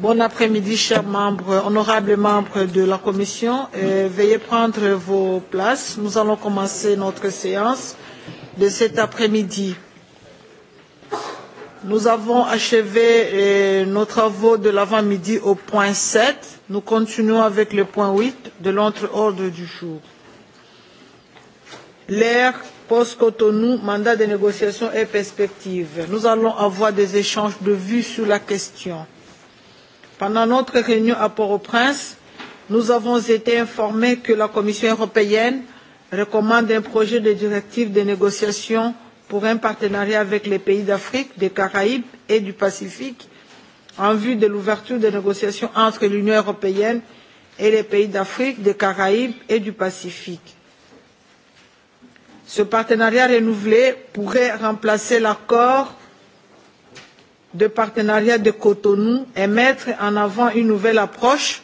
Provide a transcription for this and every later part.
Bon après-midi, chers membres, honorables membres de la Commission. Veuillez prendre vos places. Nous allons commencer notre séance de cet après-midi. Nous avons achevé nos travaux de l'avant-midi au point 7. Nous continuons avec le point 8 de l'autre ordre du jour. L'ère post-Cotonou, mandat de négociation et perspective. Nous allons avoir des échanges de vues sur la question Pendant notre réunion à Port-au-Prince, nous avons été informés que la Commission européenne recommande un projet de directive de négociation pour un partenariat avec les pays d'Afrique, des Caraïbes et du Pacifique en vue de l'ouverture des négociations entre l'Union européenne et les pays d'Afrique, des Caraïbes et du Pacifique. Ce partenariat renouvelé pourrait remplacer l'accord de partenariat de Cotonou et mettre en avant une nouvelle approche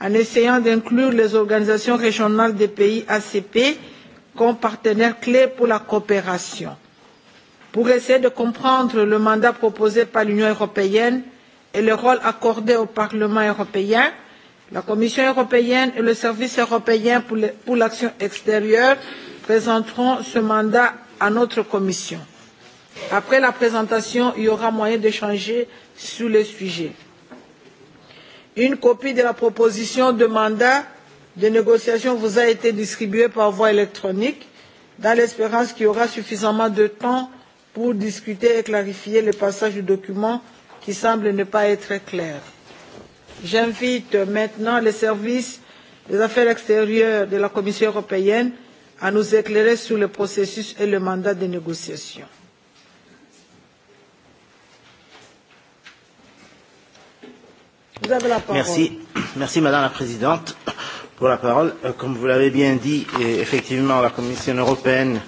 en essayant d'inclure les organisations régionales des pays ACP comme partenaires clés pour la coopération. Pour essayer de comprendre le mandat proposé par l'Union européenne et le rôle accordé au Parlement européen, la Commission européenne et le Service européen pour l'action extérieure présenteront ce mandat à notre Commission. Après la présentation, il y aura moyen d'échanger sur le sujet. Une copie de la proposition de mandat de négociation vous a été distribuée par voie électronique dans l'espérance qu'il y aura suffisamment de temps pour discuter et clarifier le passage du document qui semble ne pas être clair. J'invite maintenant les services des affaires extérieures de la Commission européenne à nous éclairer sur le processus et le mandat de négociation. Merci. Merci, Madame la Présidente, pour la parole. Comme vous l'avez bien dit, effectivement, la Commission européenne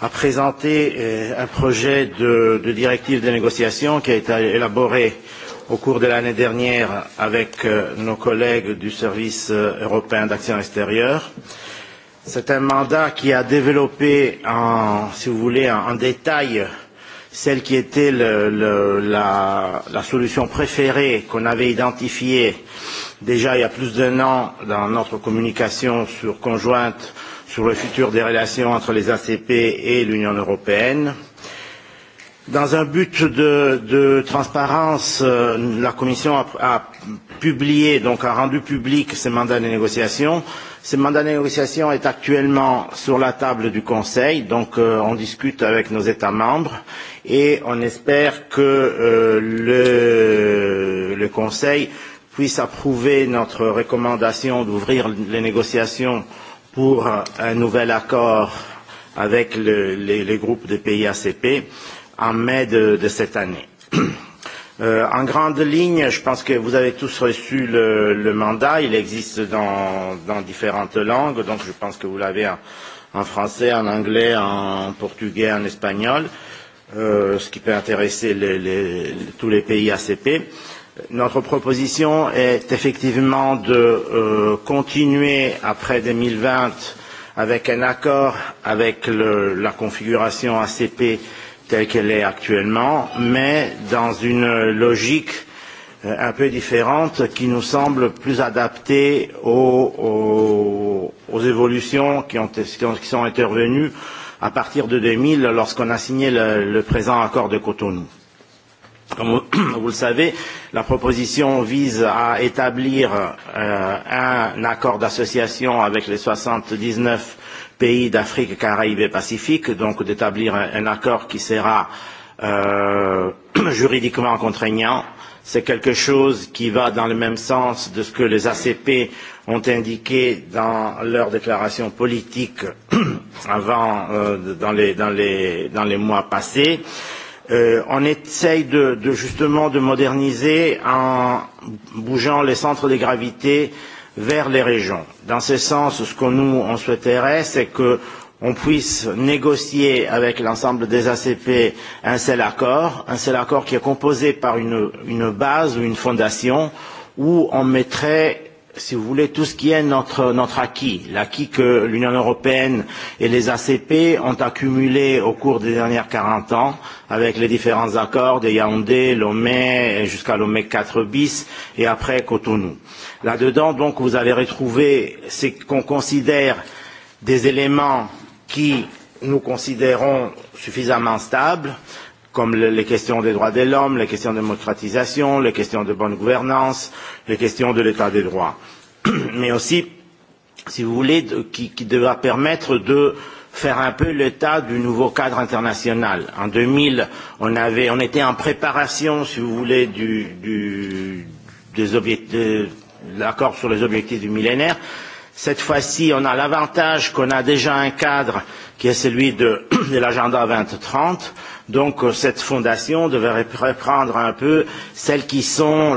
a présenté un projet de directive de négociation qui a été élaboré au cours de l'année dernière avec nos collègues du Service européen d'action extérieure. C'est un mandat qui a développé, si vous voulez, en détail celle qui était le, le, la, la solution préférée qu'on avait identifiée déjà il y a plus d'un an dans notre communication sur conjointe sur le futur des relations entre les ACP et l'Union européenne Dans un but de transparence, la Commission a publié, donc a rendu public ces mandats de négociation. Ce mandat de négociation est actuellement sur la table du Conseil, donc on discute avec nos États membres et on espère que le Conseil puisse approuver notre recommandation d'ouvrir les négociations pour un nouvel accord avec les groupes des pays ACP en mai de cette année. En grande ligne, je pense que vous avez tous reçu le mandat. Il existe dans différentes langues, donc je pense que vous l'avez en français, en anglais, en portugais, en espagnol, ce qui peut intéresser tous les pays ACP. Notre proposition est effectivement de continuer après 2020 avec un accord avec la configuration ACP telle qu'elle est actuellement, mais dans une logique un peu différente qui nous semble plus adaptée aux évolutions qui sont intervenues à partir de 2000 lorsqu'on a signé le présent accord de Cotonou. Comme vous le savez, la proposition vise à établir un accord d'association avec les 79 pays d'Afrique, Caraïbes et Pacifique, donc d'établir un accord qui sera juridiquement contraignant. C'est quelque chose qui va dans le même sens de ce que les ACP ont indiqué dans leur déclaration politique avant, dans les mois passés. On essaye de justement de moderniser en bougeant les centres de gravité vers les régions. Dans ce sens, ce que nous on souhaiterait, c'est que on puisse négocier avec l'ensemble des ACP un seul accord, un seul accord qui est composé par une base ou une fondation où on mettrait si vous voulez, tout ce qui est notre, acquis, l'acquis que l'Union européenne et les ACP ont accumulé au cours des dernières 40 ans, avec les différents accords de Yaoundé, Lomé, jusqu'à Lomé 4 bis, et après Cotonou. Là-dedans, donc, vous allez retrouver ce qu'on considère des éléments qui nous considérons suffisamment stables, comme les questions des droits de l'homme, les questions de démocratisation, les questions de bonne gouvernance, les questions de l'état des droits. Mais aussi, si vous voulez, qui devra permettre de faire un peu l'état du nouveau cadre international. En 2000, on on était en préparation, si vous voulez, de l'accord sur les objectifs du millénaire. Cette fois-ci, on a l'avantage qu'on a déjà un cadre qui est celui de l'agenda 2030. Donc, cette fondation devrait reprendre un peu celles qui sont,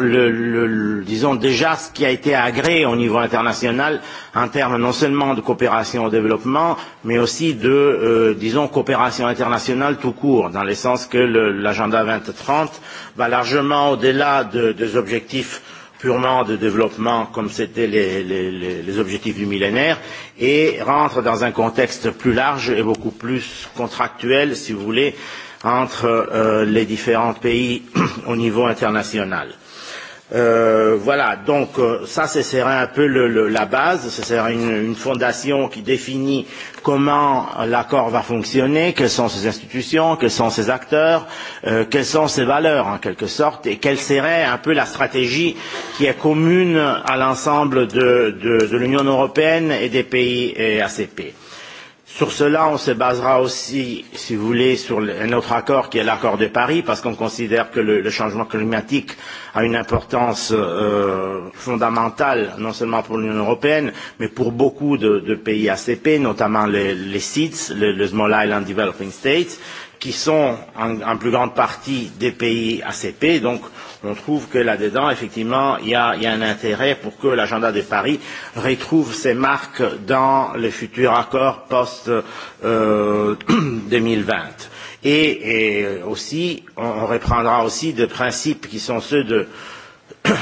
disons, déjà ce qui a été agréé au niveau international en termes non seulement de coopération au développement, mais aussi de, disons, coopération internationale tout court, dans le sens que l'agenda 2030 va largement au-delà des objectifs purement de développement comme c'était les, les, les objectifs du millénaire et rentre dans un contexte plus large et beaucoup plus contractuel, si vous voulez, entre les différents pays au niveau international. Voilà, donc ça, ce serait un peu la base, ce serait une fondation qui définit comment l'accord va fonctionner, quelles sont ses institutions, quels sont ses acteurs, quelles sont ses valeurs, en quelque sorte, et quelle serait un peu la stratégie qui est commune à l'ensemble de l'Union européenne et des pays ACP. Sur cela, on se basera aussi, si vous voulez, sur un autre accord qui est l'accord de Paris, parce qu'on considère que le changement climatique a une importance fondamentale, non seulement pour l'Union européenne, mais pour beaucoup de pays ACP, notamment les SIDS, le Small Island Developing States, qui sont en plus grande partie des pays ACP. Donc, on trouve que là-dedans, effectivement, il y a, y a un intérêt pour que l'agenda de Paris retrouve ses marques dans le futur accord post-2020. Et, et aussi, on reprendra aussi des principes qui sont ceux de,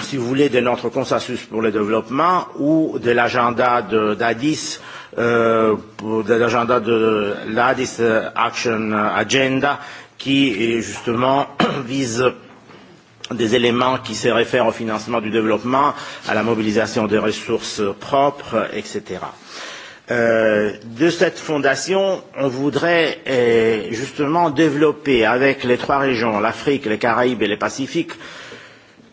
si vous voulez, de notre consensus pour le développement ou de l'agenda d'Addis, de l'agenda de l'Addis Action Agenda qui, justement, vise des éléments qui se réfèrent au financement du développement, à la mobilisation des ressources propres, etc. De cette fondation, on voudrait justement développer avec les trois régions, l'Afrique, les Caraïbes et le Pacifique,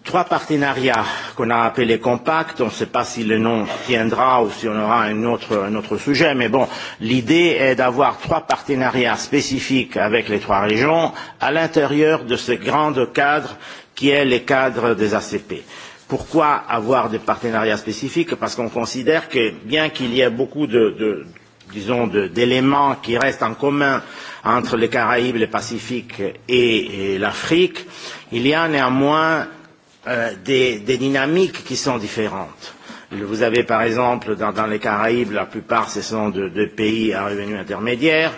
trois partenariats qu'on a appelés compacts. On ne sait pas si le nom tiendra ou si on aura un autre sujet, mais bon, l'idée est d'avoir trois partenariats spécifiques avec les trois régions à l'intérieur de ce grand cadre qui est le cadre des ACP. Pourquoi avoir des partenariats spécifiques Parce qu'on considère que bien qu'il y ait beaucoup d'éléments qui restent en commun entre les Caraïbes, le Pacifique et l'Afrique, il y a néanmoins des dynamiques qui sont différentes. Vous avez par exemple dans les Caraïbes, la plupart ce sont de pays à revenus intermédiaires.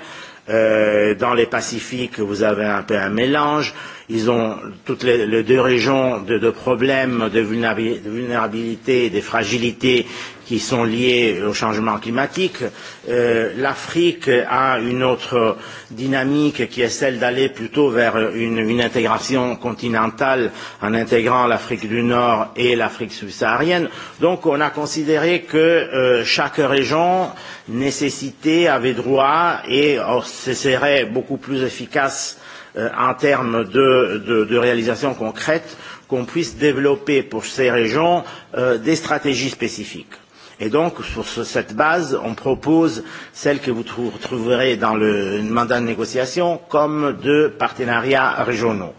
Dans les Pacifiques, vous avez un peu un mélange. Ils ont toutes les deux régions de problèmes, de vulnérabilité et de fragilité qui sont liées au changement climatique. L'Afrique a une autre dynamique qui est celle d'aller plutôt vers une intégration continentale en intégrant l'Afrique du Nord et l'Afrique subsaharienne. Donc on a considéré que chaque région nécessitait, avait droit et ce serait beaucoup plus efficace en termes de réalisation concrète qu'on puisse développer pour ces régions des stratégies spécifiques. Et donc, sur cette base, on propose celle que vous trouverez dans le mandat de négociation comme de partenariats régionaux.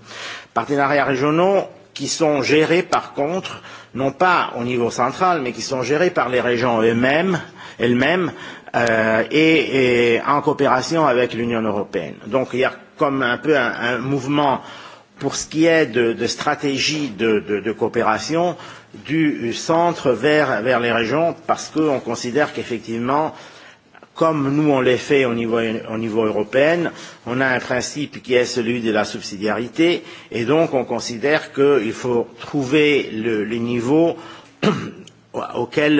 Partenariats régionaux qui sont gérés, par contre, non pas au niveau central, mais qui sont gérés par les régions elles-mêmes, elles-mêmes et en coopération avec l'Union européenne. Donc, il y a comme un peu un mouvement pour ce qui est de, de stratégie de, coopération du centre vers, les régions parce qu'on considère qu'effectivement, comme nous on l'est fait au niveau, européen, on a un principe qui est celui de la subsidiarité et donc on considère qu'il faut trouver le, niveau auquel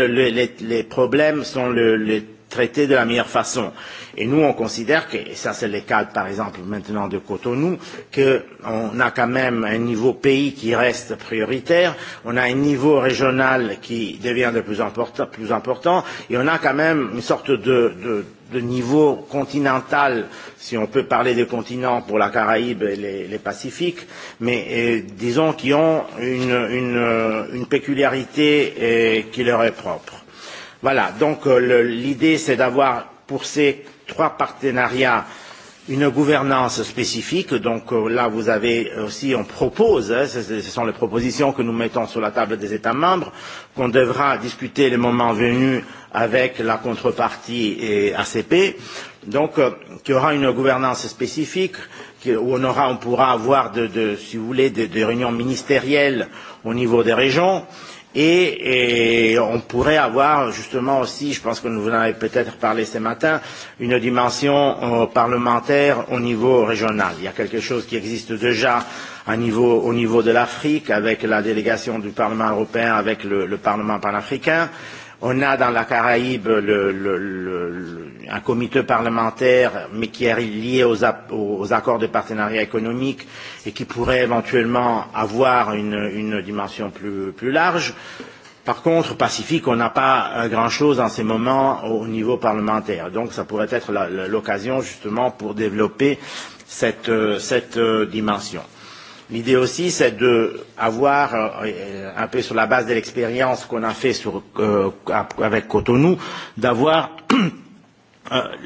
les, problèmes sont traités de la meilleure façon. Et nous, on considère que, et ça c'est le cas par exemple maintenant de Cotonou, qu'on a quand même un niveau pays qui reste prioritaire, on a un niveau régional qui devient de plus, important, plus important, et on a quand même une sorte de, de, de niveau continental, si on peut parler de continent pour la Caraïbe et les, les Pacifiques, mais disons qui ont une, une, une peculiarité qui leur est propre. Voilà, donc l'idée c'est d'avoir pour ces trois partenariats une gouvernance spécifique. Donc là, vous avez aussi, on propose, ce sont les propositions que nous mettons sur la table des États membres, qu'on devra discuter le moment venu avec la contrepartie et ACP. Donc, qu'il y aura une gouvernance spécifique, où on, aura, on pourra avoir, de, si vous voulez, des, des réunions ministérielles au niveau des régions et on pourrait avoir justement aussi, je pense que vous en avez peut-être parlé ce matin, une dimension parlementaire au niveau régional. Il y a quelque chose qui existe déjà à au niveau de l'Afrique avec la délégation du Parlement européen, avec le Parlement panafricain On a dans la Caraïbe le, le, un comité parlementaire, mais qui est lié aux, accords de partenariat économique et qui pourrait éventuellement avoir une, une dimension plus, plus large. Par contre, au Pacifique, on n'a pas grand-chose en ces moments au niveau parlementaire. Donc, ça pourrait être l'occasion justement pour développer cette, cette dimension. L'idée aussi, c'est d'avoir, un peu sur la base de l'expérience qu'on a fait sur, avec Cotonou, d'avoir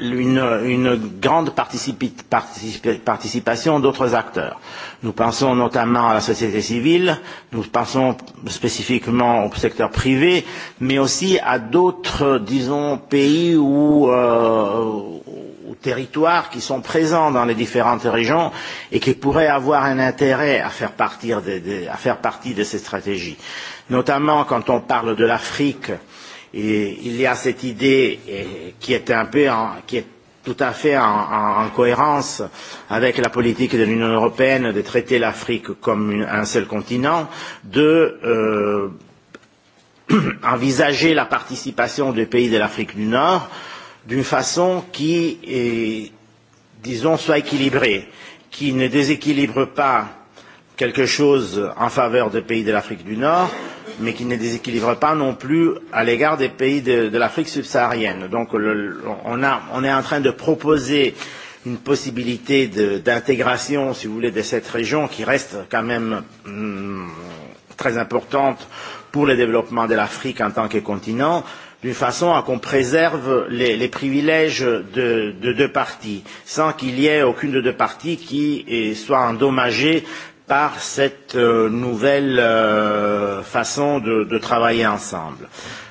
une grande participation d'autres acteurs. Nous pensons notamment à la société civile, nous pensons spécifiquement au secteur privé, mais aussi à d'autres, disons, pays où territoires qui sont présents dans les différentes régions et qui pourraient avoir un intérêt à faire partie de ces stratégies. Notamment quand on parle de l'Afrique, il y a cette idée qui est un peu qui est tout à fait en cohérence avec la politique de l'Union européenne de traiter l'Afrique comme un seul continent, de envisager la participation des pays de l'Afrique du Nord d'une façon qui, disons, soit équilibrée, qui ne déséquilibre pas quelque chose en faveur des pays de l'Afrique du Nord, mais qui ne déséquilibre pas non plus à l'égard des pays de l'Afrique subsaharienne. Donc on est en train de proposer une possibilité d'intégration, si vous voulez, de cette région qui reste quand même très importante pour le développement de l'Afrique en tant que continent, d'une façon à qu'on préserve les privilèges de deux parties, sans qu'il y ait aucune de deux parties qui soit endommagée par cette nouvelle façon de travailler ensemble.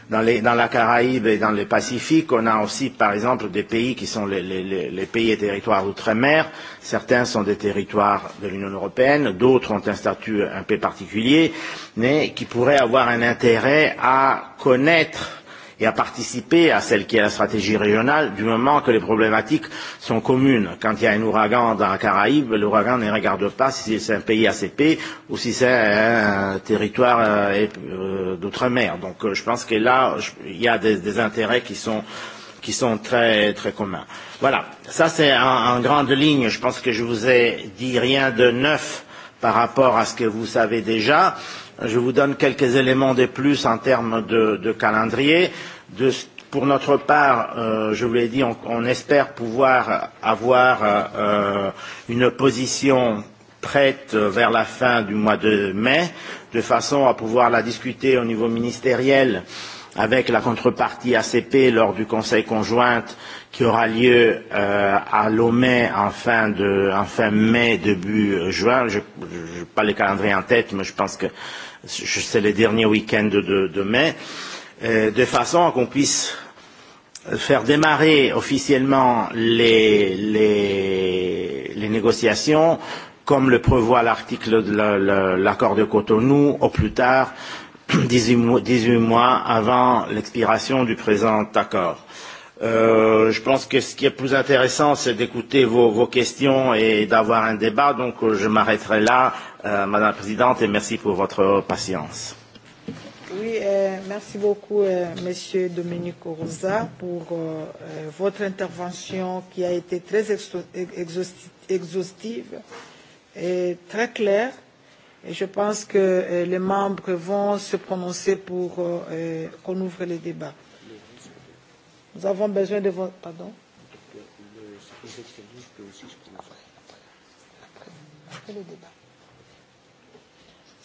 Dans la Caraïbe et dans le Pacifique, on a aussi, par exemple, des pays qui sont les pays et territoires d'outre-mer. Certains sont des territoires de l'Union européenne, d'autres ont un statut un peu particulier, mais qui pourraient avoir un intérêt à connaître et à participer à celle qui est la stratégie régionale du moment que les problématiques sont communes. Quand il y a un ouragan dans la Caraïbe, l'ouragan ne regarde pas si c'est un pays ACP ou si c'est un territoire d'outre-mer. Donc je pense que là, il y a des intérêts qui sont qui sont très très communs. Voilà, ça c'est en grande ligne. Je pense que je vous ai dit rien de neuf par rapport à ce que vous savez déjà. Je vous donne quelques éléments de plus en termes de calendrier. Pour notre part, je vous l'ai dit, on espère pouvoir avoir une position prête vers la fin du mois de mai, de façon à pouvoir la discuter au niveau ministériel avec la contrepartie ACP lors du Conseil conjoint qui aura lieu à Lomé en fin de en fin mai début juin je n'ai pas les calendrier en tête mais je pense que c'est les derniers week end de mai, de façon à qu'on puisse faire démarrer officiellement les négociations, comme le prévoit l'article de l'accord de Cotonou, au plus tard 18 mois avant l'expiration du présent accord. Je pense que ce qui est plus intéressant, c'est d'écouter vos questions et d'avoir un débat, donc je m'arrêterai là Madame la Présidente, et merci pour votre patience. Oui, merci beaucoup, Monsieur Dominique Rosa, pour votre intervention qui a été très exhaustive et très claire. Et je pense que les membres vont se prononcer pour qu'on ouvre les débats. Nous avons besoin de votre... Pardon Après le débat.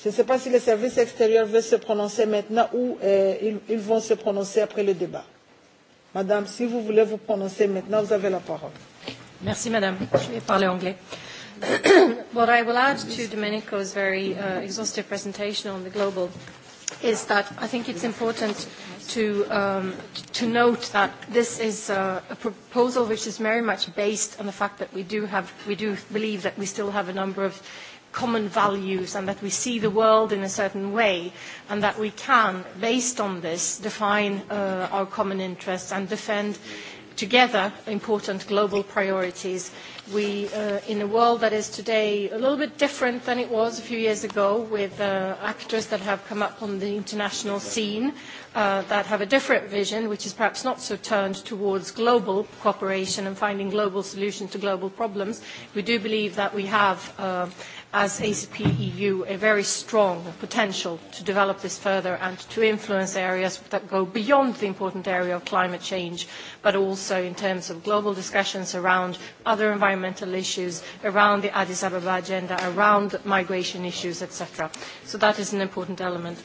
Je ne sais pas si le service extérieur veut se prononcer maintenant ou ils vont se prononcer après le débat. Madame, si vous voulez vous prononcer maintenant, vous avez la parole. Merci, Madame. Je vais parler anglais. What I will add to Domenico's very exhaustive presentation on the global is that I think it's important to um, to note that this is a proposal which is very much based on the fact that we do have we do believe that we still have a number of common values and that we see the world in a certain way and that we can, based on this, define our common interests and defend together important global priorities. We, in a world that is today a little bit different than it was a few years ago, with actors that have come up on the international scene that have a different vision, which is perhaps not so turned towards global cooperation and finding global solutions to global problems, we do believe that we have as ACP EU a very strong potential to develop this further and to influence areas that go beyond the important area of climate change, but also in terms of global discussions around other environmental issues, around the Addis Ababa agenda, around migration issues, etc. So that is an important element.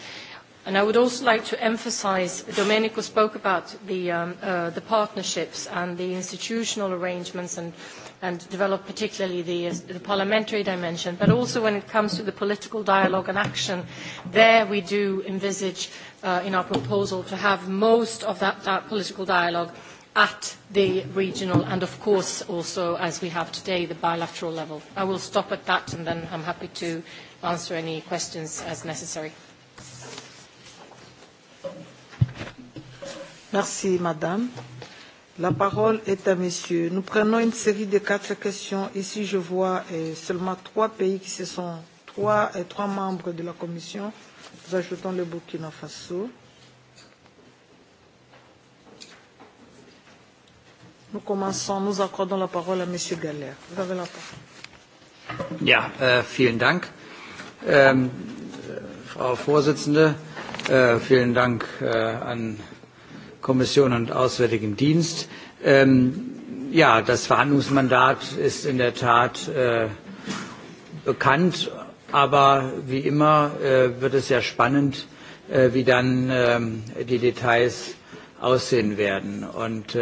And I would also like to emphasize, Domenico spoke about the partnerships and the institutional arrangements and and develop particularly the parliamentary dimension, but also when it comes to the political dialogue and action, there we do envisage in our proposal to have most of that political dialogue at the regional and, of course, also, as we have today, the bilateral level. I will stop at that and then I'm happy to answer any questions as necessary. Merci, Madame. La parole est à Monsieur. Nous prenons une série de quatre questions. Ici, je vois seulement trois pays qui se sont trois et trois membres de la Commission. Nous ajoutons le Burkina Faso. Nous commençons, nous accordons la parole à Monsieur Galère. Vous avez la parole. Ja, vielen Dank, Frau Vorsitzende. Vielen Dank an Kommission und Auswärtigem Dienst. Ja, das Verhandlungsmandat ist in der Tat bekannt, aber wie immer wird es ja spannend, wie dann die Details aussehen werden. Und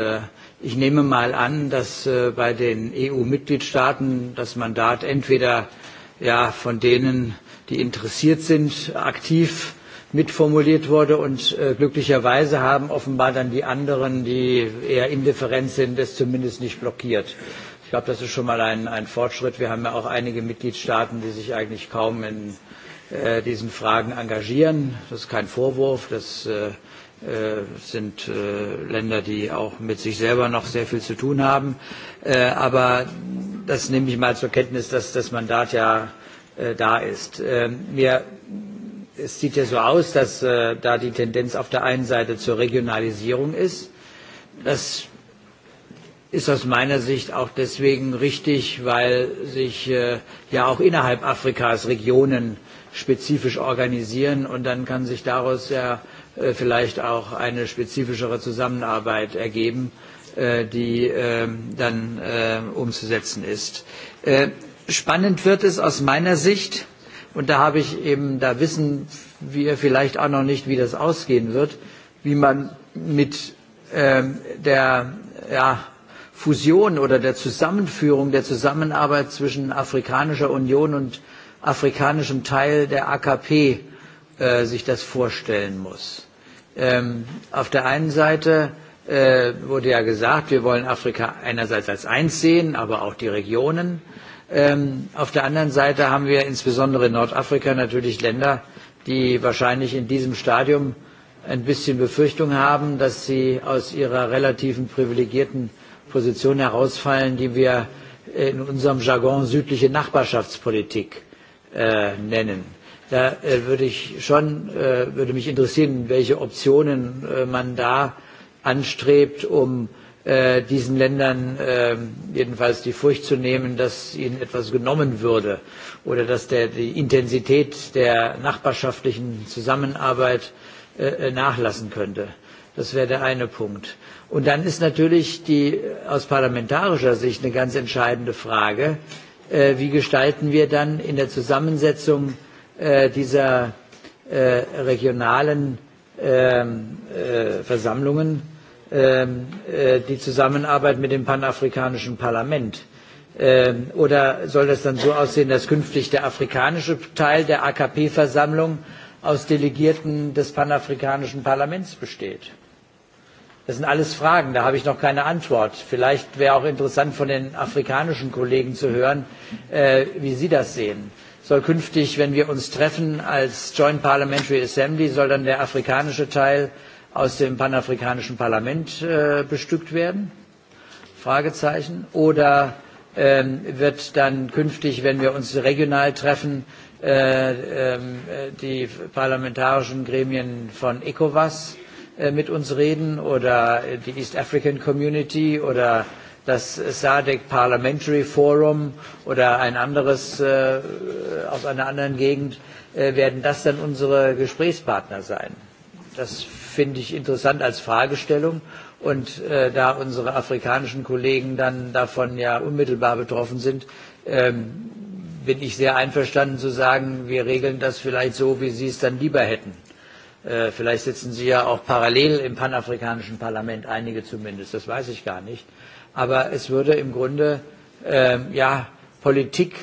ich nehme mal an, dass bei den EU-Mitgliedstaaten das Mandat entweder von denen, die interessiert sind, aktiv mitformuliert wurde. Und glücklicherweise haben offenbar dann die anderen, die eher indifferent sind, es zumindest nicht blockiert. Ich glaube, das ist schon mal ein Fortschritt. Wir haben ja auch einige Mitgliedstaaten, die sich eigentlich kaum in diesen Fragen engagieren. Das ist kein Vorwurf. Das sind Länder, die auch mit sich selber noch sehr viel zu tun haben. Aber das nehme ich mal zur Kenntnis, dass das Mandat ja da ist es sieht ja so aus, dass da die Tendenz auf der einen Seite zur Regionalisierung ist. Das ist aus meiner Sicht auch deswegen richtig, weil sich ja auch innerhalb Afrikas Regionen spezifisch organisieren und dann kann sich daraus ja vielleicht auch eine spezifischere Zusammenarbeit ergeben, die dann umzusetzen ist. Spannend wird es aus meiner Sicht, Und da habe ich eben, da wissen wir vielleicht auch noch nicht, wie das ausgehen wird, wie man mit der Fusion oder der Zusammenführung, der Zusammenarbeit zwischen Afrikanischer Union und afrikanischem Teil der AKP sich das vorstellen muss. Auf der einen Seite wurde ja gesagt, wir wollen Afrika einerseits als eins sehen, aber auch die Regionen. Auf der anderen Seite haben wir insbesondere in Nordafrika natürlich Länder, die wahrscheinlich in diesem Stadium ein bisschen Befürchtung haben, dass sie aus ihrer relativen privilegierten Position herausfallen, die wir in unserem Jargon südliche Nachbarschaftspolitik nennen. Da würde ich schon, würde mich interessieren, welche Optionen man da anstrebt, um diesen Ländern jedenfalls die Furcht zu nehmen, dass ihnen etwas genommen würde oder dass die Intensität der nachbarschaftlichen Zusammenarbeit nachlassen könnte. Das wäre der eine Punkt. Und dann ist natürlich die aus parlamentarischer Sicht eine ganz entscheidende Frage, wie gestalten wir dann in der Zusammensetzung dieser regionalen Versammlungen die Zusammenarbeit mit dem panafrikanischen Parlament? Oder soll das dann so aussehen, dass künftig der afrikanische Teil der AKP-Versammlung aus Delegierten des panafrikanischen Parlaments besteht? Das sind alles Fragen, da habe ich noch keine Antwort. Vielleicht wäre auch interessant von den afrikanischen Kollegen zu hören, wie sie das sehen. Soll künftig, wenn wir uns treffen als Joint Parliamentary Assembly, soll dann der afrikanische Teil aus dem panafrikanischen Parlament bestückt werden? Fragezeichen. Oder wird dann künftig, wenn wir uns regional treffen, die parlamentarischen Gremien von ECOWAS mit uns reden oder die East African Community oder das SADC Parliamentary Forum oder ein anderes aus einer anderen Gegend, werden das dann unsere Gesprächspartner sein. Das finde ich interessant als Fragestellung. Und da unsere afrikanischen Kollegen dann davon ja unmittelbar betroffen sind, bin ich sehr einverstanden zu sagen, wir regeln das vielleicht so, wie Sie es dann lieber hätten. Vielleicht sitzen Sie ja auch parallel im panafrikanischen Parlament, einige zumindest, das weiß ich gar nicht. Aber es würde im Grunde ja, Politik,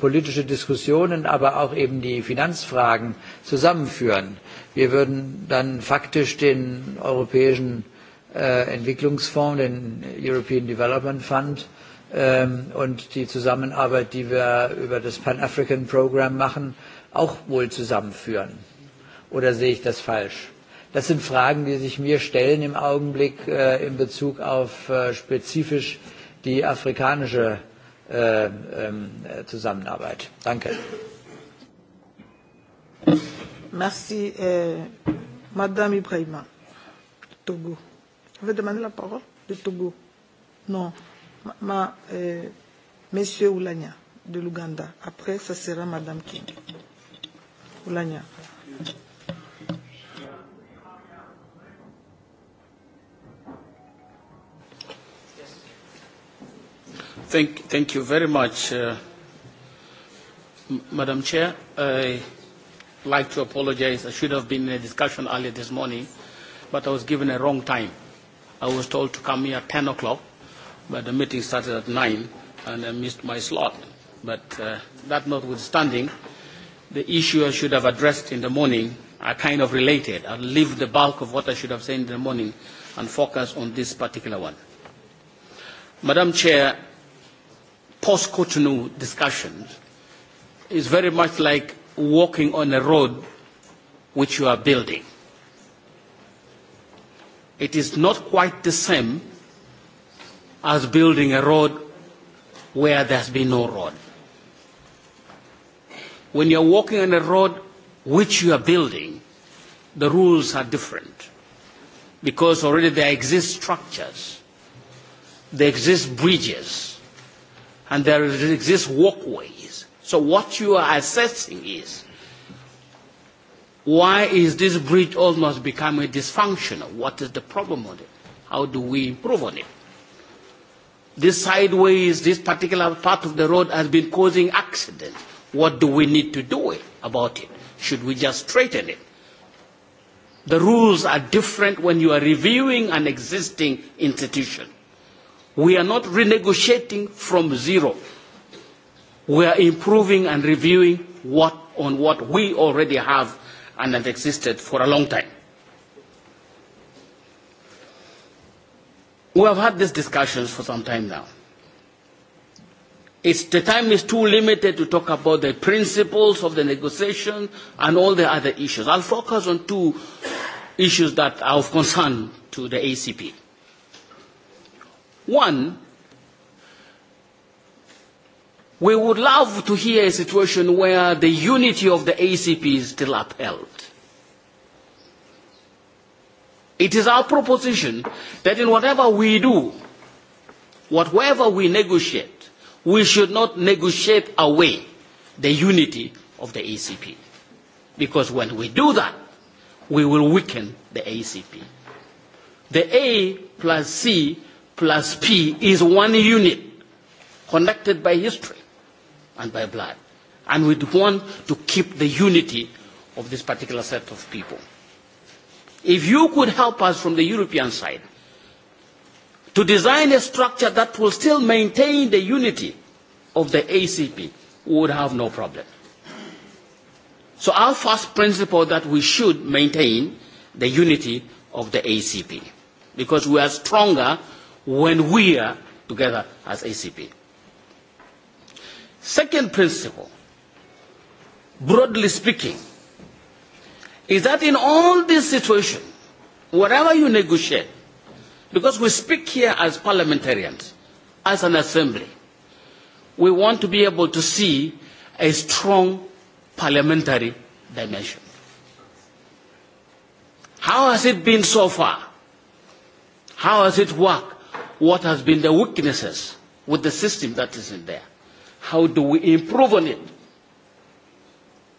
politische Diskussionen, aber auch eben die Finanzfragen zusammenführen. Wir würden dann faktisch den europäischen Entwicklungsfonds, den European Development Fund und die Zusammenarbeit, die wir über das Pan-African Program machen, auch wohl zusammenführen. Oder sehe ich das falsch? Das sind Fragen, die sich mir stellen im Augenblick in Bezug auf spezifisch die afrikanische Zusammenarbeit. Danke. Merci. euh, Madame Ibrahima, Togo. Je vais demander la parole de Togo. Non. Ma, euh, Monsieur Oulania de l'Ouganda. Après, ça sera Madame King. Oulania. Thank, thank you very much, uh, Madam Chair. I like to apologize. I should have been in a discussion earlier this morning, but I was given a wrong time. I was told to come here at 10 o'clock, but the meeting started at 9, and I missed my slot. But that notwithstanding, the issue I should have addressed in the morning are kind of related. I'll leave the bulk of what I should have said in the morning and focus on this particular one. Madam Chair, post-Cotonou discussions is very much like walking on a road which you are building. It is not quite the same as building a road where there has been no road. When you are walking on a road which you are building, the rules are different because already there exist structures, there exist bridges, and there exist walkways So what you are assessing is why is this bridge almost becoming dysfunctional? What is the problem with it? How do we improve on it? This sideways, this particular part of the road has been causing accidents. What do we need to do about it? Should we just straighten it? The rules are different when you are reviewing an existing institution. We are not renegotiating from zero we are improving and reviewing what on what we already have and has existed for a long time. We have had these discussions for some time now. the time is too limited to talk about the principles of the negotiation and all the other issues. I'll focus on two issues that are of concern to the ACP. One We would love to hear a situation where the unity of the ACP is still upheld. It is our proposition that in whatever we do, whatever we negotiate, we should not negotiate away the unity of the ACP. Because when we do that, we will weaken the ACP. The A plus C plus P is one unit, connected by history and by blood. And we want to keep the unity of this particular set of people. If you could help us from the European side to design a structure that will still maintain the unity of the ACP, we would have no problem. So our first principle that we should maintain the unity of the ACP, because we are stronger when we are together as ACP. Second principle, broadly speaking, is that in all these situations, whatever you negotiate, because we speak here as parliamentarians, as an assembly, we want to be able to see a strong parliamentary dimension. How has it been so far? How has it worked? What has been the weaknesses with the system that is in there? how do we improve on it?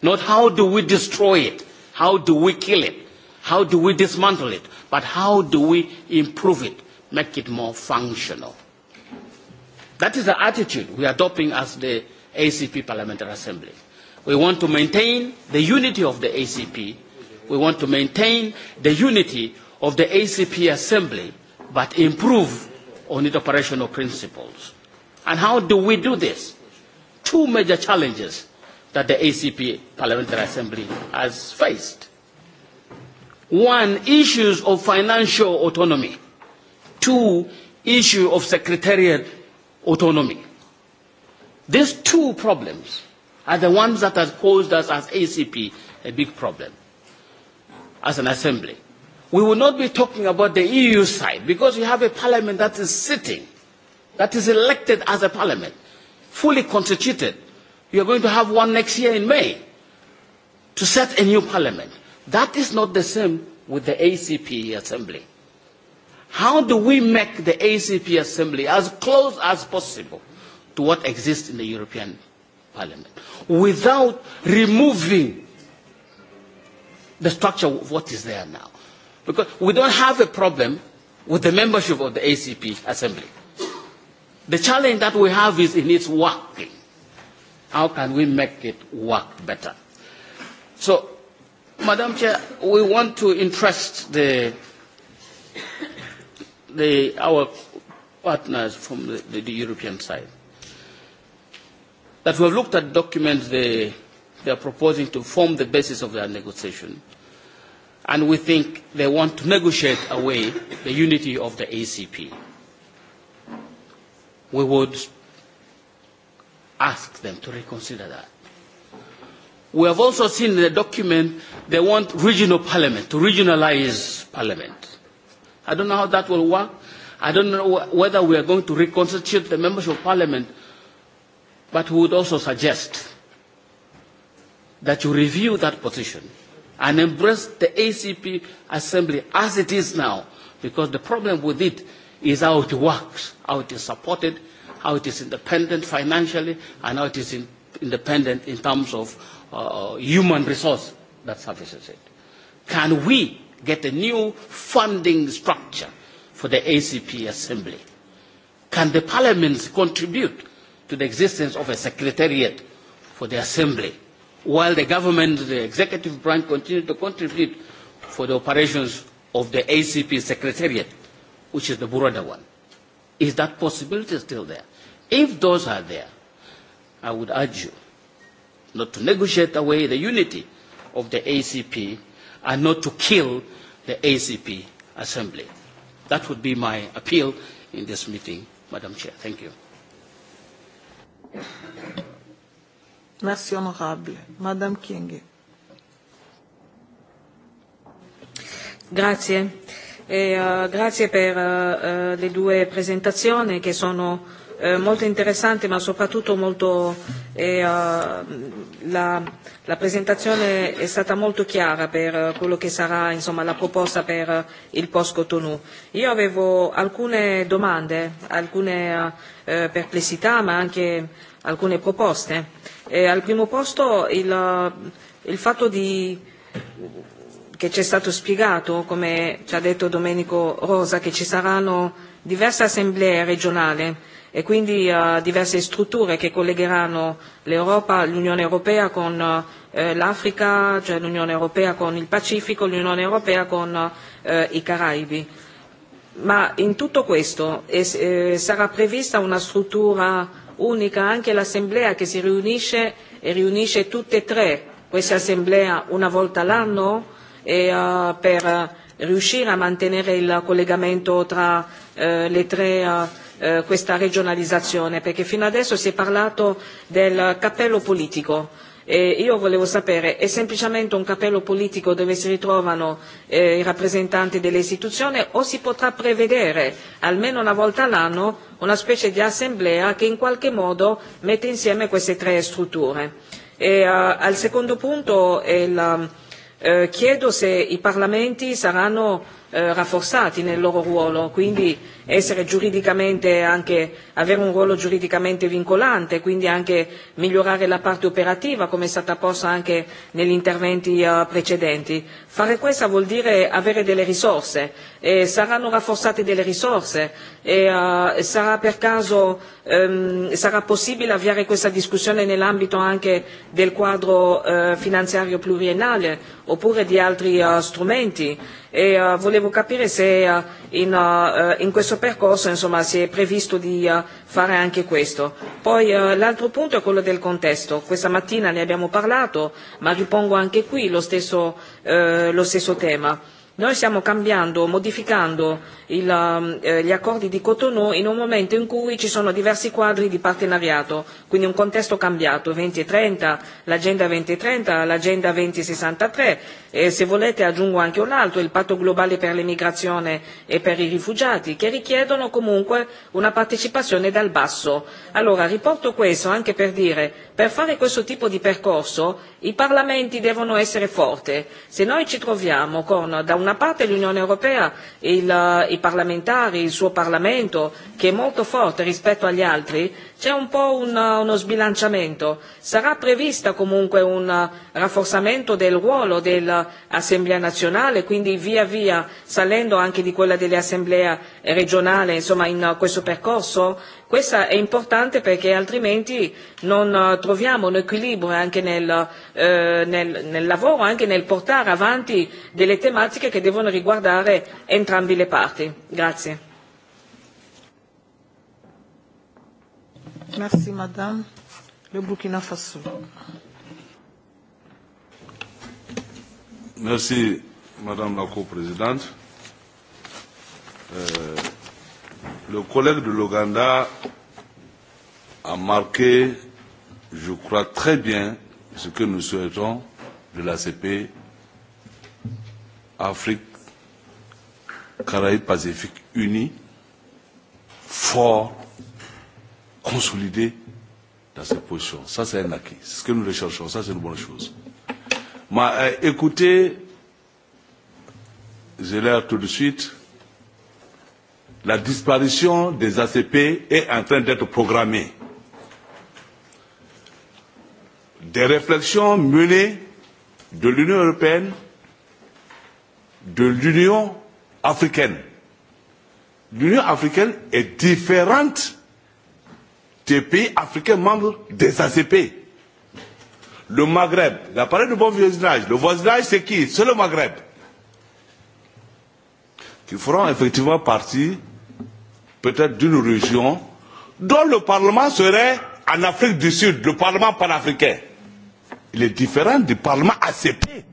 Not how do we destroy it, how do we kill it, how do we dismantle it, but how do we improve it, make it more functional. That is the attitude we are adopting as the ACP Parliamentary Assembly. We want to maintain the unity of the ACP. We want to maintain the unity of the ACP Assembly, but improve on its operational principles. And how do we do this? two major challenges that the ACP Parliamentary Assembly has faced. One, issues of financial autonomy. Two, issue of secretariat autonomy. These two problems are the ones that have caused us as ACP a big problem, as an assembly. We will not be talking about the EU side because we have a parliament that is sitting, that is elected as a parliament fully constituted. You are going to have one next year in May to set a new parliament. That is not the same with the ACP assembly. How do we make the ACP assembly as close as possible to what exists in the European Parliament without removing the structure of what is there now? Because we don't have a problem with the membership of the ACP assembly. The challenge that we have is in its working. How can we make it work better? So, Madam Chair, we want to interest the our partners from the European side that we have looked at documents they are proposing to form the basis of their negotiation and we think they want to negotiate away the unity of the ACP we would ask them to reconsider that. We have also seen in the document they want regional parliament, to regionalize parliament. I don't know how that will work. I don't know whether we are going to reconstitute the membership of parliament, but we would also suggest that you review that position and embrace the ACP assembly as it is now, because the problem with it is how it works, how it is supported, how it is independent financially, and how it is independent in terms of human resource that services it. Can we get a new funding structure for the ACP Assembly? Can the parliaments contribute to the existence of a secretariat for the Assembly, while the government, the executive branch, continue to contribute for the operations of the ACP Secretariat? which is the broader one. Is that possibility still there? If those are there, I would urge you not to negotiate away the unity of the ACP and not to kill the ACP assembly. That would be my appeal in this meeting, Madam Chair. Thank you. Merci, Madam Grazie grazie per le due presentazioni che sono molto interessanti ma soprattutto molto la presentazione è stata molto chiara per quello che sarà insomma la proposta per il post Cotonou. Io avevo alcune domande, alcune perplessità ma anche alcune proposte. Al primo posto il fatto di che ci è stato spiegato, come ci ha detto Domenico Rosa, che ci saranno diverse assemblee regionali e quindi diverse strutture che collegheranno l'Europa, l'Unione Europea con l'Africa, cioè l'Unione Europea con il Pacifico, l'Unione Europea con i Caraibi. Ma in tutto questo sarà prevista una struttura unica anche l'Assemblea che si riunisce e riunisce tutte e tre queste assemblee una volta l'anno? e per riuscire a mantenere il collegamento tra le tre questa regionalizzazione perché fino adesso si è parlato del cappello politico e io volevo sapere è semplicemente un cappello politico dove si ritrovano i rappresentanti delle istituzioni o si potrà prevedere almeno una volta all'anno una specie di assemblea che in qualche modo mette insieme queste tre strutture. Al secondo punto è chiedo se i parlamenti saranno rafforzati nel loro ruolo, quindi essere giuridicamente anche avere un ruolo giuridicamente vincolante, quindi anche migliorare la parte operativa come è stata posta anche negli interventi precedenti. Fare questo vuol dire avere delle risorse e saranno rafforzate delle risorse e sarà per caso sarà possibile avviare questa discussione nell'ambito anche del quadro finanziario pluriennale oppure di altri strumenti e volevo capire se in questo percorso insomma si è previsto di fare anche questo. Poi l'altro punto è quello del contesto. Questa mattina ne abbiamo parlato, ma ripongo anche qui lo stesso lo stesso tema Noi stiamo cambiando, modificando gli accordi di Cotonou in un momento in cui ci sono diversi quadri di partenariato, quindi un contesto cambiato, 2030, l'agenda 2030, l'agenda 2063 e se volete aggiungo anche un altro, il patto globale per l'immigrazione e per i rifugiati, che richiedono comunque una partecipazione dal basso. Allora, riporto questo anche per dire, per fare questo tipo di percorso i parlamenti devono essere forti una parte l'Unione Europea, i parlamentari, il suo Parlamento, che è molto forte rispetto agli altri, c'è un po' uno sbilanciamento sarà prevista comunque un rafforzamento del ruolo dell'assemblea nazionale quindi via via salendo anche di quella dell'assemblea regionale insomma in questo percorso questo è importante perché altrimenti non troviamo un equilibrio anche nel nel lavoro anche nel portare avanti delle tematiche che devono riguardare entrambe le parti grazie Merci, madame. Le Burkina Faso. Merci, madame la coprésidente. Euh, le collègue de l'Ouganda a marqué, je crois, très bien ce que nous souhaitons de l'ACP Afrique, Caraïbes, Pacifique unie, fort consolider dans cette position. Ça, c'est un acquis. C'est ce que nous recherchons. Ça, c'est une bonne chose. Mais écoutez, j'ai l'air tout de suite, la disparition des ACP est en train d'être programmée. Des réflexions menées de l'Union européenne, de l'Union africaine. L'Union africaine est différente des pays africains membres des ACP. Le Maghreb, l'appareil du bon voisinage, le voisinage c'est qui C'est le Maghreb. Qui feront effectivement partie peut-être d'une région dont le Parlement serait en Afrique du Sud, le Parlement panafricain. Il est différent du Parlement ACP.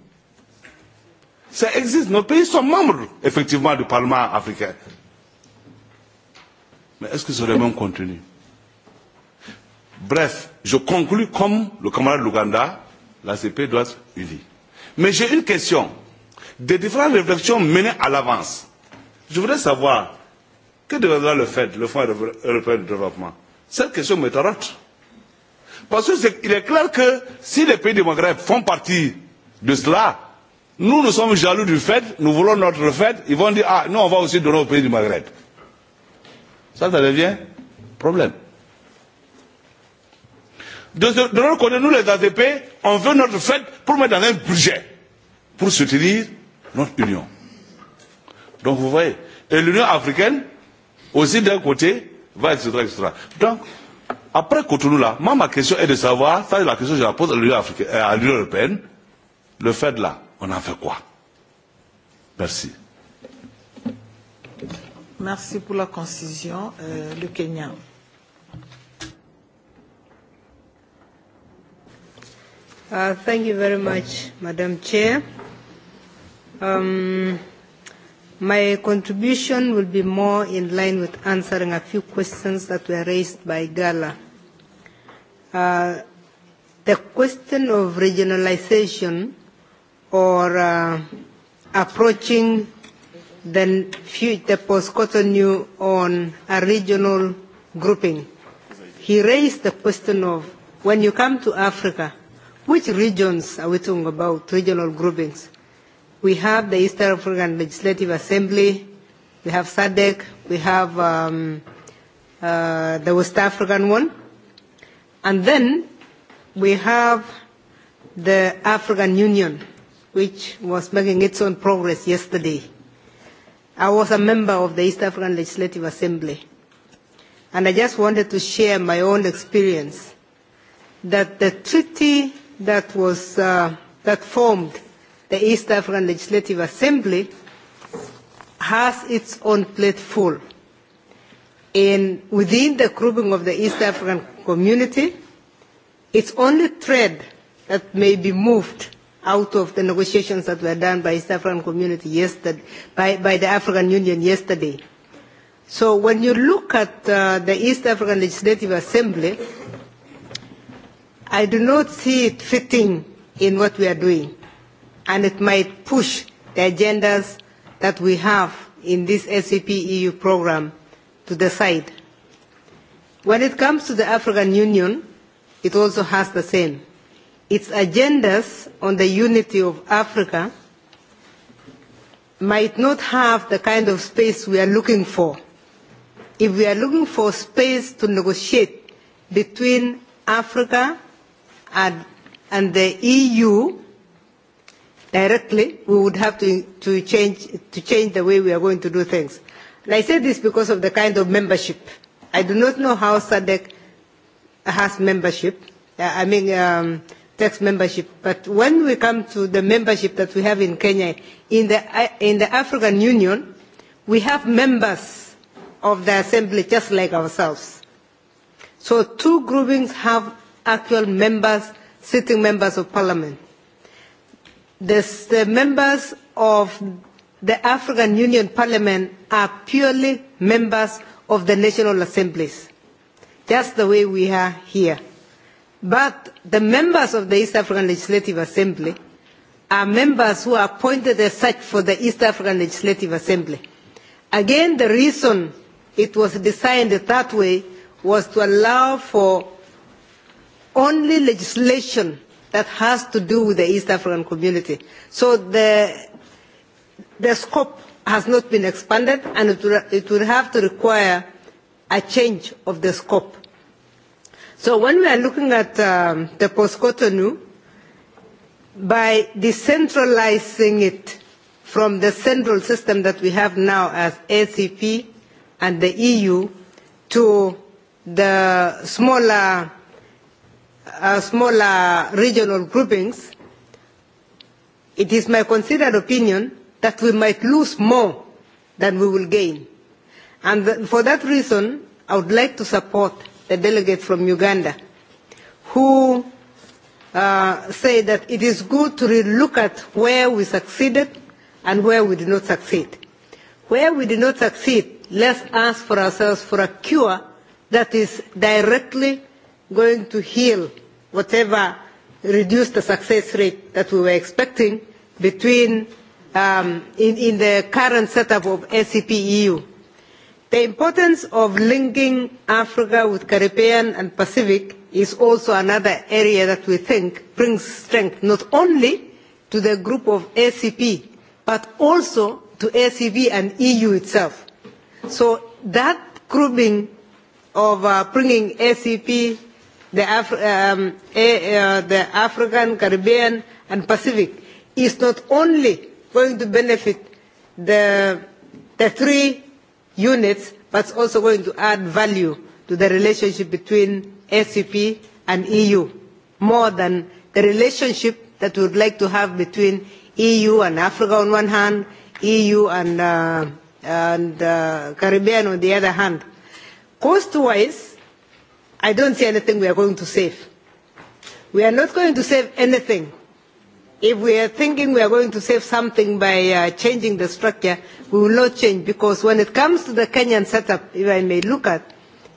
Ça existe, nos pays sont membres effectivement du Parlement africain. Mais est-ce que c'est le même contenu Bref, je conclus comme le camarade Luganda, CP doit être unie. Mais j'ai une question. Des différentes réflexions menées à l'avance, je voudrais savoir que deviendra le FED, le Fonds européen de développement Cette question me tarote. Parce qu'il est clair que si les pays du Maghreb font partie de cela, nous, nous sommes jaloux du FED, nous voulons notre FED, ils vont dire, ah, nous, on va aussi donner aux pays du Maghreb. Ça, ça devient problème. De, de notre nous les ADP, on veut notre fête pour mettre dans un budget, pour soutenir notre union. Donc vous voyez, et l'Union africaine, aussi d'un côté, va, etc., etc. Donc, après Cotonou là, moi ma question est de savoir, ça c'est la question que je la pose à l'Union africaine, à l'Union européenne, le fait là, on en fait quoi Merci. Merci pour la concision, le Kenya. Thank you very much, Madam Chair. My contribution will be more in line with answering a few questions that were raised by Gala. The question of regionalization or approaching the the post-Cotonou on a regional grouping. He raised the question of when you come to Africa, Which regions are we talking about, regional groupings? We have the East African Legislative Assembly, we have SADC, we have the West African one, and then we have the African Union, which was making its own progress yesterday. I was a member of the East African Legislative Assembly, and I just wanted to share my own experience that the treaty that was that formed the East African Legislative Assembly has its own plate full. And within the grouping of the East African community, it's only thread that may be moved out of the negotiations that were done by East African community yesterday, by the African Union yesterday. So when you look at the East African Legislative Assembly, I do not see it fitting in what we are doing, and it might push the agendas that we have in this SAP EU program to the side. When it comes to the African Union, it also has the same. Its agendas on the unity of Africa might not have the kind of space we are looking for. If we are looking for space to negotiate between Africa and the EU directly, we would have to to change to change the way we are going to do things. I say this because of the kind of membership. I do not know how SADC has membership. I mean tax membership. But when we come to the membership that we have in Kenya, in the in the African Union, we have members of the Assembly just like ourselves. So two groupings have actual members, sitting members of parliament. The members of the African Union Parliament are purely members of the national assemblies, just the way we are here. But the members of the East African Legislative Assembly are members who are appointed as such for the East African Legislative Assembly. Again, the reason it was designed that way was to allow for only legislation that has to do with the East African community. So the, the scope has not been expanded and it would have to require a change of the scope. So when we are looking at the post-Cotonou, by decentralizing it from the central system that we have now as ACP and the EU to the smaller smaller regional groupings, it is my considered opinion that we might lose more than we will gain. And for that reason, I would like to support the delegate from Uganda who say that it is good to look at where we succeeded and where we did not succeed. Where we did not succeed, let's ask for ourselves for a cure that is directly going to heal whatever reduced the success rate that we were expecting between in in the current setup of ACP EU. The importance of linking Africa with Caribbean and Pacific is also another area that we think brings strength not only to the group of ACP but also to ACP and EU itself. So that grouping of bringing ACP the African, Caribbean and Pacific is not only going to benefit the three units, but also going to add value to the relationship between ACP and EU, more than the relationship that we would like to have between EU and Africa on one hand, EU and Caribbean on the other hand. Cost-wise, I don't see anything we are going to save. We are not going to save anything. If we are thinking we are going to save something by changing the structure, we will not change because when it comes to the Kenyan setup, if I may look at,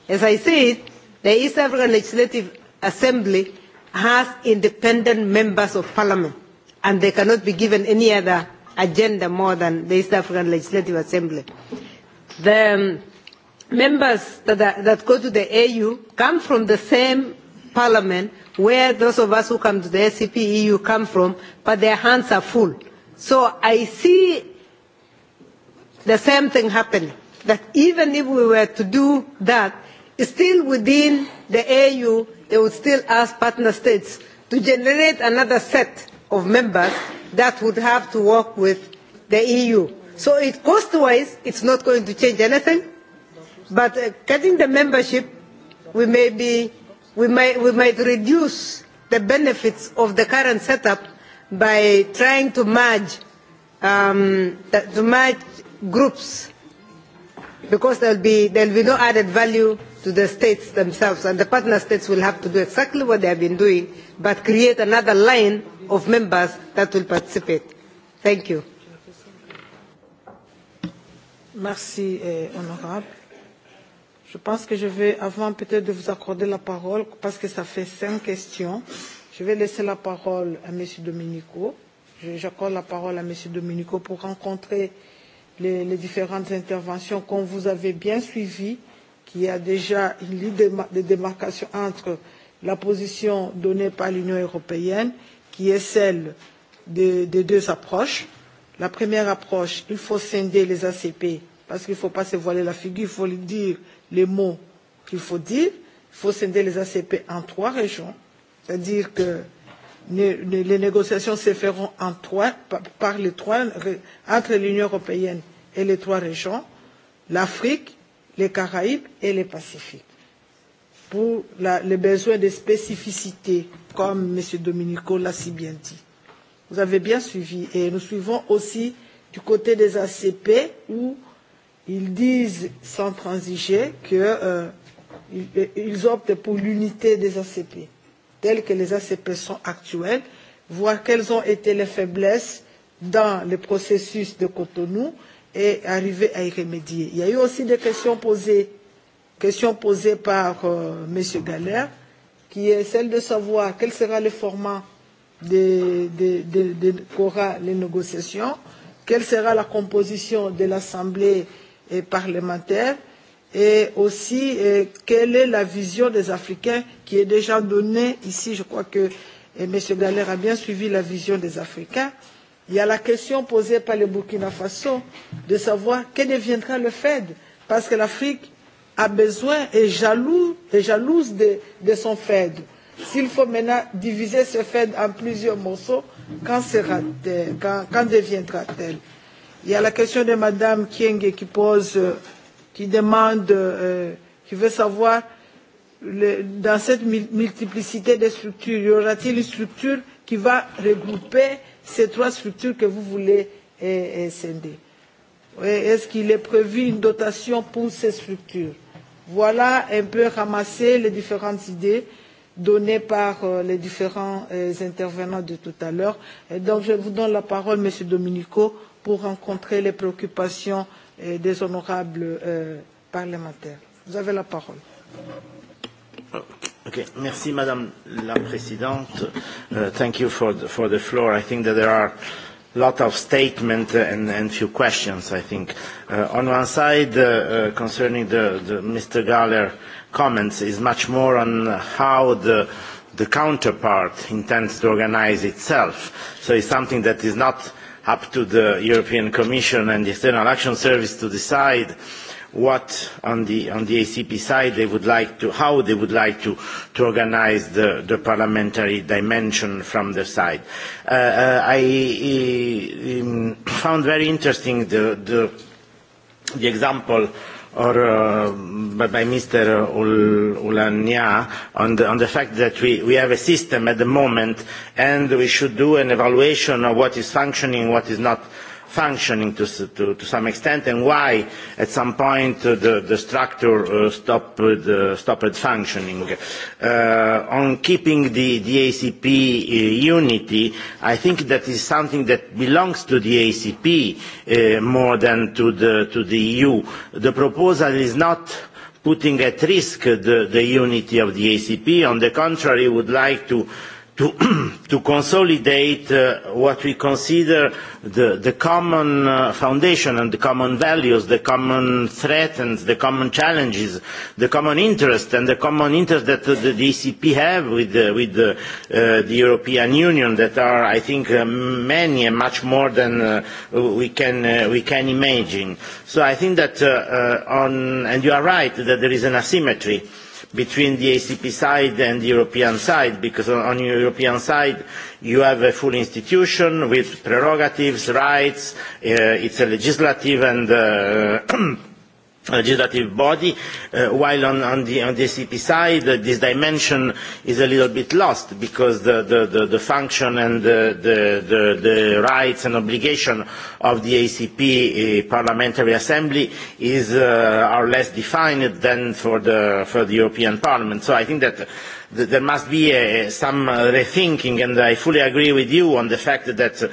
as I said, the East African Legislative Assembly has independent members of parliament and they cannot be given any other agenda more than the East African Legislative Assembly. The members that go to the EU come from the same parliament where those of us who come to the SCP EU come from, but their hands are full. So I see the same thing happening, that even if we were to do that, still within the EU, they would still ask partner states to generate another set of members that would have to work with the EU. So cost-wise, it's not going to change anything But cutting the membership, we may be, we might, we might reduce the benefits of the current setup by trying to merge, to merge groups, because there be be no added value to the states themselves, and the partner states will have to do exactly what they have been doing, but create another line of members that will participate. Thank you. Merci, honorable. Je pense que je vais, avant peut-être de vous accorder la parole, parce que ça fait cinq questions, je vais laisser la parole à M. Domenico. J'accorde la parole à M. Domenico pour rencontrer les, les différentes interventions qu'on vous avait bien suivies, qui a déjà une ligne de démarcation entre la position donnée par l'Union européenne, qui est celle des de deux approches. La première approche, il faut scinder les ACP, parce qu'il ne faut pas se voiler la figure, il faut le dire les mots qu'il faut dire. Il faut scinder les ACP en trois régions, c'est-à-dire que les négociations se feront en trois, par les trois, entre l'Union européenne et les trois régions, l'Afrique, les Caraïbes et le Pacifique. Pour les besoins de spécificité, comme M. Dominico l'a si bien dit. Vous avez bien suivi et nous suivons aussi du côté des ACP où ils disent sans transiger qu'ils optent pour l'unité des ACP, telles que les ACP sont actuelles, voir quelles ont été les faiblesses dans le processus de Cotonou et arriver à y remédier. Il y a eu aussi des questions posées, questions posées par M. Galère, qui est celle de savoir quel sera le format de, de, qu'aura les négociations, quelle sera la composition de l'Assemblée parlementaire et aussi quelle est la vision des Africains qui est déjà donnée ici. Je crois que M. Galère a bien suivi la vision des Africains. Il y a la question posée par le Burkina Faso de savoir que deviendra le Fed parce que l'Afrique a besoin et jaloux, est jalouse de, de son Fed. S'il faut maintenant diviser ce Fed en plusieurs morceaux, quand, sera quand, quand deviendra-t-elle Il y a la question de Madame Kienge qui pose, qui demande, qui veut savoir, dans cette multiplicité de structures, y aura-t-il une structure qui va regrouper ces trois structures que vous voulez scinder Est-ce qu'il est prévu une dotation pour ces structures Voilà un peu ramasser les différentes idées donnés par les différents intervenants de tout à l'heure. Donc je vous donne la parole, Monsieur Dominico, pour rencontrer les préoccupations des honorables parlementaires. Vous avez la parole. Merci Madame la Présidente. Thank you for the floor. I think that there are lot of statements and, and few questions, I think. on one side, concerning the, Mr. Galler comments, is much more on how the, the counterpart intends to organize itself. So it's something that is not up to the European Commission and the External Action Service to decide what on the on the ACP side they would like to how they would like to to organise the the parliamentary dimension from their side. I found very interesting the the example or by Mr. Ulania on the on the fact that we we have a system at the moment and we should do an evaluation of what is functioning, what is not functioning to some extent and why at some point the structure stopped functioning. On keeping the ACP unity, I think that is something that belongs to the ACP more than to the EU. The proposal is not putting at risk the unity of the ACP. On the contrary, would like to to consolidate what we consider the common foundation and the common values, the common threats the common challenges, the common interest and the common interest that the DCP have with the European Union that are, I think, many and much more than we can imagine. So I think that on, and you are right, that there is an asymmetry between the ACP side and the European side, because on the European side you have a full institution with prerogatives, rights, it's a legislative and legislative body, while on the ACP side this dimension is a little bit lost because the function and the rights and obligation of the ACP Parliamentary Assembly is are less defined than for the European Parliament. So I think that there must be some rethinking and I fully agree with you on the fact that the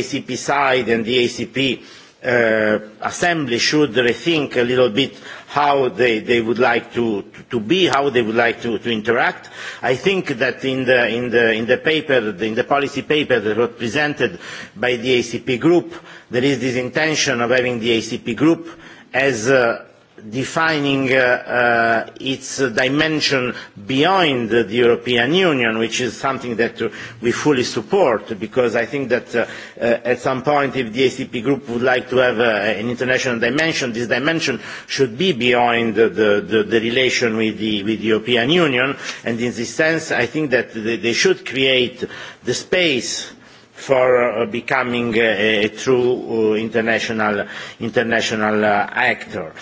ACP side and the ACP assembly should rethink a little bit how they they would like to to be how they would like to to interact i think that in the in the in the paper in the policy paper that was presented by the acp group there is this intention of having the acp group as defining its dimension beyond the European Union, which is something that we fully support, because I think that at some point, if the ACP Group would like to have an international dimension, this dimension should be beyond the relation with the European Union, and in this sense, I think that they should create the space for becoming a true international international actor.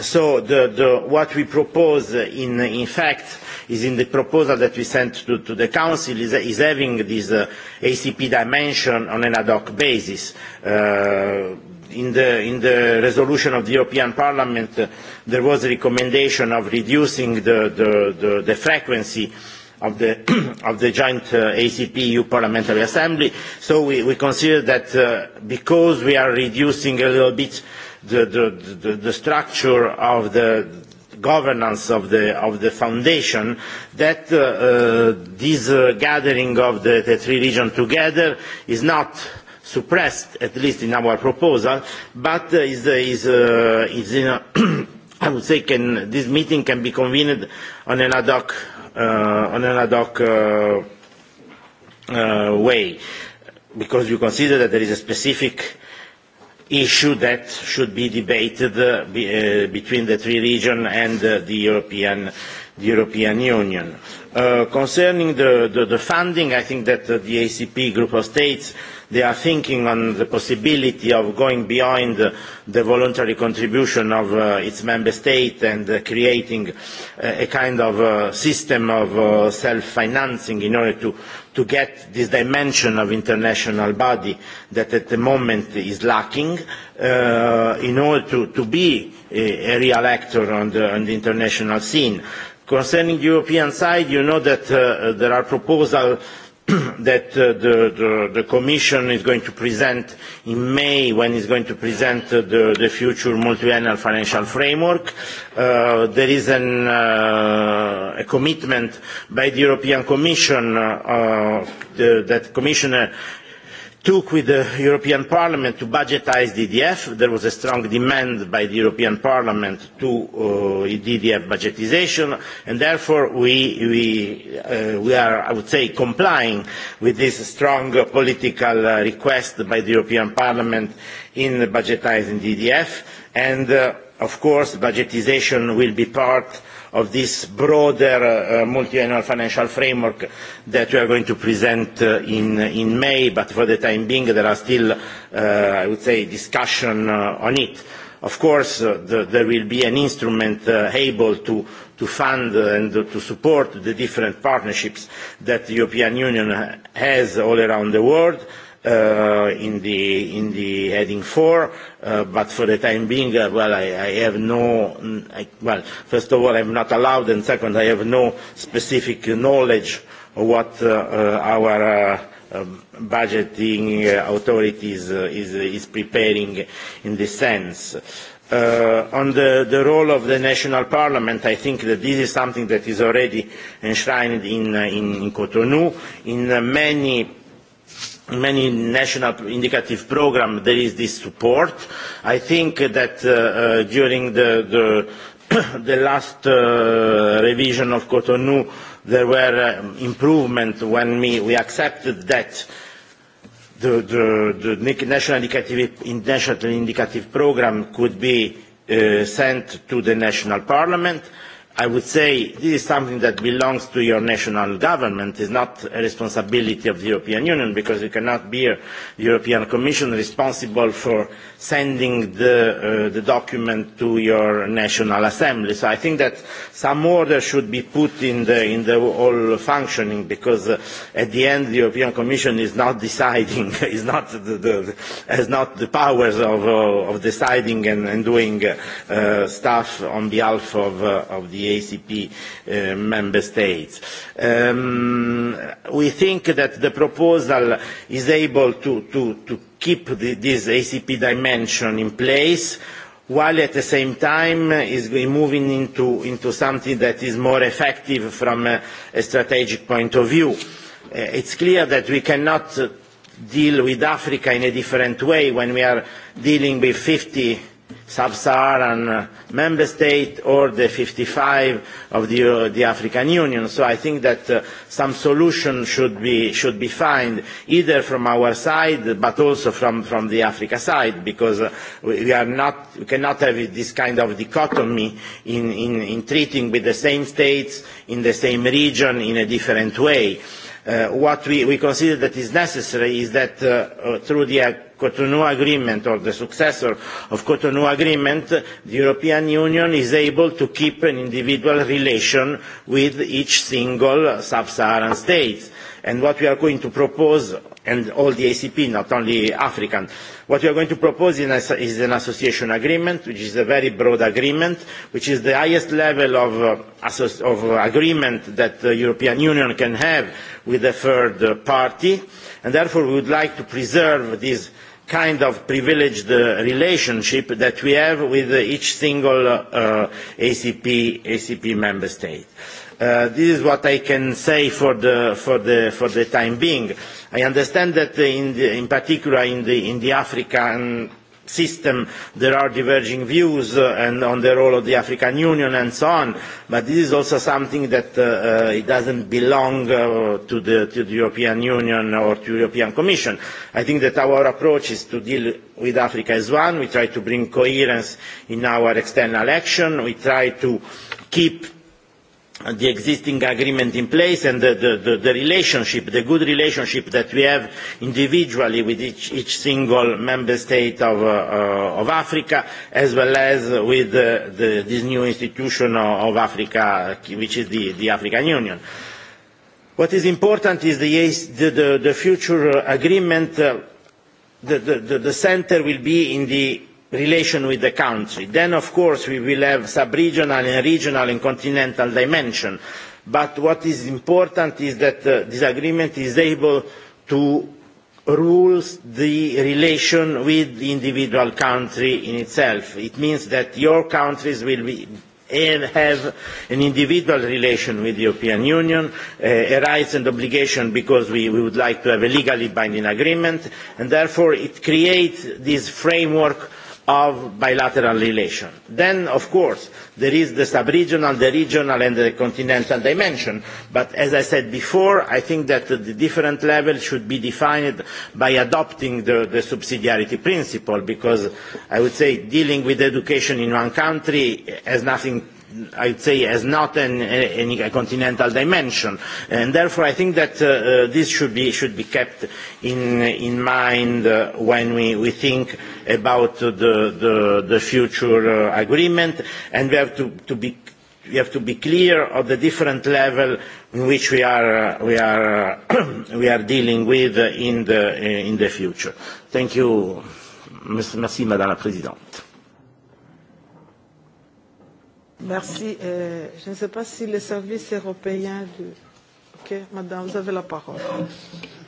So what we propose in fact is in the proposal that we sent to the Council is having this ACP dimension on an ad hoc basis. In the resolution of the European Parliament there was a recommendation of reducing the frequency of the of the joint ACP EU Parliamentary Assembly. So we consider that because we are reducing a little bit the structure of the governance of the of the foundation that this gathering of the three regions together is not suppressed, at least in our proposal, but is is is I would say can this meeting can be convened on an ad hoc on an ad hoc way, because you consider that there is a specific issue that should be debated between the three regions and the European Union Concerning the funding, I think that the ACP group of states, they are thinking on the possibility of going beyond the voluntary contribution of its member state and creating a kind of system of self-financing in order to to get this dimension of international body that at the moment is lacking in order to be a real actor on the international scene. Concerning the European side, you know that there are proposals that the Commission is going to present in May when it's going to present the future multi-annual financial framework. There is a commitment by the European Commission that Commissioner took with the European Parliament to budgetise DDF. There was a strong demand by the European Parliament to DDF budgetisation, and therefore we are, I would say, complying with this strong political request by the European Parliament in budgetising DDF. And, of course, budgetisation will be part of this broader multi-annual financial framework that we are going to present in May, but for the time being there are still, I would say, discussion on it. Of course, there will be an instrument able to fund and to support the different partnerships that the European Union has all around the world in the heading four, but for the time being, well, I, have no. well, first of all, I'm not allowed, and second, I have no specific knowledge of what our budgeting authorities is is preparing in this sense. On the role of the national parliament, I think that this is something that is already enshrined in Cotonou in many many national indicative programmes. there is this support. I think that during the last revision of Cotonou there were improvements when we accepted that the national indicative program could be sent to the national parliament I would say this is something that belongs to your national government, is not a responsibility of the European Union, because you cannot be the European Commission responsible for sending the document to your national assembly. So I think that some order should be put in the whole functioning, because at the end the European Commission is not deciding, is not has not the powers of deciding and doing stuff on behalf of the ACP member states. We think that the proposal is able to keep this ACP dimension in place while at the same time is moving into something that is more effective from a strategic point of view. It's clear that we cannot deal with Africa in a different way when we are dealing with 50 sub-Saharan member state or the 55 of the African Union. So I think that some solution should be should be found either from our side but also from from the Africa side because we are not we cannot have this kind of dichotomy in in treating with the same states in the same region in a different way. What we consider that is necessary is that through the Cotonou Agreement or the successor of Cotonou Agreement, the European Union is able to keep an individual relation with each single sub-Saharan state. And what we are going to propose and all the ACP, not only African. What we are going to propose is an association agreement, which is a very broad agreement, which is the highest level of agreement that the European Union can have with a third party, and therefore we would like to preserve this kind of privileged relationship that we have with each single ACP member state. This is what I can say for the time being. I understand that in particular in the African system there are diverging views on the role of the African Union and so on, but this is also something that it doesn't belong to the European Union or to the European Commission. I think that our approach is to deal with Africa as one. We try to bring coherence in our external action. We try to keep the existing agreement in place and the relationship, the good relationship that we have individually with each single member state of Africa, as well as with this new institution of Africa, which is the African Union. What is important is the future agreement. The center will be in the relation with the country. Then, of course, we will have sub-regional and regional and continental dimension. But what is important is that this agreement is able to rule the relation with the individual country in itself. It means that your countries will have an individual relation with the European Union, a rights and obligation because we would like to have a legally binding agreement, and therefore it creates this framework of bilateral relations. Then, of course, there is the sub-regional, the regional, and the continental dimension. But as I said before, I think that the different levels should be defined by adopting the subsidiarity principle, because I would say dealing with education in one country has nothing I'd say has not any continental dimension, and therefore I think that this should be should be kept in mind when we think about the future agreement, and we have to be we have to be clear of the different level in which we are we are we are dealing with in the in the future. Thank you, Merci, Madame la Présidente. Merci. Euh, Je ne sais pas si le service européen de... Ok, madame, vous avez la parole.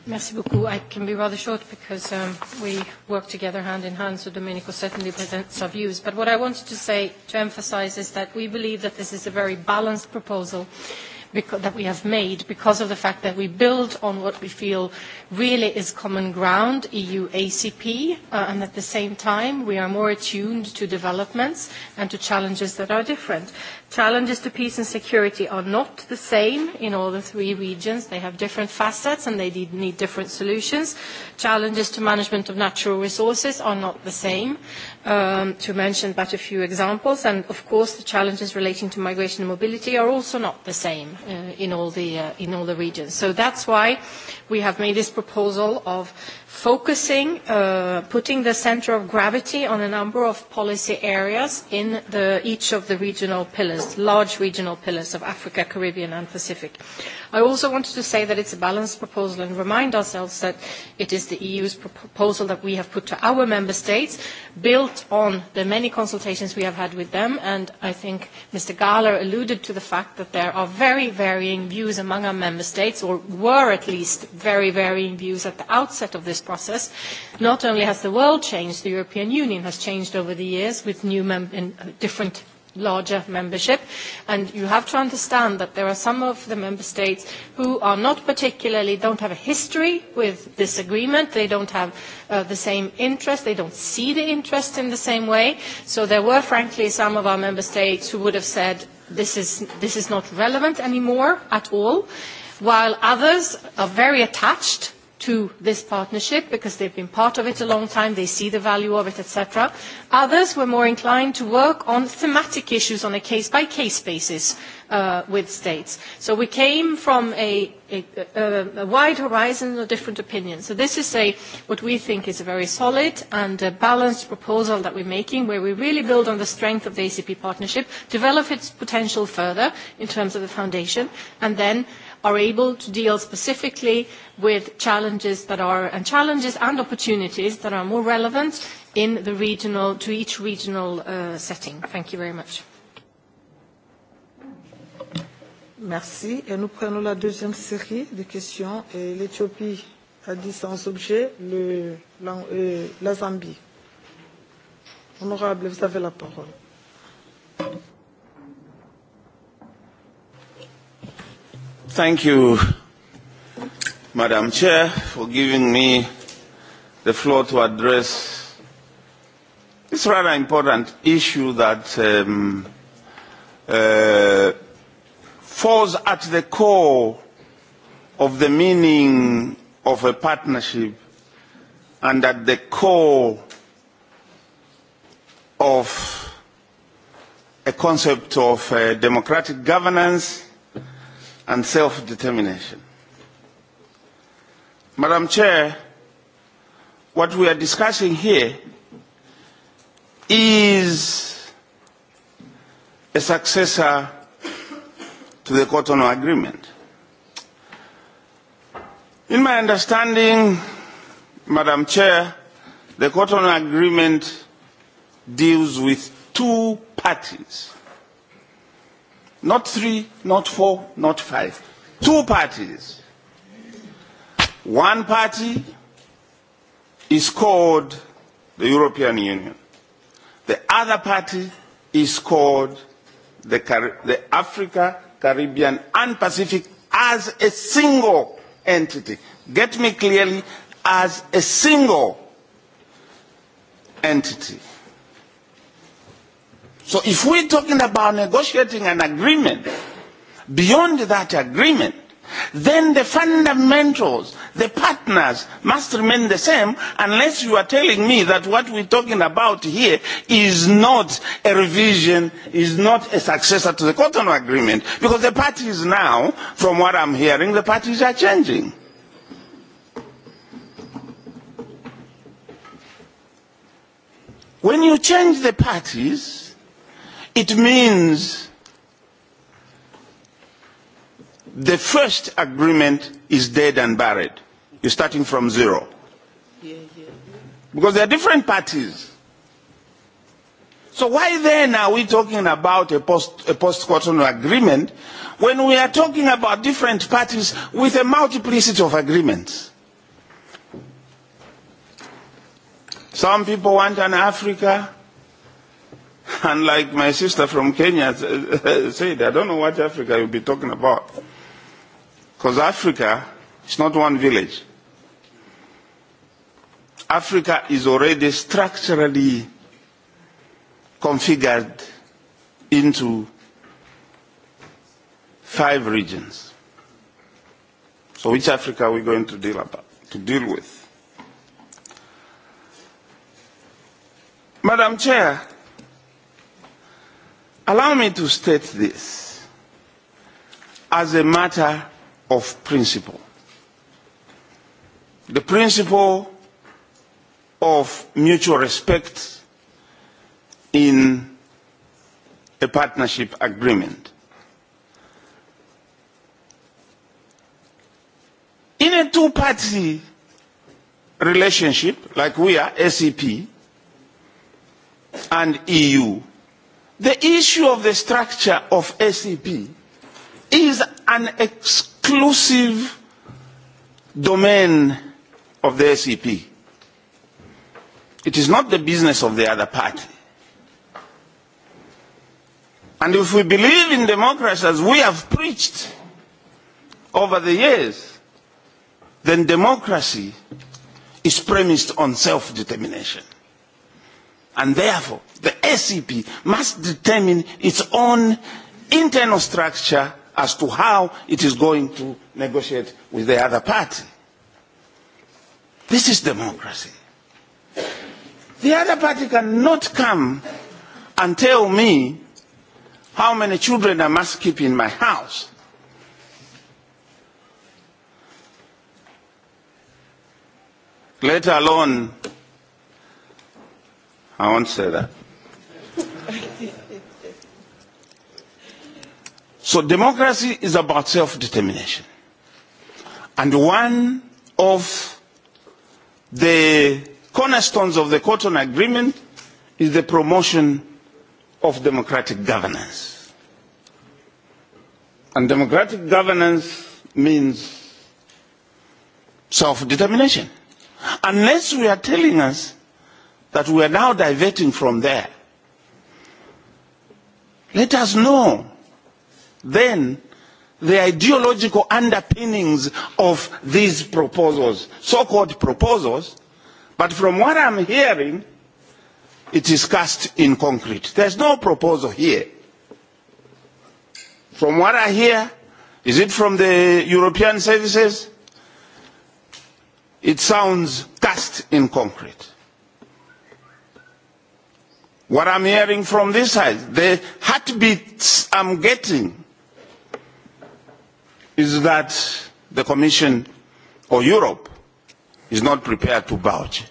Merci beaucoup. I can be rather short because um, we work together hand in hand, so Domenico certainly presents our views. But what I wanted to say, to emphasize, is that we believe that this is a very balanced proposal that we have made because of the fact that we build on what we feel really is common ground, EU ACP, and at the same time we are more attuned to developments and to challenges that are different. Challenges to peace and security are not the same in all the three regions. They have different facets and they need different solutions. Challenges to management of natural resources are not the same, to mention but a few examples. And, of course, the challenges relating to migration and mobility are also not the same in all the regions. So that's why we have made this proposal of focusing, putting the centre of gravity on a number of policy areas in each of the regional pillars, large regional pillars of Africa, Caribbean and Pacific. I also wanted to say that it's a balanced proposal and remind ourselves that it is the EU's proposal that we have put to our member states, built on the many consultations we have had with them, and I think Mr. Gahler alluded to the fact that there are very varying views among our member states, or were at least very varying views at the outset of this process. Not only has the world changed, the European Union has changed over the years with new different larger membership. And you have to understand that there are some of the member states who are not particularly, don't have a history with this agreement. They don't have the same interest. They don't see the interest in the same way. So there were, frankly, some of our member states who would have said, this is not relevant anymore at all, while others are very attached to this partnership because they've been part of it a long time, they see the value of it, etc. Others were more inclined to work on thematic issues on a case-by-case basis with states. So we came from a wide horizon of different opinions. So this is what we think is a very solid and balanced proposal that we're making where we really build on the strength of the ACP partnership, develop its potential further in terms of the foundation, and then are able to deal specifically with challenges that are and challenges and opportunities that are more relevant in the regional to each regional setting. Thank you very much. Merci. Et nous prenons la deuxième série de questions. Et l'Éthiopie a dit sans objet, le, la, la Zambie. Honorable, vous avez la parole. Thank you, Madam Chair, for giving me the floor to address this rather important issue that falls at the core of the meaning of a partnership and at the core of a concept of democratic governance and self-determination. Madam Chair, what we are discussing here is a successor to the Cotonou Agreement. In my understanding, Madam Chair, the Cotonou Agreement deals with two parties Not three, not four, not five. Two parties. One party is called the European Union. The other party is called the Africa, Caribbean and Pacific as a single entity. Get me clearly, as a single entity. So if we're talking about negotiating an agreement, beyond that agreement, then the fundamentals, the partners must remain the same unless you are telling me that what we're talking about here is not a revision, is not a successor to the Cotonou Agreement. Because the parties now, from what I'm hearing, the parties are changing. When you change the parties, It means the first agreement is dead and buried. You're starting from zero. Because there are different parties. So why then are we talking about a post-Cotonou agreement when we are talking about different parties with a multiplicity of agreements? Some people want an Africa And like my sister from Kenya said, I don't know what Africa you'll be talking about. Because Africa is not one village. Africa is already structurally configured into five regions. So which Africa are we going to deal about, to deal with? Madam Chair, Allow me to state this as a matter of principle. The principle of mutual respect in a partnership agreement. In a two-party relationship like we are, SEP and EU, The issue of the structure of SEP is an exclusive domain of the SEP. It is not the business of the other party. And if we believe in democracy as we have preached over the years, then democracy is premised on self-determination and therefore the SCP must determine its own internal structure as to how it is going to negotiate with the other party. This is democracy. The other party cannot come and tell me how many children I must keep in my house. Let alone I won't say that. so democracy is about self-determination. And one of the cornerstones of the Cotton Agreement is the promotion of democratic governance. And democratic governance means self-determination. Unless we are telling us that we are now diverting from there. Let us know then the ideological underpinnings of these proposals, so-called proposals, but from what I'm hearing, it is cast in concrete. There's no proposal here. From what I hear, is it from the European services? It sounds cast in concrete. What I'm hearing from this side, the heartbeats I'm getting is that the Commission or Europe is not prepared to vouch.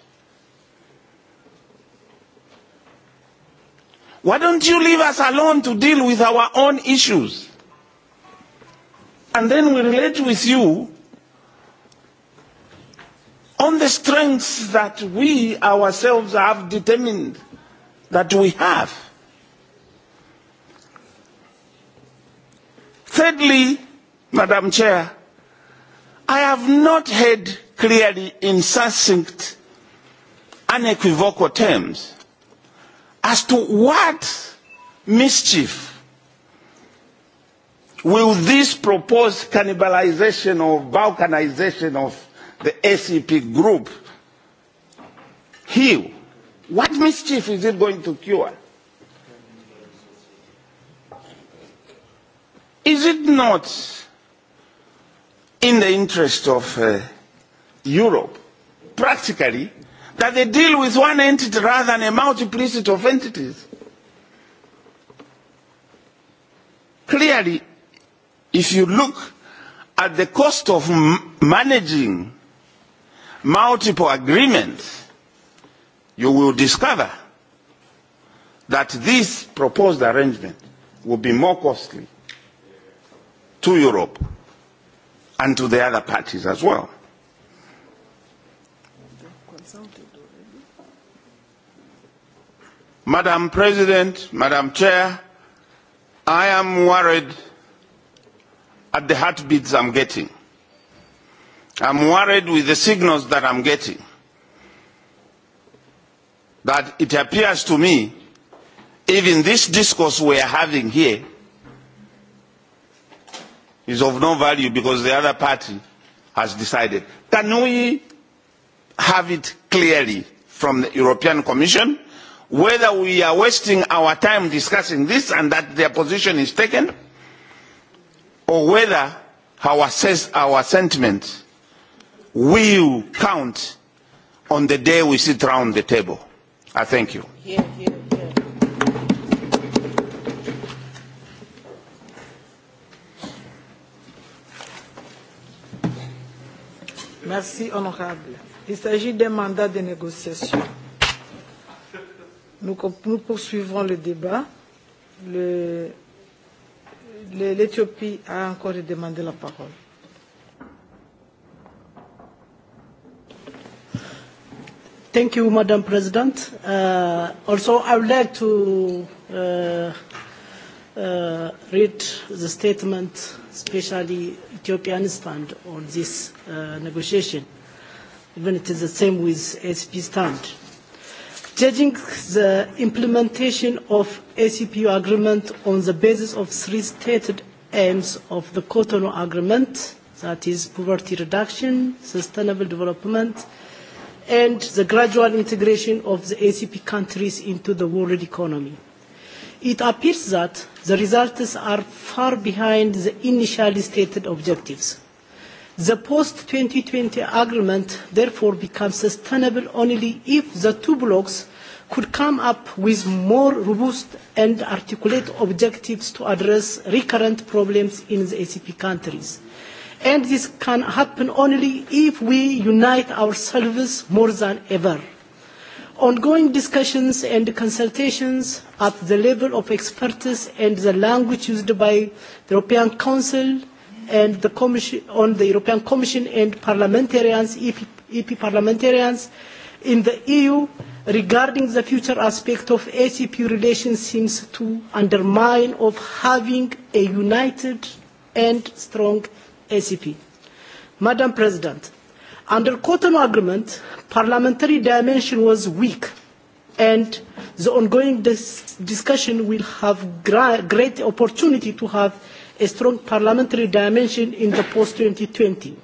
Why don't you leave us alone to deal with our own issues? And then we relate with you on the strengths that we ourselves have determined that we have. Thirdly, Madam Chair, I have not heard clearly in succinct, unequivocal terms as to what mischief will this proposed cannibalization or balkanization of the ACP group heal. What mischief is it going to cure? Is it not in the interest of Europe, practically, that they deal with one entity rather than a multiplicity of entities? Clearly, if you look at the cost of managing multiple agreements, you will discover that this proposed arrangement will be more costly to Europe and to the other parties as well. Madam President, Madam Chair, I am worried at the heartbeats I'm getting. I'm worried with the signals that I'm getting that it appears to me even this discourse we are having here is of no value because the other party has decided. Can we have it clearly from the European Commission whether we are wasting our time discussing this and that their position is taken or whether our, our sentiment will count on the day we sit round the table? I thank you. Merci, honorable. Il s'agit d'un mandat de négociation. Nous, nous poursuivons le débat. L'Éthiopie a encore demandé la parole. Thank you, Madam President. Also, I would like to read the statement, especially Ethiopian stand on this negotiation, even it is the same with ACP stand. Judging the implementation of ACPU agreement on the basis of three stated aims of the Cotonou agreement, that is poverty reduction, sustainable development, and the gradual integration of the ACP countries into the world economy. It appears that the results are far behind the initially stated objectives. The post-2020 agreement therefore becomes sustainable only if the two blocs could come up with more robust and articulate objectives to address recurrent problems in the ACP countries and this can happen only if we unite ourselves more than ever. Ongoing discussions and consultations at the level of experts and the language used by the European Council and the Commission on the European Commission and parliamentarians, EP parliamentarians in the EU regarding the future aspect of ACP relations seems to undermine of having a united and strong ACP. Madam President, under Cotonou Agreement, parliamentary dimension was weak and the ongoing discussion will have great opportunity to have a strong parliamentary dimension in the post-2020.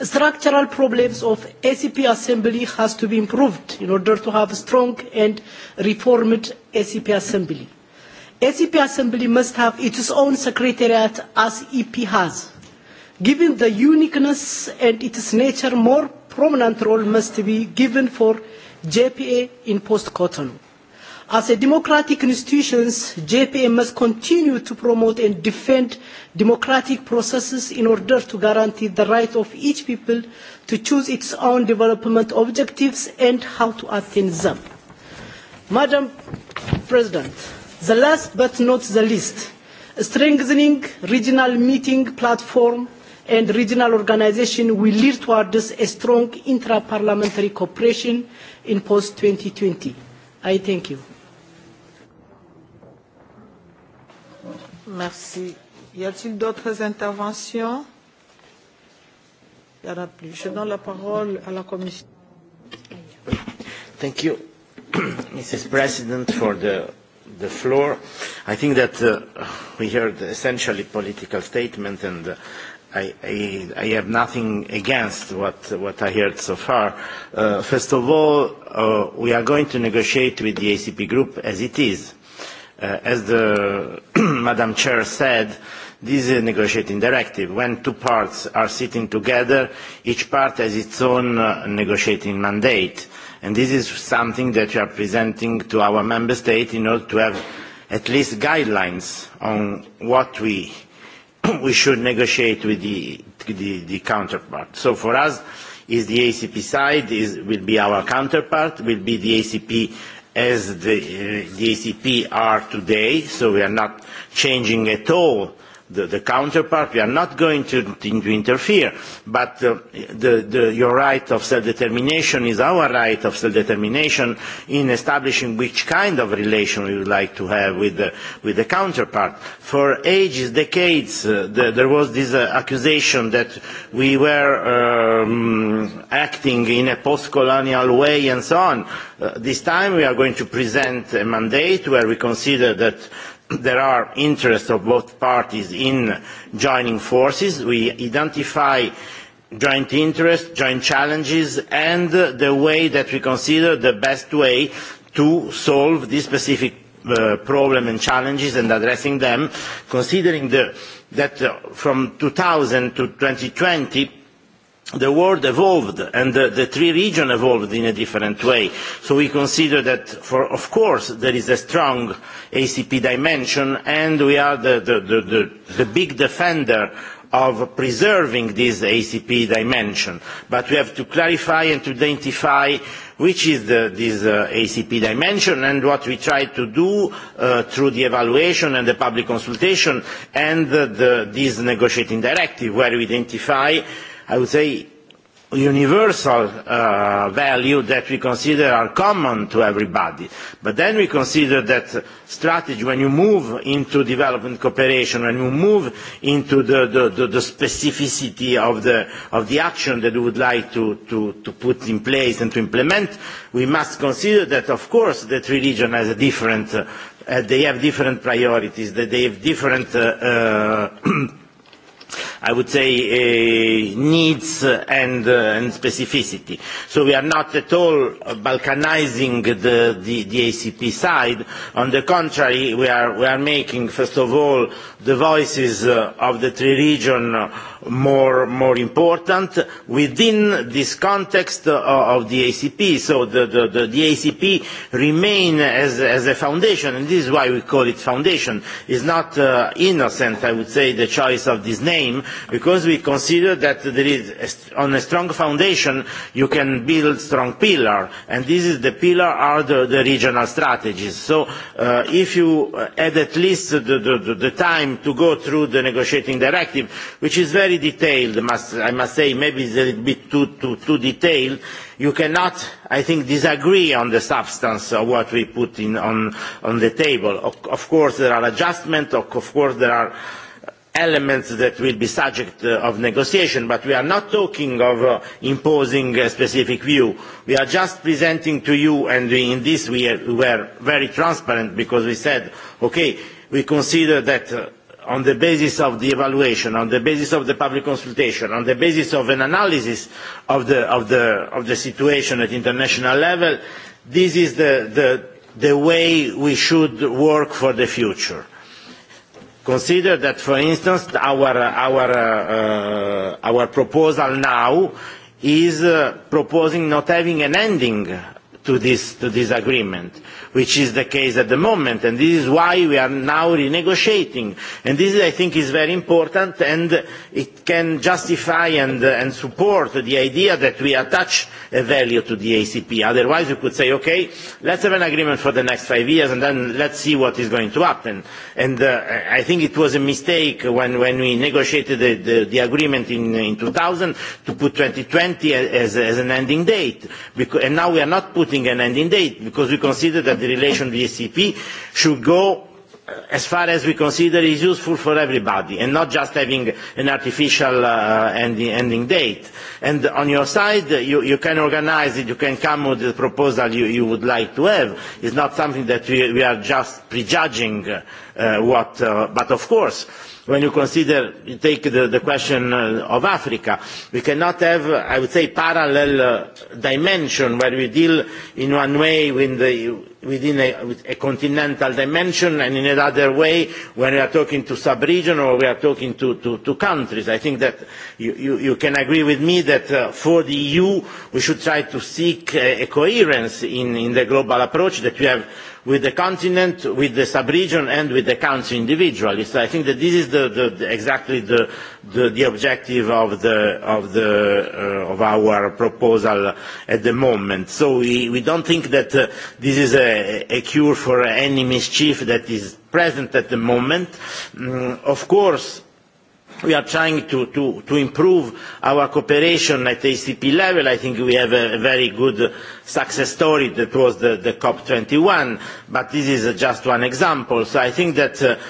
Structural problems of ACP Assembly has to be improved in order to have a strong and reformed ACP Assembly. ACP Assembly must have its own secretariat as EP has Given the uniqueness and its nature, more prominent role must be given for JPA in post-Cotonou. As a democratic institution, JPA must continue to promote and defend democratic processes in order to guarantee the right of each people to choose its own development objectives and how to attain them. Madam President, the last but not the least, strengthening regional meeting platform and regional organization will lead towards a strong intra-parliamentary cooperation in post-2020. I thank you. Merci. Y a-t-il d'autres interventions Il n'y en a plus. Je donne la parole à la Commission. Thank you, Mrs. President, for the the floor. I think that we heard essentially political statement and I have nothing against what I heard so far. First of all, we are going to negotiate with the ACP Group as it is. As the Madam Chair said, this is a negotiating directive. When two parts are sitting together, each part has its own negotiating mandate, and this is something that we are presenting to our member state in order to have at least guidelines on what we we should negotiate with the, the, counterpart. So for us, is the ACP side is, will be our counterpart, will be the ACP as the, the ACP are today, so we are not changing at all the counterpart. We are not going to interfere, but your right of self-determination is our right of self-determination in establishing which kind of relation we would like to have with the counterpart. For ages, decades, there was this accusation that we were acting in a post-colonial way and so on. This time we are going to present a mandate where we consider that there are interests of both parties in joining forces. We identify joint interests, joint challenges, and the way that we consider the best way to solve these specific problems and challenges and addressing them, considering that from 2000 to 2020, the world evolved and the three regions evolved in a different way. So we consider that, of course, there is a strong ACP dimension and we are the big defender of preserving this ACP dimension. But we have to clarify and to identify which is this ACP dimension and what we try to do through the evaluation and the public consultation and this negotiating directive where we identify I would say, universal value that we consider are common to everybody. But then we consider that strategy, when you move into development cooperation, when you move into the specificity of the action that we would like to put in place and to implement, we must consider that, of course, that religion has a different, they have different priorities, that they have different I would say, needs and specificity. So we are not at all balkanizing the ACP side. On the contrary, we are making, first of all, the voices of the three regions more important within this context of the ACP. So the ACP remains as a foundation, and this is why we call it foundation. Is not innocent, I would say, the choice of this name because we consider that on a strong foundation you can build strong pillar and this is the pillar of the regional strategies. So if you add at least the time to go through the negotiating directive, which is very detailed, I must say maybe it's a little bit too detailed, you cannot, I think, disagree on the substance of what we put on the table. Of course there are adjustments, of course there are elements that will be subject of negotiation, but we are not talking of imposing a specific view. We are just presenting to you, and in this we were very transparent because we said, okay, we consider that on the basis of the evaluation, on the basis of the public consultation, on the basis of an analysis of the situation at international level, this is the way we should work for the future. Consider that, for instance, our proposal now is proposing not having an ending to this to this agreement which is the case at the moment. And this is why we are now renegotiating. And this, I think, is very important, and it can justify and support the idea that we attach a value to the ACP. Otherwise, we could say, okay, let's have an agreement for the next five years, and then let's see what is going to happen. And I think it was a mistake when we negotiated the agreement in 2000 to put 2020 as an ending date. And now we are not putting an ending date because we consider that the relation with the ECP should go as far as we consider is useful for everybody and not just having an artificial ending date. And on your side, you can organize it, you can come with the proposal you would like to have. It's not something that we are just prejudging what, but of course when you consider, you take the question of Africa. We cannot have, I would say, parallel dimension where we deal in one way within a continental dimension and in another way when we are talking to sub region or we are talking to countries. I think that you can agree with me that for the EU we should try to seek a coherence in the global approach that we have with the continent, with the sub-region, and with the council individually. So I think that this is the, exactly the, the, objective of, the, of, the, of our proposal at the moment. So we, we don't think that this is a, a cure for any mischief that is present at the moment. of course, We are trying to improve our cooperation at ACP level. I think we have a very good success story that was the COP21, but this is just one example. So I think that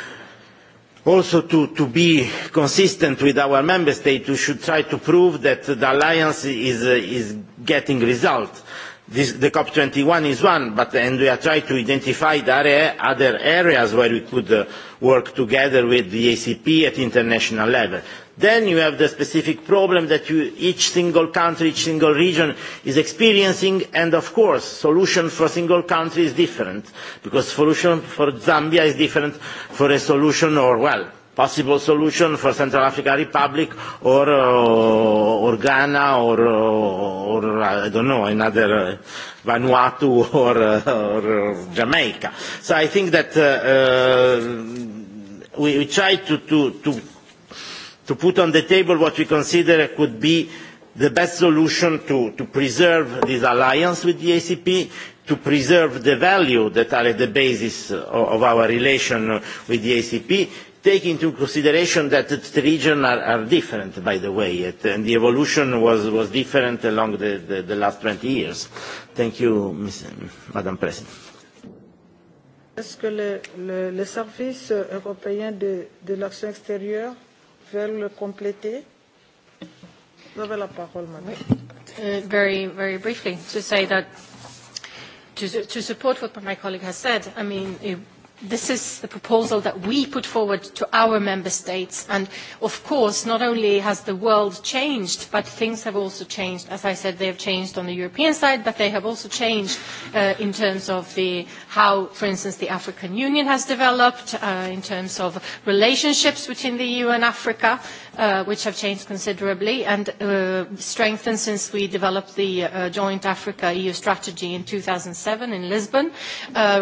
also to be consistent with our member states, we should try to prove that the alliance is getting results The COP21 is one, but and we are trying to identify other areas where we could work together with the ACP at international level. Then you have the specific problem that each single country, each single region is experiencing, and of course, solution for single country is different, because solution for Zambia is different for a solution or well possible solution for Central African Republic or or Ghana or I don't know another Vanuatu or Jamaica. So I think that we try to put on the table what we consider could be the best solution to to preserve this alliance with the ACP to preserve the value that are at the basis of our relation with the ACP take into consideration that the regions are are different, by the way, and the evolution was was different along the the, last 20 years. Thank you, Madam President. Est-ce que le le, service européen de de l'action extérieure veut le compléter Vous avez la parole, Madame. Very, very briefly, to say that to support what my colleague has said, I mean, This is the proposal that we put forward to our member states. And, of course, not only has the world changed, but things have also changed. As I said, they have changed on the European side, but they have also changed in terms of the how, for instance, the African Union has developed in terms of relationships between the EU and Africa, which have changed considerably and strengthened since we developed the joint Africa-EU strategy in 2007 in Lisbon.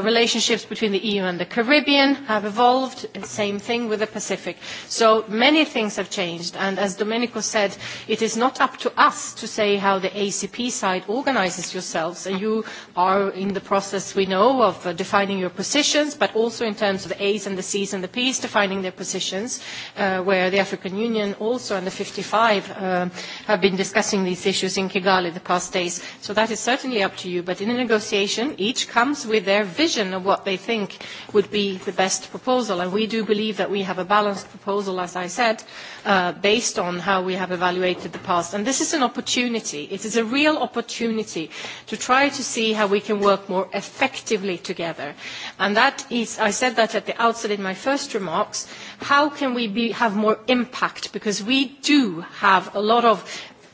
Relationships between the EU and the Caribbean have evolved. Same thing with the Pacific. So many things have changed. And as Domenico said, it is not up to us to say how the ACP side organizes yourselves. And you are in the process, we know, of defining your positions, but also in terms of the A's and the C's and the P's defining their positions, where the African Union also and the 55 have been discussing these issues in Kigali the past days. So that is certainly up to you. But in a negotiation, each comes with their vision of what they think would be the best proposal. And we do believe that we have a balanced proposal, as I said, based on how we have evaluated the past. And this is an opportunity. It is a real opportunity to try to see how we can work more effectively together. And that is, I said that at the outset in my first remarks, how can we have more impact? Because we do have a lot of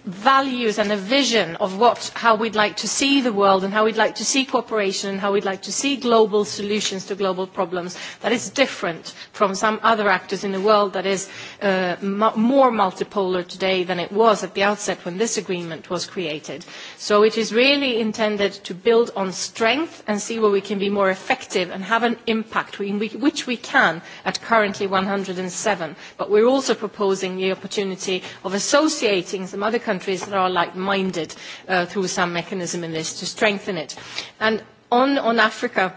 values and a vision of what, how we'd like to see the world and how we'd like to see cooperation and how we'd like to see global solutions to global problems that is different from some other actors in the world that is more multipolar today than it was at the outset when this agreement was created. So it is really intended to build on strength and see where we can be more effective and have an impact, which we can at currently 107. But we're also proposing the opportunity of associating some other countries countries that are like-minded through some mechanism in this to strengthen it. And on Africa,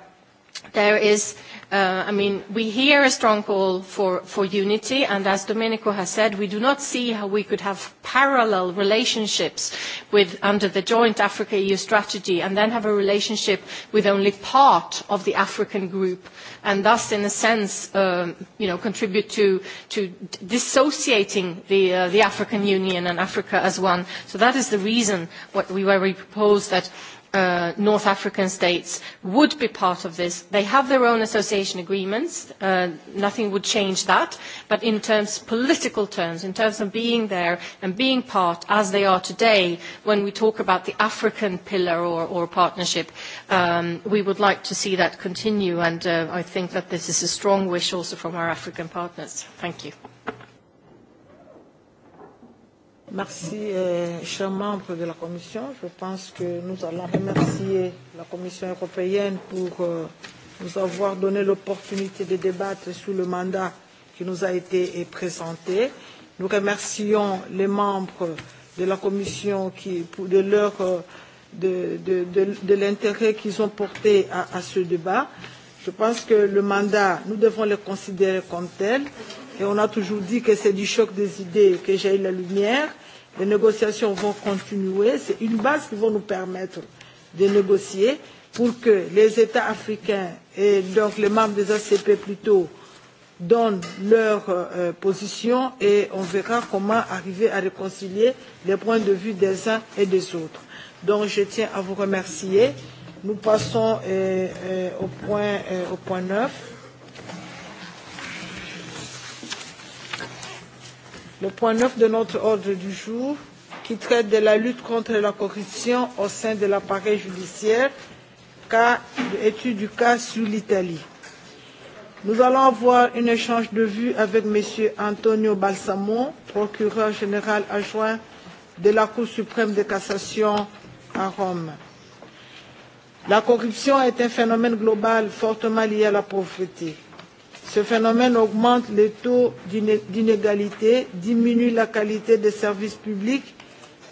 there is I mean, we hear a strong call for unity, and as Domenico has said, we do not see how we could have parallel relationships under the joint Africa-EU strategy and then have a relationship with only part of the African group, and thus, in a sense, contribute to dissociating the African Union and Africa as one. So that is the reason why we propose that North African states would be part of this. They have their own association agreements. Nothing would change that. But in terms, political terms, in terms of being there and being part, as they are today, when we talk about the African pillar or partnership, we would like to see that continue. And I think that this is a strong wish also from our African partners. Thank you. Merci, chers membres de la Commission. Je pense que nous allons remercier la Commission européenne pour nous avoir donné l'opportunité de débattre sur le mandat qui nous a été présenté. Nous remercions les membres de la Commission de l'intérêt qu'ils ont porté à ce débat. Je pense que le mandat, nous devons le considérer comme tel. Et on a toujours dit que c'est du choc des idées que j'ai eu la lumière. Les négociations vont continuer. C'est une base qui va nous permettre de négocier pour que les États africains et donc les membres des ACP plutôt donnent leur position et on verra comment arriver à réconcilier les points de vue des uns et des autres. Donc je tiens à vous remercier Nous passons au point au point 9. Le point 9 de notre ordre du jour qui traite de la lutte contre la corruption au sein de l'appareil judiciaire, cas étude du cas sur l'Italie. Nous allons avoir un échange de vues avec M. Antonio Balsamo, procureur général adjoint de la Cour suprême de cassation à Rome. La corruption est un phénomène global fortement lié à la pauvreté. Ce phénomène augmente les taux d'inégalité, diminue la qualité des services publics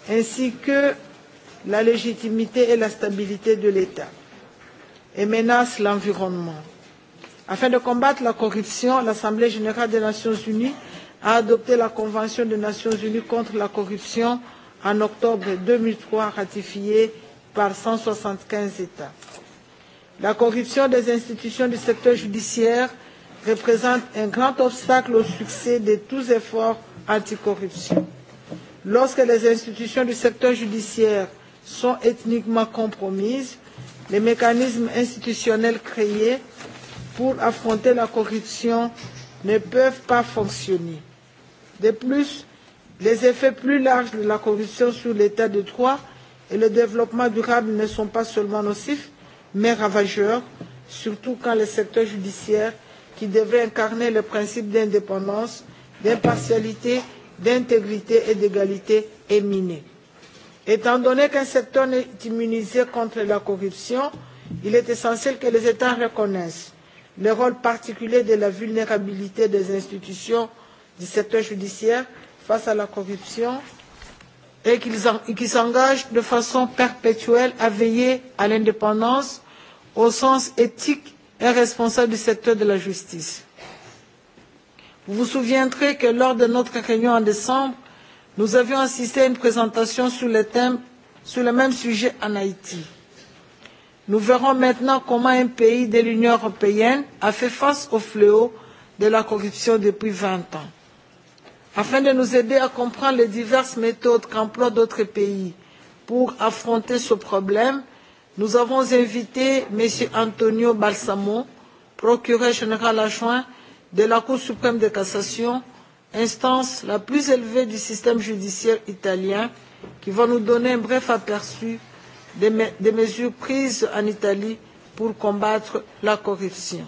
ainsi que la légitimité et la stabilité de l'État et menace l'environnement. Afin de combattre la corruption, l'Assemblée générale des Nations unies a adopté la Convention des Nations unies contre la corruption en octobre 2003, ratifiée par 175 États. La corruption des institutions du secteur judiciaire représente un grand obstacle au succès de tous efforts anticorruption. Lorsque les institutions du secteur judiciaire sont ethniquement compromises, les mécanismes institutionnels créés pour affronter la corruption ne peuvent pas fonctionner. De plus, les effets plus larges de la corruption sur l'état de droit et le développement durable ne sont pas seulement nocifs, mais ravageurs, surtout quand le secteur judiciaire, qui devrait incarner le principe d'indépendance, d'impartialité, d'intégrité et d'égalité, est miné. Étant donné qu'un secteur n'est immunisé contre la corruption, il est essentiel que les États reconnaissent le rôle particulier de la vulnérabilité des institutions du secteur judiciaire face à la corruption et qui s'engage de façon perpétuelle à veiller à l'indépendance au sens éthique et responsable du secteur de la justice. Vous vous souviendrez que lors de notre réunion en décembre, nous avions assisté à une présentation sur le même sujet en Haïti. Nous verrons maintenant comment un pays de l'Union européenne a fait face au fléau de la corruption depuis 20 ans afin de nous aider à comprendre les diverses méthodes qu'emploient d'autres pays pour affronter ce problème nous avons invité m. antonio balsamo procureur général adjoint de la cour suprême de cassation instance la plus élevée du système judiciaire italien qui va nous donner un bref aperçu des mesures prises en italie pour combattre la corruption.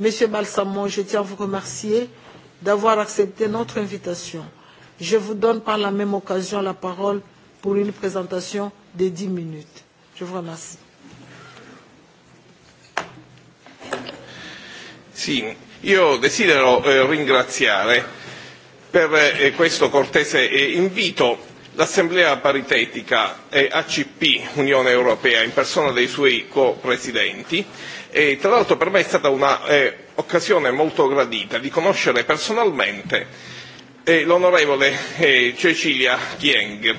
monsieur balsamo je tiens à vous remercier d'avoir accepté notre invitation. Je vous donne par la même occasion la parole pour une présentation de 10 minutes. Je vous remercie. Sì, io desidero ringraziare per questo cortese invito l'Assemblea paritetica e ACP Unione Europea in persona dei suoi co-presidenti E, tra l'altro per me è stata un'occasione eh, molto gradita di conoscere personalmente l'onorevole Cecilia Chieng,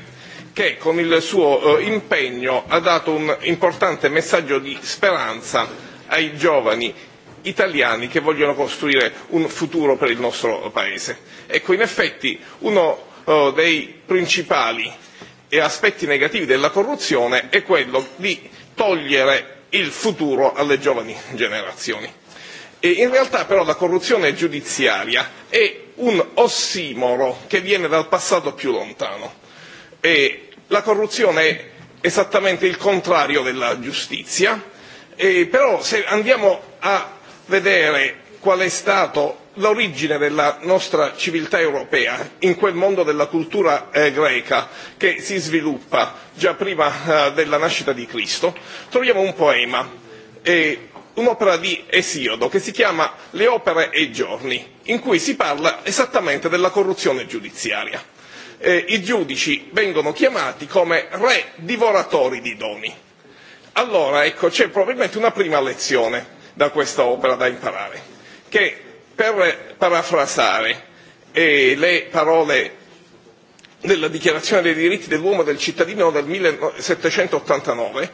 che con il suo impegno ha dato un importante messaggio di speranza ai giovani italiani che vogliono costruire un futuro per il nostro paese. Ecco, in effetti uno dei principali aspetti negativi della corruzione è quello di togliere il futuro alle giovani generazioni. E in realtà però la corruzione giudiziaria è un ossimoro che viene dal passato più lontano e la corruzione è esattamente il contrario della giustizia però se andiamo a vedere qual è stato l'origine della nostra civiltà europea in quel mondo della cultura greca che si sviluppa già prima della nascita di Cristo, troviamo un poema, un'opera di Esiodo che si chiama Le opere e i giorni, in cui si parla esattamente della corruzione giudiziaria. I giudici vengono chiamati come re divoratori di doni. Allora, ecco, c'è probabilmente una prima lezione da questa opera da imparare, che Per parafrasare le parole della dichiarazione dei diritti dell'uomo e del cittadino del 1789,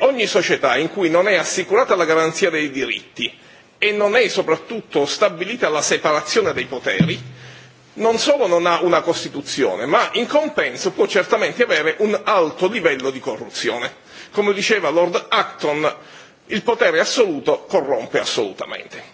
ogni società in cui non è assicurata la garanzia dei diritti e non è soprattutto stabilita la separazione dei poteri, non solo non ha una Costituzione, ma in compenso può certamente avere un alto livello di corruzione. Come diceva Lord Acton, il potere assoluto corrompe assolutamente.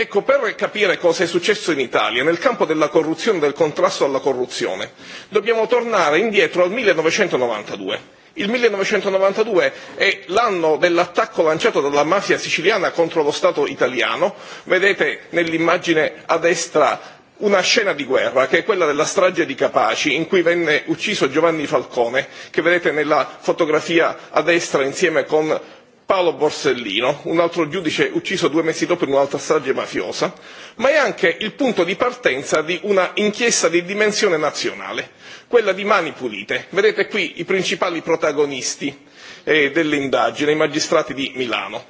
Ecco, per capire cosa è successo in Italia nel campo della corruzione e del contrasto alla corruzione, dobbiamo tornare indietro al 1992. Il 1992 è l'anno dell'attacco lanciato dalla mafia siciliana contro lo Stato italiano. Vedete nell'immagine a destra una scena di guerra, che è quella della strage di Capaci, in cui venne ucciso Giovanni Falcone, che vedete nella fotografia a destra insieme con Paolo Borsellino, un altro giudice ucciso due mesi dopo in un'altra strage mafiosa, ma è anche il punto di partenza di una inchiesta di dimensione nazionale, quella di Mani Pulite. Vedete qui i principali protagonisti dell'indagine, i magistrati di Milano.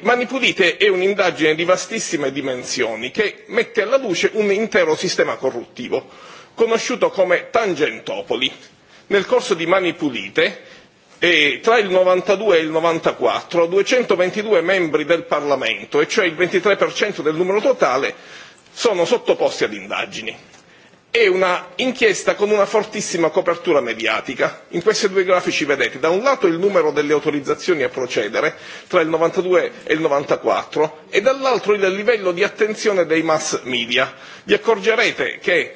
Mani Pulite è un'indagine di vastissime dimensioni che mette alla luce un intero sistema corruttivo, conosciuto come Tangentopoli. Nel corso di Mani Pulite tra il 92 e il 94 222 membri del Parlamento, e cioè il 23% del numero totale, sono sottoposti ad indagini. È un'inchiesta con una fortissima copertura mediatica. In questi due grafici vedete da un lato il numero delle autorizzazioni a procedere tra il 92 e il 94 e dall'altro il livello di attenzione dei mass media. Vi accorgerete che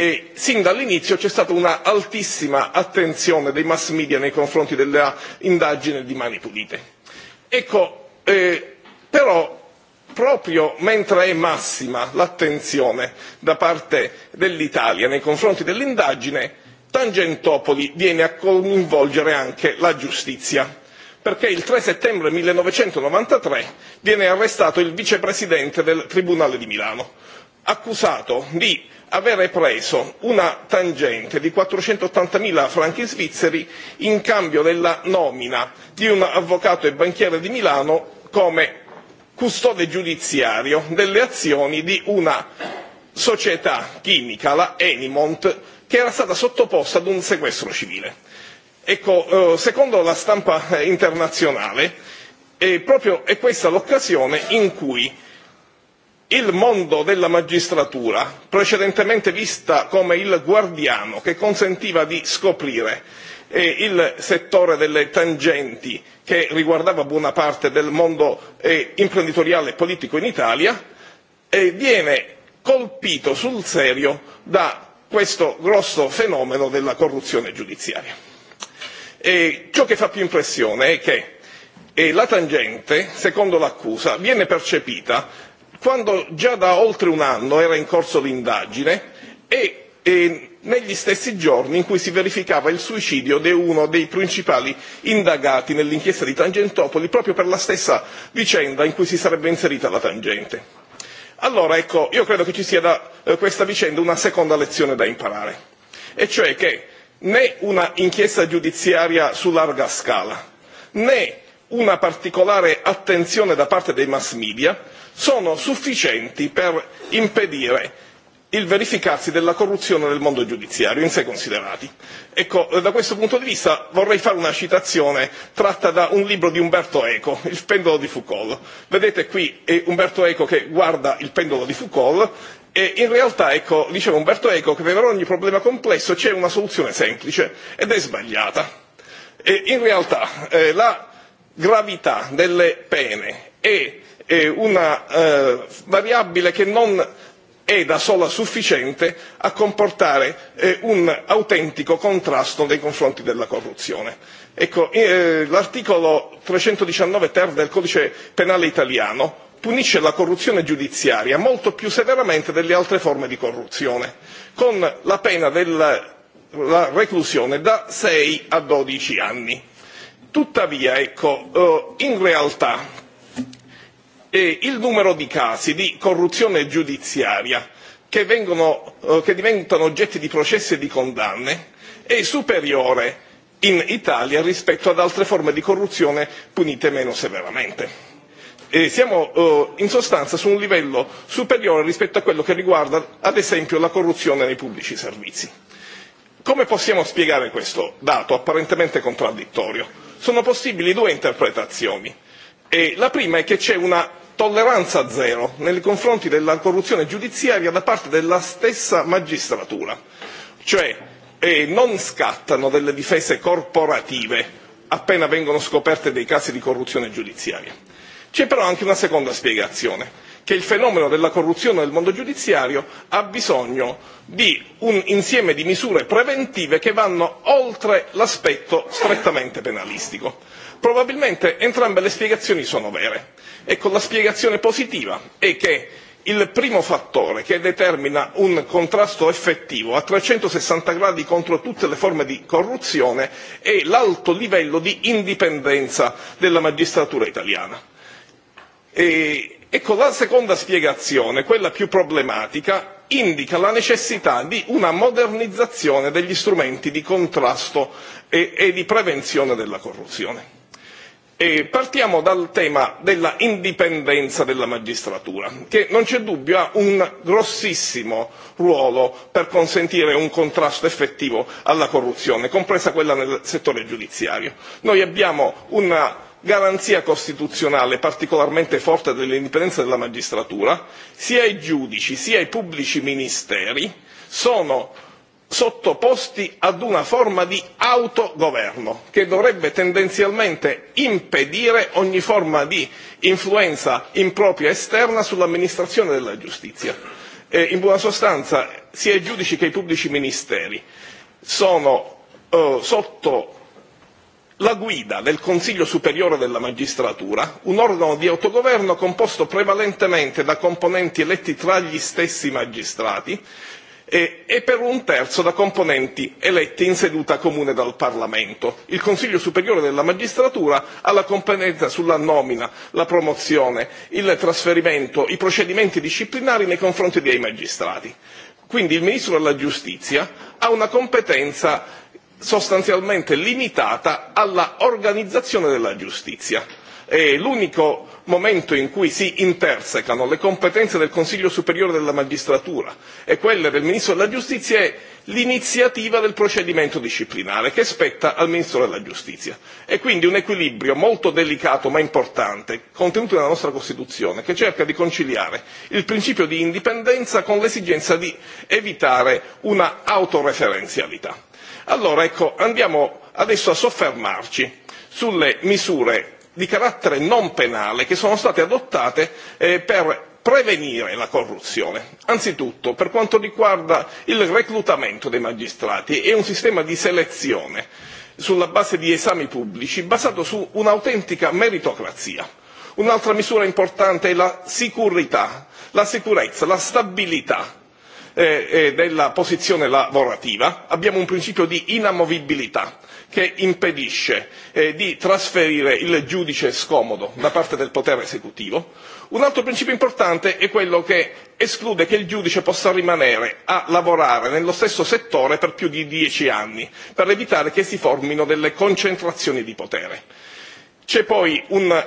e sin dall'inizio c'è stata un'altissima attenzione dei mass media nei confronti dell'indagine di Mani Pulite. Ecco, però proprio mentre è massima l'attenzione da parte dell'Italia nei confronti dell'indagine, Tangentopoli viene a coinvolgere anche la giustizia perché il 3 settembre 1993 viene arrestato il vicepresidente del Tribunale di Milano, accusato di avere preso una tangente di 480 franchi svizzeri in cambio della nomina di un avvocato e banchiere di milano come custode giudiziario delle azioni di una società chimica la enimont che era stata sottoposta ad un sequestro civile. ecco secondo la stampa internazionale proprio è questa l'occasione in cui il mondo della magistratura precedentemente vista come il guardiano che consentiva di scoprire il settore delle tangenti che riguardava buona parte del mondo imprenditoriale e politico in italia viene colpito sul serio da questo grosso fenomeno della corruzione giudiziaria. ciò che fa più impressione è che la tangente secondo l'accusa viene percepita quando già da oltre un anno era in corso l'indagine e negli stessi giorni in cui si verificava il suicidio di uno dei principali indagati nell'inchiesta di Tangentopoli proprio per la stessa vicenda in cui si sarebbe inserita la tangente. Allora ecco, io credo che ci sia da questa vicenda una seconda lezione da imparare, e cioè che né una inchiesta giudiziaria su larga scala, né una particolare attenzione da parte dei mass media sono sufficienti per impedire il verificarsi della corruzione nel mondo giudiziario in sé considerati. ecco da questo punto di vista vorrei fare una citazione tratta da un libro di umberto eco il pendolo di foucault. vedete qui è umberto eco che guarda il pendolo di foucault e in realtà ecco diceva umberto eco che per ogni problema complesso c'è una soluzione semplice ed è sbagliata. in realtà la gravità delle pene è una variabile che non è da sola sufficiente a comportare un autentico contrasto nei confronti della corruzione. l'articolo 319 ter del codice penale italiano punisce la corruzione giudiziaria molto più severamente delle altre forme di corruzione con la pena della reclusione da sei a dodici anni tuttavia ecco in realtà il numero di casi di corruzione giudiziaria che diventano oggetti di processi e di condanne è superiore in italia rispetto ad altre forme di corruzione punite meno severamente. siamo in sostanza su un livello superiore rispetto a quello che riguarda ad esempio la corruzione nei pubblici servizi. come possiamo spiegare questo dato apparentemente contraddittorio? sono possibili due interpretazioni e la prima è che c'è una tolleranza zero nei confronti della corruzione giudiziaria da parte della stessa magistratura cioè non scattano delle difese corporative appena vengono scoperte dei casi di corruzione giudiziaria. C'è però anche una seconda spiegazione che il fenomeno della corruzione nel mondo giudiziario ha bisogno di un insieme di misure preventive che vanno oltre l'aspetto strettamente penalistico. Probabilmente entrambe le spiegazioni sono vere. e con la spiegazione positiva è che il primo fattore che determina un contrasto effettivo a 360 gradi contro tutte le forme di corruzione è l'alto livello di indipendenza della magistratura italiana. Ecco, la seconda spiegazione quella più problematica indica la necessità di una modernizzazione degli strumenti di contrasto e di prevenzione della corruzione. partiamo dal tema dell'indipendenza della magistratura che non c'è dubbio ha un grossissimo ruolo per consentire un contrasto effettivo alla corruzione compresa quella nel settore giudiziario. noi abbiamo una garanzia costituzionale particolarmente forte dell'indipendenza della magistratura sia i giudici sia i pubblici ministeri sono sottoposti ad una forma di autogoverno che dovrebbe tendenzialmente impedire ogni forma di influenza impropria esterna sull'amministrazione della giustizia. In buona sostanza sia i giudici che i pubblici ministeri sono sotto la guida del Consiglio superiore della magistratura, un organo di autogoverno composto prevalentemente da componenti eletti tra gli stessi magistrati e per un terzo da componenti eletti in seduta comune dal Parlamento. Il Consiglio superiore della magistratura ha la competenza sulla nomina, la promozione, il trasferimento, i procedimenti disciplinari nei confronti dei magistrati. Quindi il Ministro della Giustizia ha una competenza sostanzialmente limitata all'organizzazione della giustizia e l'unico momento in cui si intersecano le competenze del Consiglio superiore della magistratura e quelle del Ministro della giustizia è l'iniziativa del procedimento disciplinare che spetta al Ministro della giustizia. È quindi un equilibrio molto delicato ma importante contenuto nella nostra Costituzione che cerca di conciliare il principio di indipendenza con l'esigenza di evitare una autoreferenzialità allora ecco andiamo adesso a soffermarci sulle misure di carattere non penale che sono state adottate per prevenire la corruzione anzitutto per quanto riguarda il reclutamento dei magistrati e un sistema di selezione sulla base di esami pubblici basato su un'autentica meritocrazia un'altra misura importante è la sicurità la sicurezza la stabilità della posizione lavorativa abbiamo un principio di inamovibilità che impedisce di trasferire il giudice scomodo da parte del potere esecutivo un altro principio importante è quello che esclude che il giudice possa rimanere a lavorare nello stesso settore per più di dieci anni per evitare che si formino delle concentrazioni di potere. c'è poi un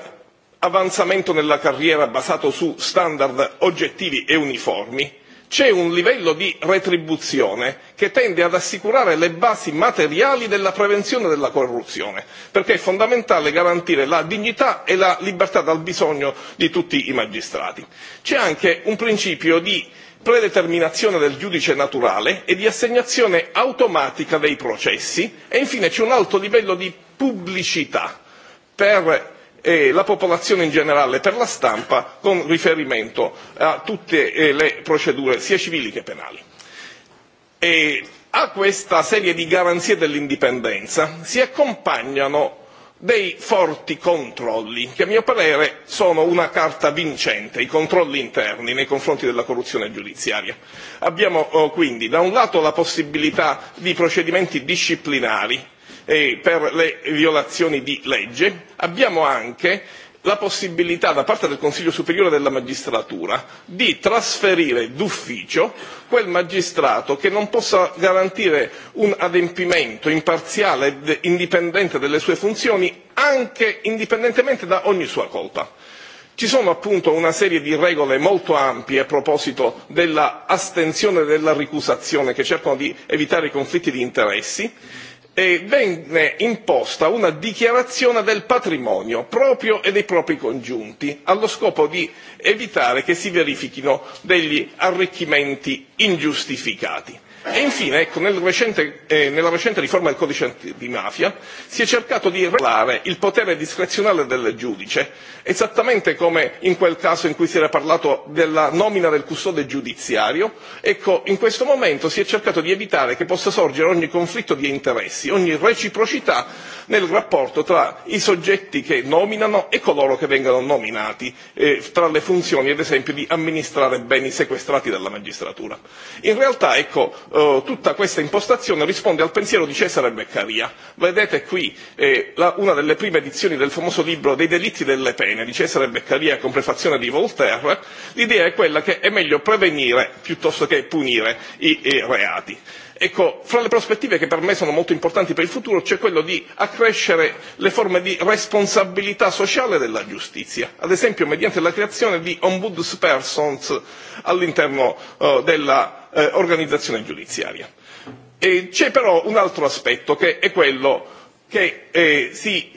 avanzamento nella carriera basato su standard oggettivi e uniformi c'è un livello di retribuzione che tende ad assicurare le basi materiali della prevenzione della corruzione perché è fondamentale garantire la dignità e la libertà dal bisogno di tutti i magistrati. c'è anche un principio di predeterminazione del giudice naturale e di assegnazione automatica dei processi e infine c'è un alto livello di pubblicità per e la popolazione in generale per la stampa con riferimento a tutte le procedure sia civili che penali. A questa serie di garanzie dell'indipendenza si accompagnano dei forti controlli che a mio parere sono una carta vincente i controlli interni nei confronti della corruzione giudiziaria. Abbiamo quindi da un lato la possibilità di procedimenti disciplinari per le violazioni di legge abbiamo anche la possibilità da parte del consiglio superiore della magistratura di trasferire d'ufficio quel magistrato che non possa garantire un adempimento imparziale e indipendente delle sue funzioni anche indipendentemente da ogni sua colpa. Ci sono appunto una serie di regole molto ampie a proposito dell'astensione e della ricusazione che cercano di evitare i conflitti di interessi venne imposta una dichiarazione del patrimonio proprio e dei propri congiunti allo scopo di evitare che si verifichino degli arricchimenti ingiustificati. E infine, ecco, nel recente, nella recente riforma del codice di mafia si è cercato di regolare il potere discrezionale del giudice, esattamente come in quel caso in cui si era parlato della nomina del custode giudiziario, ecco, in questo momento si è cercato di evitare che possa sorgere ogni conflitto di interessi, ogni reciprocità nel rapporto tra i soggetti che nominano e coloro che vengono nominati, eh, tra le funzioni ad esempio di amministrare beni sequestrati dalla magistratura. In realtà, ecco, tutta questa impostazione risponde al pensiero di Cesare Beccaria. Vedete qui una delle prime edizioni del famoso libro dei delitti delle pene di Cesare Beccaria con prefazione di Voltaire. L'idea è quella che è meglio prevenire piuttosto che punire i reati. Ecco, fra le prospettive che per me sono molto importanti per il futuro c'è quello di accrescere le forme di responsabilità sociale della giustizia, ad esempio mediante la creazione di ombudspersons all'interno della organizzazione giudiziaria. C'è però un altro aspetto che è quello che si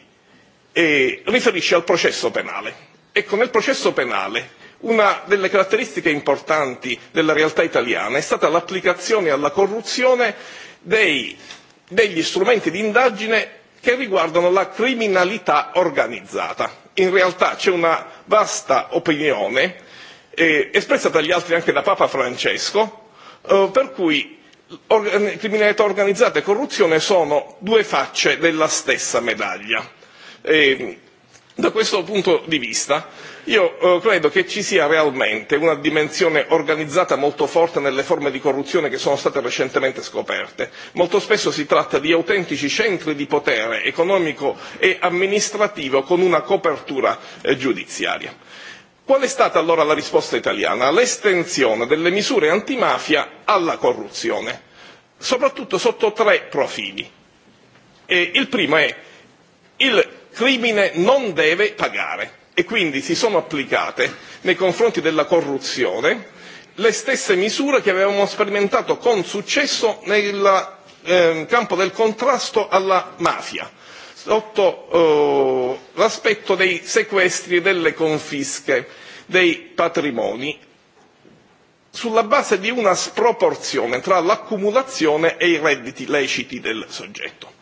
riferisce al processo penale. Ecco, nel processo penale una delle caratteristiche importanti della realtà italiana è stata l'applicazione alla corruzione degli strumenti di indagine che riguardano la criminalità organizzata. In realtà c'è una vasta opinione, espressa dagli altri anche da Papa Francesco, per cui criminalità organizzata e corruzione sono due facce della stessa medaglia. Da questo punto di vista io credo che ci sia realmente una dimensione organizzata molto forte nelle forme di corruzione che sono state recentemente scoperte. Molto spesso si tratta di autentici centri di potere economico e amministrativo con una copertura giudiziaria. Qual è stata allora la risposta italiana? L'estensione delle misure antimafia alla corruzione, soprattutto sotto tre profili. Il primo è il crimine non deve pagare e quindi si sono applicate nei confronti della corruzione le stesse misure che avevamo sperimentato con successo nel campo del contrasto alla mafia sotto l'aspetto dei sequestri e delle confische dei patrimoni sulla base di una sproporzione tra l'accumulazione e i redditi leciti del soggetto.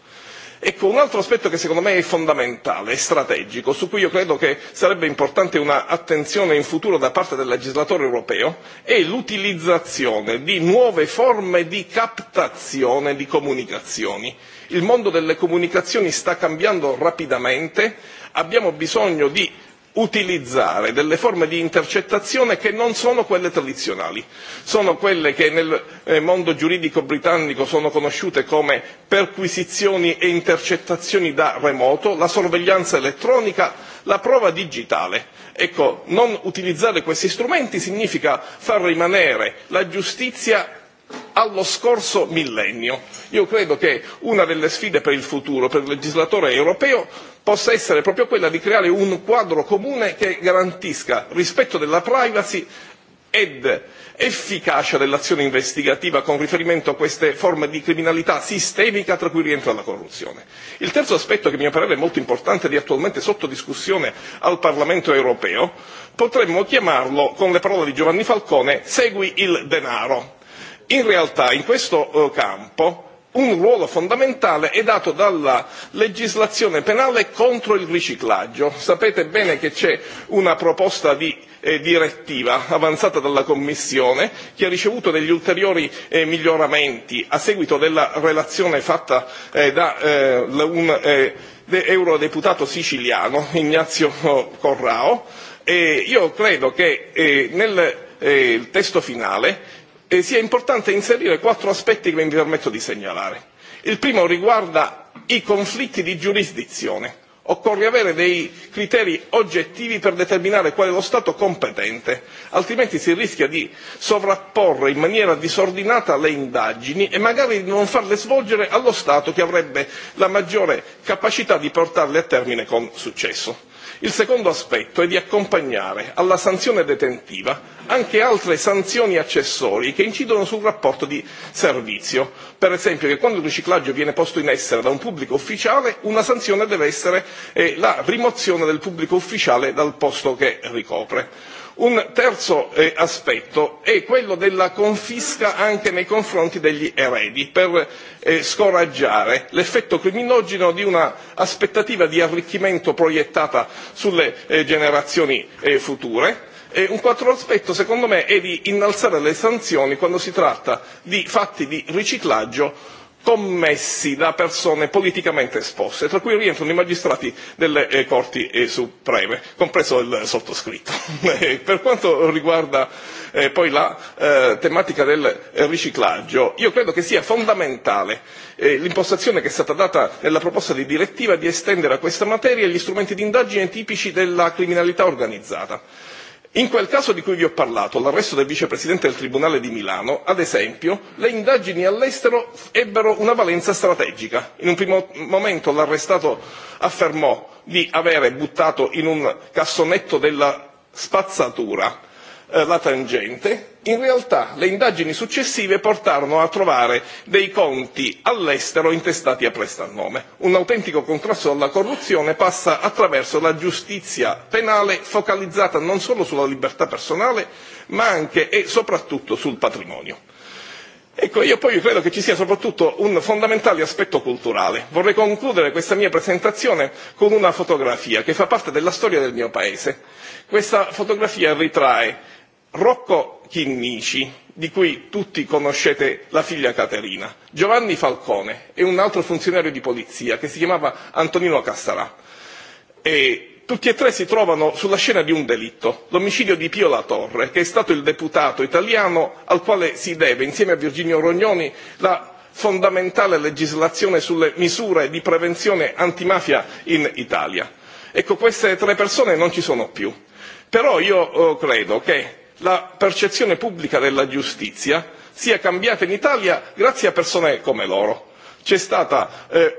Ecco, un altro aspetto che secondo me è fondamentale, è strategico, su cui io credo che sarebbe importante un'attenzione in futuro da parte del legislatore europeo, è l'utilizzazione di nuove forme di captazione di comunicazioni il mondo delle comunicazioni sta cambiando rapidamente abbiamo bisogno di utilizzare delle forme di intercettazione che non sono quelle tradizionali sono quelle che nel mondo giuridico britannico sono conosciute come perquisizioni e intercettazioni da remoto la sorveglianza elettronica la prova digitale. ecco non utilizzare questi strumenti significa far rimanere la giustizia allo scorso millennio. Io credo che una delle sfide per il futuro, per il legislatore europeo, possa essere proprio quella di creare un quadro comune che garantisca rispetto della privacy ed efficacia dell'azione investigativa con riferimento a queste forme di criminalità sistemica tra cui rientra la corruzione. Il terzo aspetto che a mio parere è molto importante ed è attualmente sotto discussione al Parlamento europeo potremmo chiamarlo, con le parole di Giovanni Falcone, segui il denaro in realtà in questo campo un ruolo fondamentale è dato dalla legislazione penale contro il riciclaggio sapete bene che c'è una proposta di direttiva avanzata dalla commissione che ha ricevuto degli ulteriori miglioramenti a seguito della relazione fatta da un eurodeputato siciliano ignazio corrao e io credo che nel testo finale sia importante inserire quattro aspetti che mi permetto di segnalare. Il primo riguarda i conflitti di giurisdizione. Occorre avere dei criteri oggettivi per determinare qual è lo Stato competente, altrimenti si rischia di sovrapporre in maniera disordinata le indagini e magari di non farle svolgere allo Stato che avrebbe la maggiore capacità di portarle a termine con successo. Il secondo aspetto è di accompagnare alla sanzione detentiva anche altre sanzioni accessorie che incidono sul rapporto di servizio, per esempio che quando il riciclaggio viene posto in essere da un pubblico ufficiale una sanzione deve essere la rimozione del pubblico ufficiale dal posto che ricopre un terzo aspetto è quello della confisca anche nei confronti degli eredi per scoraggiare l'effetto criminogeno di un'aspettativa di arricchimento proiettata sulle generazioni future e un quarto aspetto secondo me è di innalzare le sanzioni quando si tratta di fatti di riciclaggio commessi da persone politicamente esposte, tra cui rientrano i magistrati delle Corti Supreme, compreso il sottoscritto. Per quanto riguarda poi la tematica del riciclaggio, io credo che sia fondamentale l'impostazione che è stata data nella proposta di direttiva di estendere a questa materia gli strumenti di indagine tipici della criminalità organizzata in quel caso di cui vi ho parlato l'arresto del vicepresidente del tribunale di milano ad esempio le indagini all'estero ebbero una valenza strategica in un primo momento l'arrestato affermò di avere buttato in un cassonetto della spazzatura la tangente in realtà le indagini successive portarono a trovare dei conti all'estero intestati a nome. un autentico contrasto alla corruzione passa attraverso la giustizia penale focalizzata non solo sulla libertà personale ma anche e soprattutto sul patrimonio. Ecco, io poi credo che ci sia soprattutto un fondamentale aspetto culturale. Vorrei concludere questa mia presentazione con una fotografia che fa parte della storia del mio paese. Questa fotografia ritrae Rocco Chinnici, di cui tutti conoscete la figlia Caterina, Giovanni Falcone e un altro funzionario di polizia che si chiamava Antonino Cassarà. E tutti e tre si trovano sulla scena di un delitto, l'omicidio di Pio La Torre, che è stato il deputato italiano al quale si deve, insieme a Virginio Rognoni, la fondamentale legislazione sulle misure di prevenzione antimafia in Italia. Ecco, queste tre persone non ci sono più. Però io credo che la percezione pubblica della giustizia sia cambiata in Italia grazie a persone come loro. C'è stata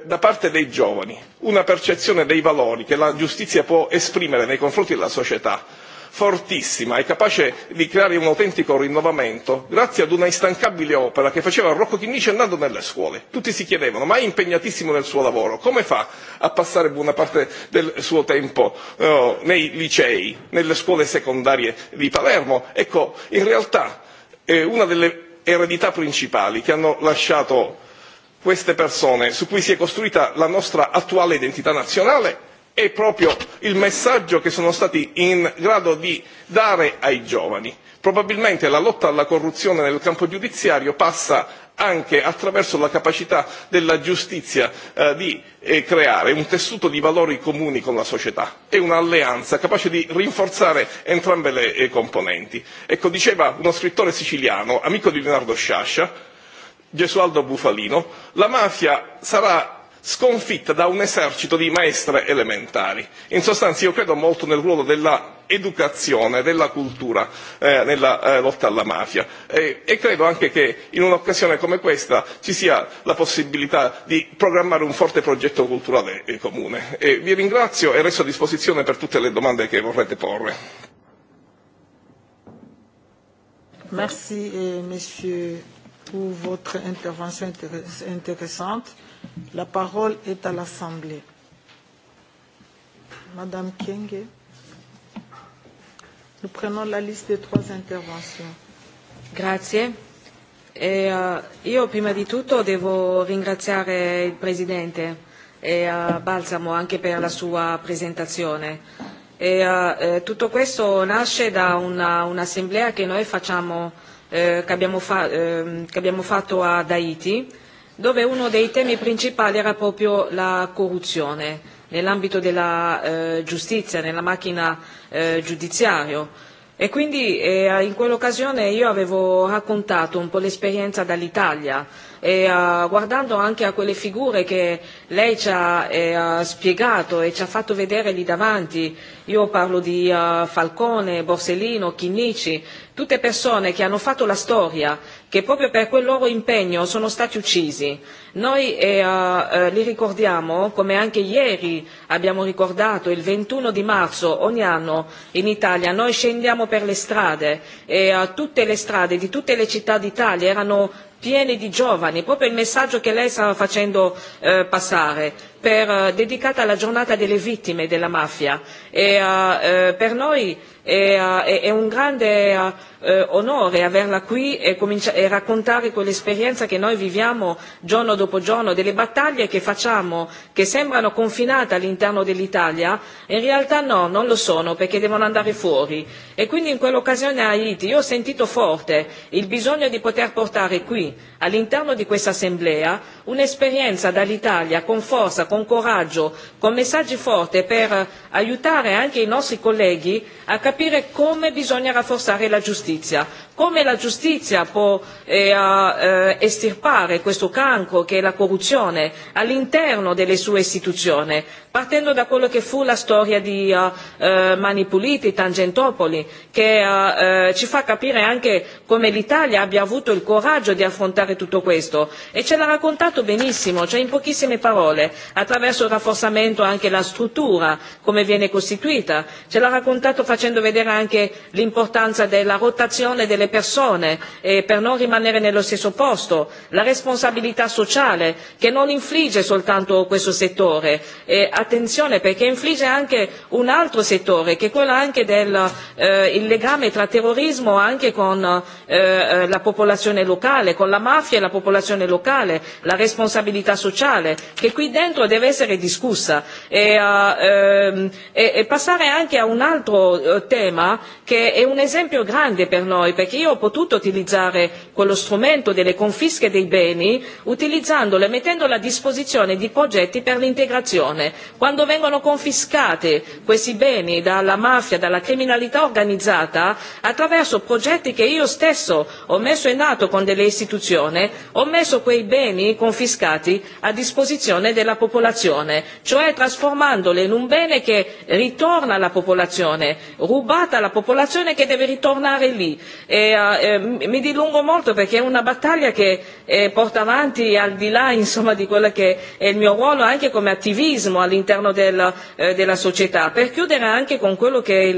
da parte dei giovani una percezione dei valori che la giustizia può esprimere nei confronti della società fortissima e capace di creare un autentico rinnovamento grazie ad una instancabile opera che faceva Rocco Chinnici andando nelle scuole. Tutti si chiedevano, ma è impegnatissimo nel suo lavoro, come fa a passare buona parte del suo tempo nei licei, nelle scuole secondarie di Palermo? Ecco, in realtà è una delle eredità principali che hanno lasciato queste persone su cui si è costruita la nostra attuale identità nazionale è proprio il messaggio che sono stati in grado di dare ai giovani. Probabilmente la lotta alla corruzione nel campo giudiziario passa anche attraverso la capacità della giustizia di creare un tessuto di valori comuni con la società e un'alleanza capace di rinforzare entrambe le componenti. Ecco, diceva uno scrittore siciliano, amico di Leonardo Sciascia, Gesualdo Bufalino, la mafia sarà sconfitta da un esercito di maestre elementari. In sostanza io credo molto nel ruolo dell'educazione, della cultura nella lotta alla mafia e credo anche che in un'occasione come questa ci sia la possibilità di programmare un forte progetto culturale comune. Vi ringrazio e resto a disposizione per tutte le domande che vorrete porre. Merci, monsieur, pour votre intervention intéressante. La parole est à l'Assemblée. Madame Kenge, nous prenons la liste des trois interventions. Grazie. E, io prima di tutto devo ringraziare il Presidente e Balsamo anche per la sua presentazione. E, tutto questo nasce da un'assemblea che noi facciamo, che abbiamo fatto ad Haiti dove uno dei temi principali era proprio la corruzione nell'ambito della giustizia, nella macchina giudiziaria. E quindi in quell'occasione io avevo raccontato un po' l'esperienza dall'Italia e guardando anche a quelle figure che lei ci ha spiegato e ci ha fatto vedere lì davanti, io parlo di Falcone, Borsellino, Chinnici, tutte persone che hanno fatto la storia che proprio per quel loro impegno sono stati uccisi. Noi li ricordiamo, come anche ieri abbiamo ricordato, il 21 di marzo ogni anno in Italia noi scendiamo per le strade e tutte le strade di tutte le città d'Italia erano piene di giovani, proprio il messaggio che lei stava facendo passare Per dedicata alla giornata delle vittime della mafia e per noi è un grande onore averla qui e raccontare quell'esperienza che noi viviamo giorno dopo giorno delle battaglie che facciamo che sembrano confinate all'interno dell'italia in realtà no non lo sono perché devono andare fuori E quindi in quell'occasione a Haiti io ho sentito forte il bisogno di poter portare qui, all'interno di questa Assemblea, un'esperienza dall'Italia con forza, con coraggio, con messaggi forti per aiutare anche i nostri colleghi a capire come bisogna rafforzare la giustizia, come la giustizia può estirpare questo cancro che è la corruzione all'interno delle sue istituzioni, partendo da quello che fu la storia di Mani Puliti, Tangentopoli che ci fa capire anche come l'Italia abbia avuto il coraggio di affrontare tutto questo e ce l'ha raccontato benissimo, cioè in pochissime parole, attraverso il rafforzamento anche della struttura, come viene costituita, ce l'ha raccontato facendo vedere anche l'importanza della rotazione delle persone per non rimanere nello stesso posto, la responsabilità sociale che non infligge soltanto questo settore attenzione perché infligge anche un altro settore che è quello anche del legame tra terrorismo anche con la popolazione locale con la mafia e la popolazione locale la responsabilità sociale che qui dentro deve essere discussa e passare anche a un altro tema che è un esempio grande per noi perché io ho potuto utilizzare quello strumento delle confische dei beni utilizzandole mettendole a disposizione di progetti per l'integrazione quando vengono confiscati questi beni dalla mafia dalla criminalità organizzata attraverso progetti che io ho messo in atto con delle istituzioni ho messo quei beni confiscati a disposizione della popolazione cioè trasformandoli in un bene che ritorna alla popolazione rubata alla popolazione che deve ritornare lì. mi dilungo molto perché è una battaglia che porta avanti al di là insomma di quello che è il mio ruolo anche come attivismo all'interno della società per chiudere anche con quello che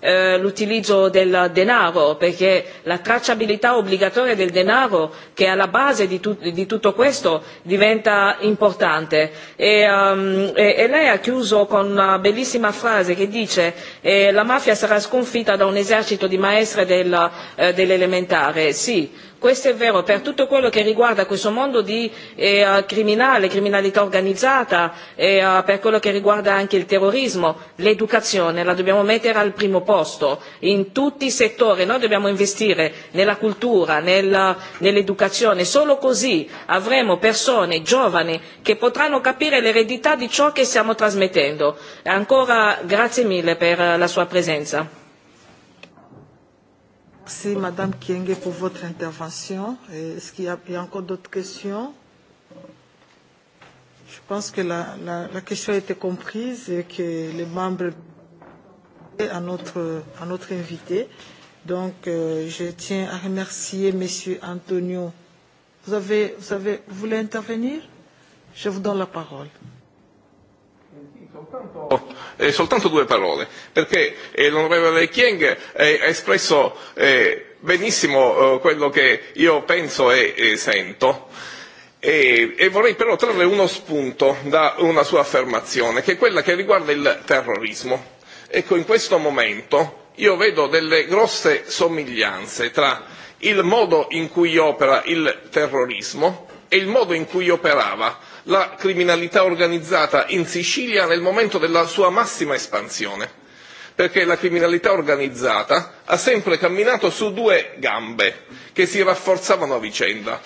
è l'utilizzo del denaro perché la tracciabilità obbligatoria del denaro che è alla base di tutto questo diventa importante e lei ha chiuso con una bellissima frase che dice la mafia sarà sconfitta da un esercito di maestre dell'elementare sì questo è vero per tutto quello che riguarda questo mondo di criminale criminalità organizzata e per quello che riguarda anche il terrorismo l'educazione la dobbiamo mettere al primo posto in tutti i settori noi dobbiamo investire nella cultura nell'educazione solo così avremo persone giovani che potranno capire l'eredità di ciò che stiamo trasmettendo ancora grazie mille per la sua presenza Merci, Madame Kienge, pour votre intervention. Est-ce qu'il y a encore d'autres questions Je pense que la, la, question a été comprise et que les membres à notre, à notre invité. Donc, je tiens à remercier Monsieur Antonio. Vous, avez, vous, avez, vous voulez intervenir Je vous donne la parole soltanto, eh, soltanto due parole, perché eh, l'onorevole Chieng ha espresso benissimo quello che io penso e sento e vorrei però trarre uno spunto da una sua affermazione che è quella che riguarda il terrorismo. Ecco, in questo momento io vedo delle grosse somiglianze tra il modo in cui opera il terrorismo e il modo in cui operava la criminalità organizzata in Sicilia nel momento della sua massima espansione perché la criminalità organizzata ha sempre camminato su due gambe che si rafforzavano a vicenda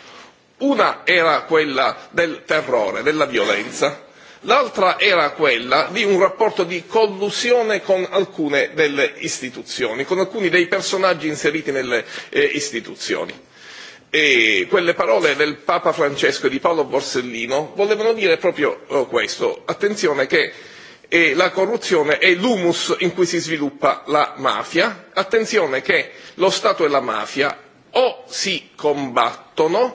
una era quella del terrore della violenza l'altra era quella di un rapporto di collusione con alcune delle istituzioni con alcuni dei personaggi inseriti nelle istituzioni. E quelle parole del Papa Francesco e di Paolo Borsellino volevano dire proprio questo attenzione che la corruzione è l'humus in cui si sviluppa la mafia, attenzione che lo Stato e la mafia o si combattono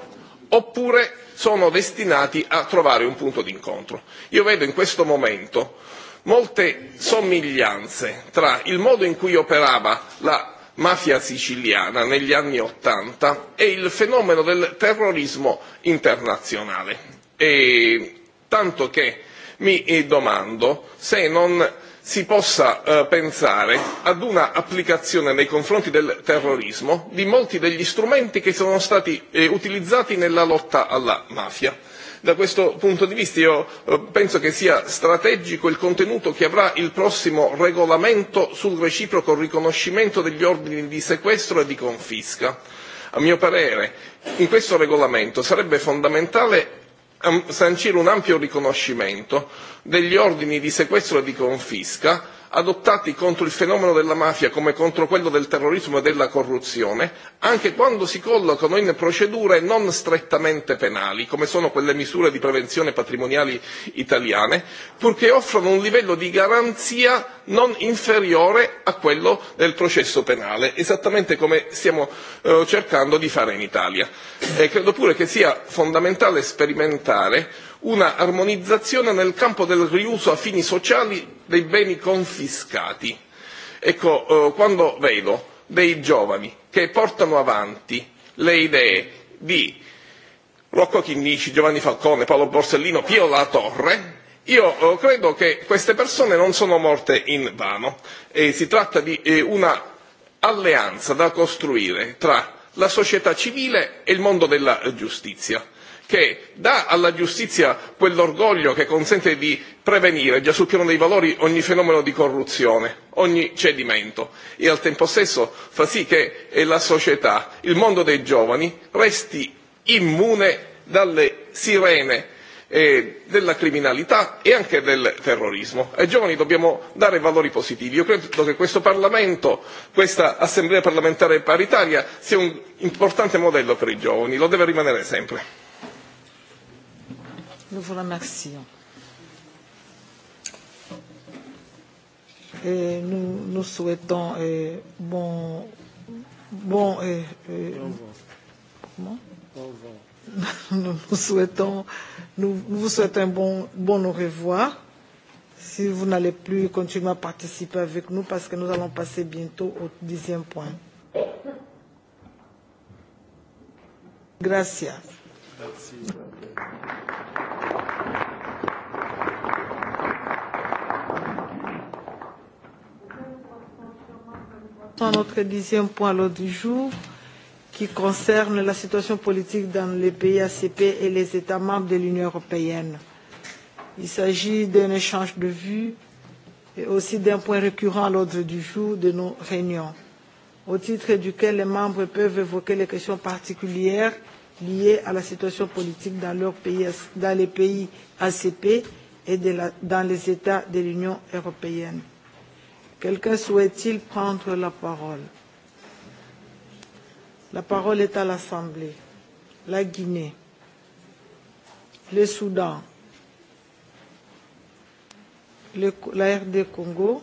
oppure sono destinati a trovare un punto d'incontro. Io vedo in questo momento molte somiglianze tra il modo in cui operava la mafia siciliana negli anni Ottanta e il fenomeno del terrorismo internazionale, tanto che mi domando se non si possa pensare ad un'applicazione nei confronti del terrorismo di molti degli strumenti che sono stati utilizzati nella lotta alla mafia da questo punto di vista io penso che sia strategico il contenuto che avrà il prossimo regolamento sul reciproco riconoscimento degli ordini di sequestro e di confisca. a mio parere in questo regolamento sarebbe fondamentale sancire un ampio riconoscimento degli ordini di sequestro e di confisca adottati contro il fenomeno della mafia come contro quello del terrorismo e della corruzione anche quando si collocano in procedure non strettamente penali come sono quelle misure di prevenzione patrimoniali italiane purché offrono un livello di garanzia non inferiore a quello del processo penale esattamente come stiamo cercando di fare in italia. credo pure che sia fondamentale sperimentare una armonizzazione nel campo del riuso a fini sociali dei beni confiscati. Ecco, quando vedo dei giovani che portano avanti le idee di Rocco Chinnici, Giovanni Falcone, Paolo Borsellino, Pio La Torre, io credo che queste persone non sono morte in vano. Si tratta di una alleanza da costruire tra la società civile e il mondo della giustizia che dà alla giustizia quell'orgoglio che consente di prevenire già sul piano dei valori ogni fenomeno di corruzione ogni cedimento e al tempo stesso fa sì che la società il mondo dei giovani resti immune dalle sirene della criminalità e anche del terrorismo. Ai giovani dobbiamo dare valori positivi. Io credo che questo Parlamento, questa Assemblea parlamentare paritaria sia un importante modello per i giovani, lo deve rimanere sempre. Nous vous remercions. Et nous, nous souhaitons euh, bon, bon, euh, bon, comment nous, nous souhaitons, nous, nous vous souhaitons un bon, bon au revoir. Si vous n'allez plus continuer à participer avec nous, parce que nous allons passer bientôt au dixième point. Gracias. Merci. notre dixième point à l'ordre du jour qui concerne la situation politique dans les pays ACP et les États membres de l'Union européenne. Il s'agit d'un échange de vues et aussi d'un point récurrent à l'ordre du jour de nos réunions, au titre duquel les membres peuvent évoquer les questions particulières liées à la situation politique dans, leur pays, dans les pays ACP et dans les États de l'Union européenne. Quelqu'un souhaite-t-il prendre la parole La parole est à l'Assemblée. La Guinée. Le Soudan. Le, la RD Congo.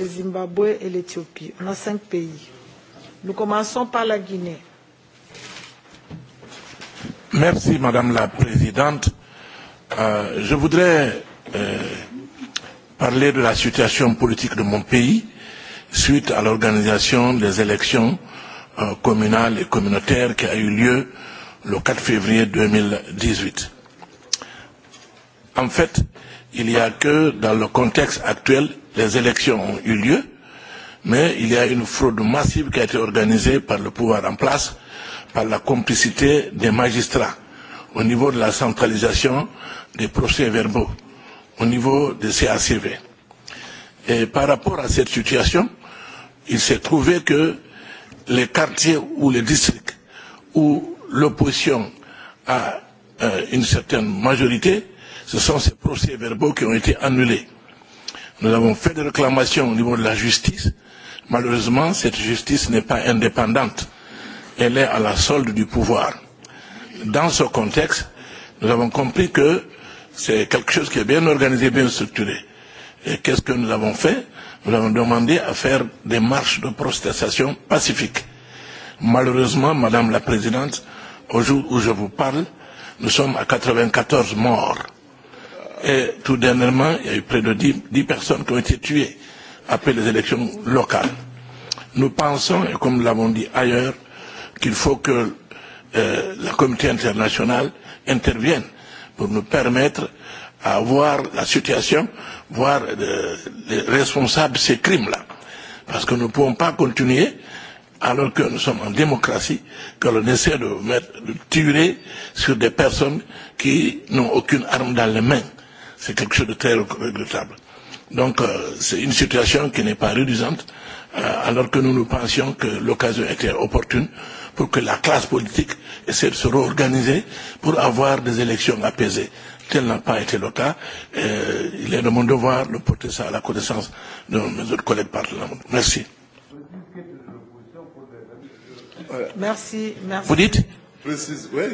Le Zimbabwe et l'Éthiopie. On a cinq pays. Nous commençons par la Guinée. Merci Madame la Présidente. Euh, je voudrais euh, parler de la situation politique de mon pays suite à l'organisation des élections communales et communautaires qui a eu lieu le 4 février 2018. En fait, il n'y a que dans le contexte actuel, les élections ont eu lieu, mais il y a une fraude massive qui a été organisée par le pouvoir en place, par la complicité des magistrats au niveau de la centralisation des procès verbaux au niveau de CACV. Et par rapport à cette situation, il s'est trouvé que les quartiers ou les districts où l'opposition a une certaine majorité, ce sont ces procès-verbaux qui ont été annulés. Nous avons fait des réclamations au niveau de la justice. Malheureusement, cette justice n'est pas indépendante. Elle est à la solde du pouvoir. Dans ce contexte, nous avons compris que C'est quelque chose qui est bien organisé, bien structuré. Et qu'est-ce que nous avons fait Nous avons demandé à faire des marches de protestation pacifiques. Malheureusement, Madame la Présidente, au jour où je vous parle, nous sommes à 94 morts. Et tout dernièrement, il y a eu près de 10 personnes qui ont été tuées après les élections locales. Nous pensons, et comme nous l'avons dit ailleurs, qu'il faut que la communauté internationale intervienne pour nous permettre à voir la situation, voir les responsables de ces crimes-là. Parce que nous ne pouvons pas continuer, alors que nous sommes en démocratie, que l'on essaie de, mettre, de tirer sur des personnes qui n'ont aucune arme dans les mains. C'est quelque chose de très regrettable. Donc c'est une situation qui n'est pas réduisante, alors que nous nous pensions que l'occasion était opportune pour que la classe politique essaie de se réorganiser pour avoir des élections apaisées. Tel n'a pas été le cas. Euh, il est de mon devoir de porter ça à la connaissance de mes autres collègues parlementaires. Merci. Merci, merci. Vous dites Précise, oui,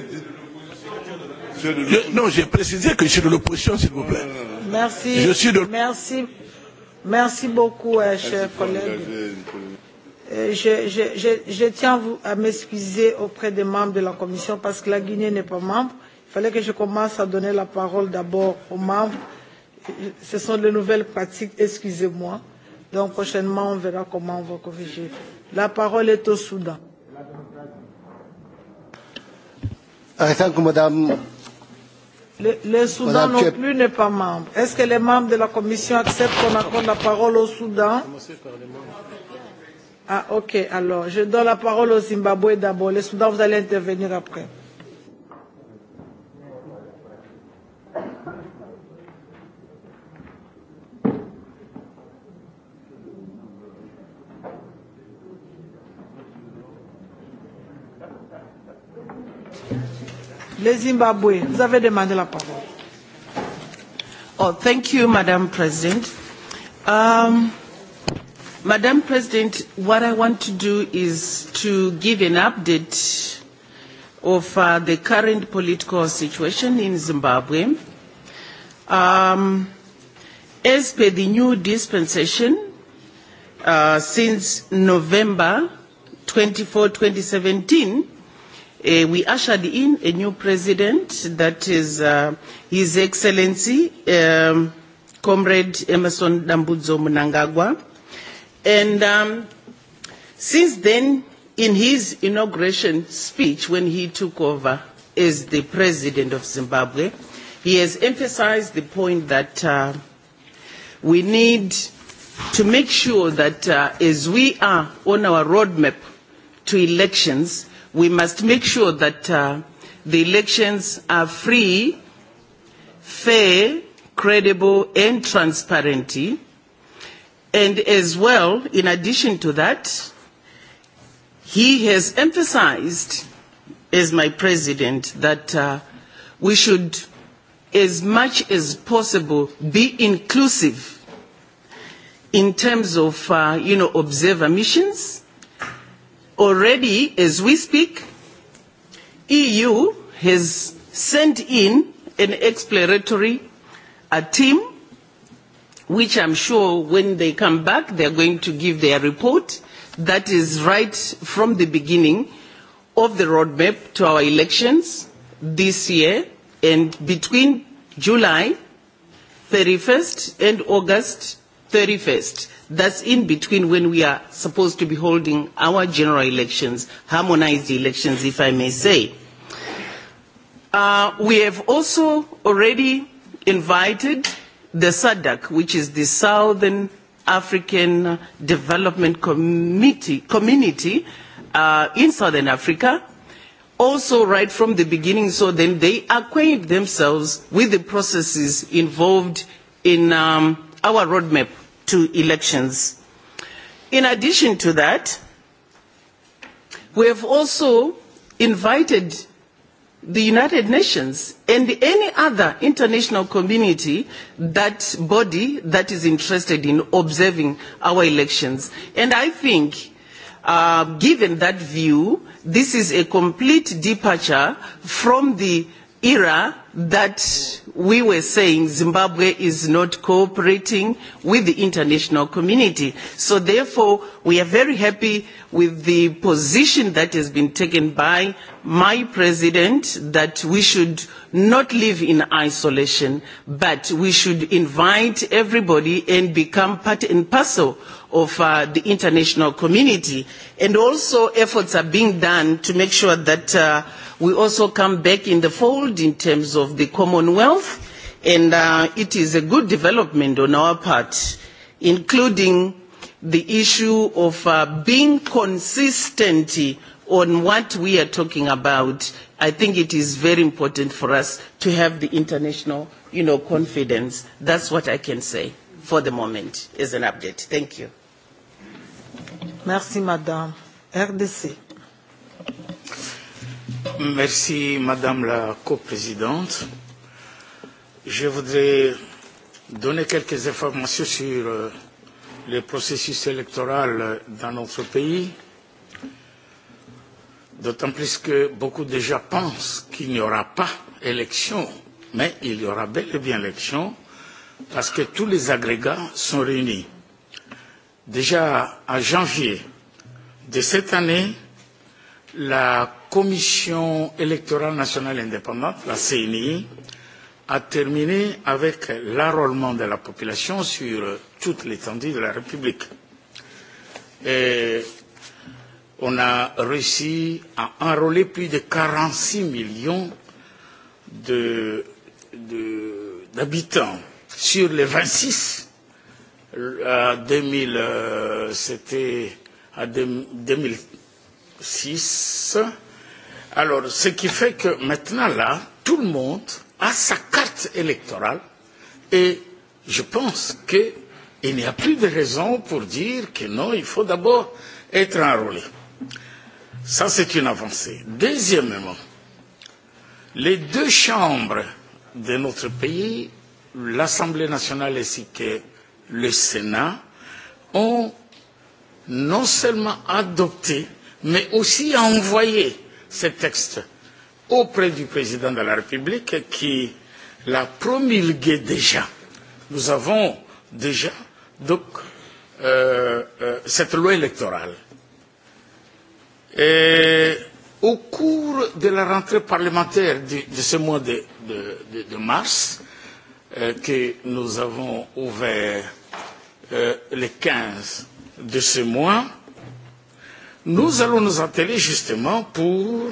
Je, non, j'ai précisé que je suis de l'opposition, s'il vous plaît. Merci. Merci. Merci beaucoup, cher collègue. Je tiens à m'excuser auprès des membres de la Commission parce que la Guinée n'est pas membre. Il fallait que je commence à donner la parole d'abord aux membres. Ce sont de nouvelles pratiques, excusez-moi. Donc prochainement, on verra comment on va corriger. La parole est au Soudan. Le Soudan non plus n'est pas membre. Est-ce que les membres de la Commission acceptent qu'on accorde la parole au Soudan Ah, ok. Alors, je donne la parole au Zimbabwe d'abord. Les Soudan, vous allez intervenir après. Le Zimbabwe, vous avez demandé la parole. Oh, thank you, Madame President. Um, Madam President, what I want to do is to give an update of the current political situation in Zimbabwe. As per the new dispensation, since November 24, 2017, we ushered in a new president, that is His Excellency Comrade Emerson Dambudzo Munangagwa. And since then, in his inauguration speech when he took over as the president of Zimbabwe, he has emphasized the point that we need to make sure that as we are on our roadmap to elections, we must make sure that the elections are free, fair, credible and transparent And as well, in addition to that, he has emphasized, as my president, that we should, as much as possible, be inclusive in terms of, you know, observer missions. Already, as we speak, EU has sent in an exploratory team which I'm sure when they come back they are going to give their report that is right from the beginning of the roadmap to our elections this year and between July 31st and August 31st. That's in between when we are supposed to be holding our general elections, harmonized elections, if I may say. We have also already invited the SADC, which is the Southern African Development Community in Southern Africa, also right from the beginning, so then they acquaint themselves with the processes involved in our roadmap to elections. In addition to that, we have also invited the United Nations and any other international community that body that is interested in observing our elections. And I think, given that view, this is a complete departure from the era that we were saying Zimbabwe is not cooperating with the international community. So therefore, we are very happy with the position that has been taken by my president that we should not live in isolation, but we should invite everybody and become part and parcel of the international community. And also efforts are being done to make sure that We also come back in the fold in terms of the Commonwealth, and it is a good development on our part, including the issue of being consistent on what we are talking about. I think it is very important for us to have the international confidence. That's what I can say for the moment as an update. Thank you. Merci, Madame. RDC. Merci, Madame la coprésidente. Je voudrais donner quelques informations sur le processus électoral dans notre pays, d'autant plus que beaucoup déjà pensent qu'il n'y aura pas élection, mais il y aura bel et bien élection, parce que tous les agrégats sont réunis. Déjà en janvier de cette année, la Commission électorale nationale indépendante, la CNI, a terminé avec l'enrôlement de la population sur toute l'étendue de la République. Et on a réussi à enrôler plus de 46 millions d'habitants sur les 26. À 2000, c'était à 2000 6. Alors, ce qui fait que maintenant, là, tout le monde a sa carte électorale et je pense qu'il n'y a plus de raison pour dire que non, il faut d'abord être enrôlé. Ça, c'est une avancée. Deuxièmement, les deux chambres de notre pays, l'Assemblée nationale ainsi que le Sénat, ont non seulement adopté mais aussi à envoyer ce texte auprès du président de la République qui l'a promulgué déjà. Nous avons déjà donc cette loi électorale. Et au cours de la rentrée parlementaire de ce mois de mars, que nous avons ouvert le 15 de ce mois, Nous allons nous atteler justement pour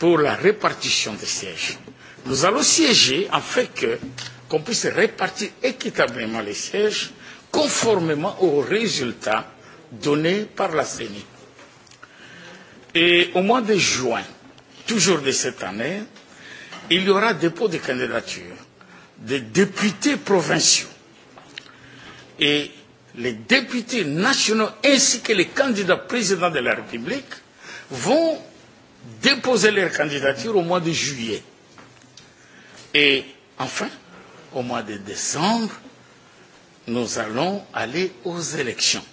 pour la répartition des sièges. Nous allons siéger afin que qu'on puisse répartir équitablement les sièges conformément aux résultats donnés par la CENI. Et au mois de juin, toujours de cette année, il y aura dépôt de candidature des députés provinciaux. Et les députés nationaux ainsi que les candidats présidents de la République vont déposer leur candidature au mois de juillet. Et enfin, au mois de décembre, nous allons aller aux élections.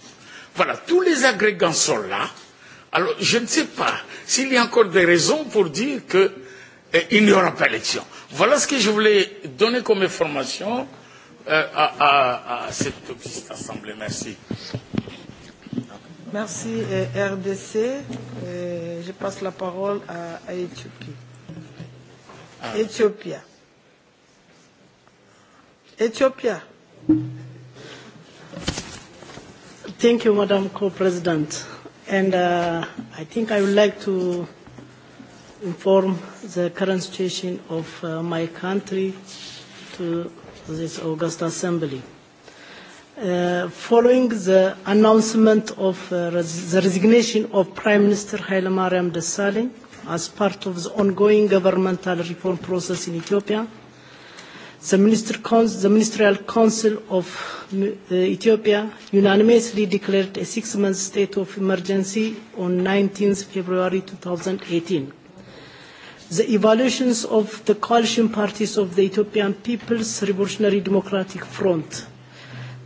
Voilà, tous les agrégants sont là. Alors, je ne sais pas s'il y a encore des raisons pour dire qu'il n'y aura pas d'élection. Voilà ce que je voulais donner comme information à, à, à cette petite assemblée. Merci. Merci RDC. Et Je passe la parole à, Éthiopie. Éthiopia. Ethiopia. Thank you, Madam Co-President. And uh, I think I would like to inform the current situation of uh, my country to this August Assembly. Following the announcement of the resignation of Prime Minister Hailemariam Desalegn as part of the ongoing governmental reform process in Ethiopia, the Ministerial Council of Ethiopia unanimously declared a six-month state of emergency on 19 February 2018 the evaluations of the coalition parties of the Ethiopian People's Revolutionary Democratic Front.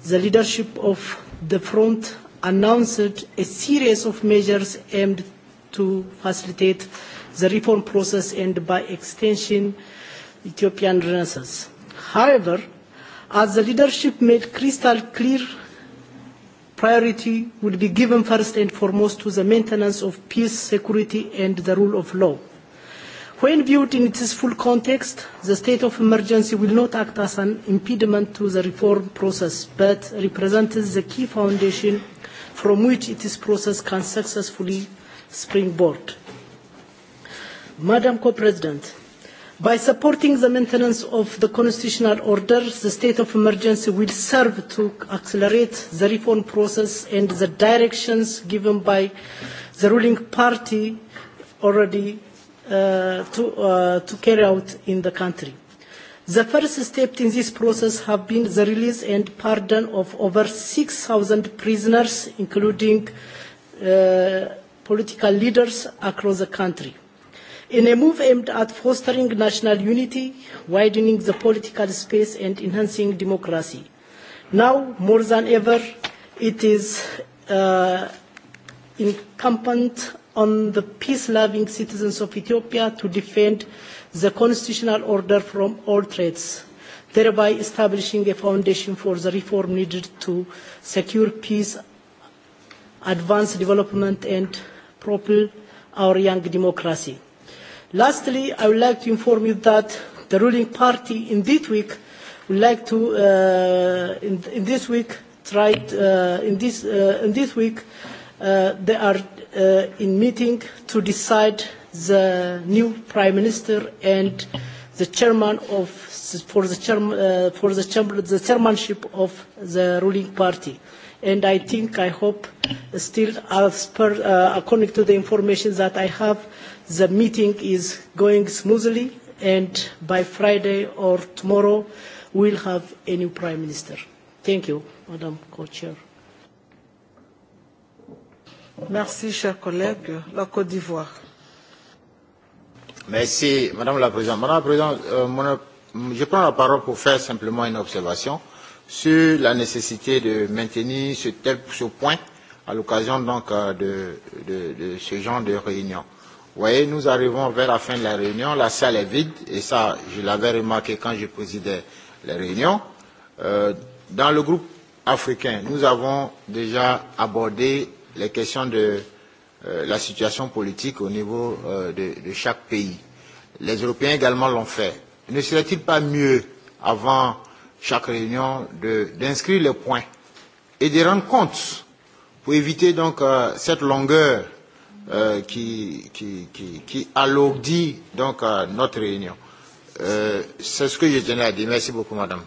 The leadership of the front announced a series of measures aimed to facilitate the reform process and, by extension, Ethiopian renaissance. However, as the leadership made crystal clear, priority would be given first and foremost to the maintenance of peace, security and the rule of law. When viewed in its full context, the state of emergency will not act as an impediment to the reform process, but represents the key foundation from which this process can successfully springboard. Madam Co-President, by supporting the maintenance of the constitutional order, the state of emergency will serve to accelerate the reform process and the directions given by the ruling party already to carry out in the country. The first step in this process have been the release and pardon of over 6,000 prisoners, including political leaders across the country. In a move aimed at fostering national unity, widening the political space and enhancing democracy. Now, more than ever, it is incumbent on the peace-loving citizens of Ethiopia to defend the constitutional order from all threats, thereby establishing a foundation for the reform needed to secure peace, advance development and propel our young democracy. Lastly, I would like to inform you that the ruling party in this week would like to in this week tried in this in this week they are in meeting to decide the new prime minister and the chairman of for the for the chairmanship of the ruling party and i think i hope still as per according to the information that i have the meeting is going smoothly and by friday or tomorrow we'll have a new prime minister thank you madam co-chair Merci, chers collègues. La Côte d'Ivoire. Merci, Madame la Présidente. Madame la Présidente, je prends la parole pour faire simplement une observation sur la nécessité de maintenir ce, tel, ce point à l'occasion donc de, de, de ce genre de réunion. Vous voyez, nous arrivons vers la fin de la réunion, la salle est vide, et ça, je l'avais remarqué quand je présidais les réunions. Euh, dans le groupe africain, nous avons déjà abordé les questions de la situation politique au niveau de chaque pays. Les Européens également l'ont fait. Ne serait-il pas mieux, avant chaque réunion, d'inscrire les points et de rendre compte pour éviter donc cette longueur qui, qui, qui, qui alourdit donc notre réunion. Euh, C'est ce que je tenais à dire. Merci beaucoup, madame.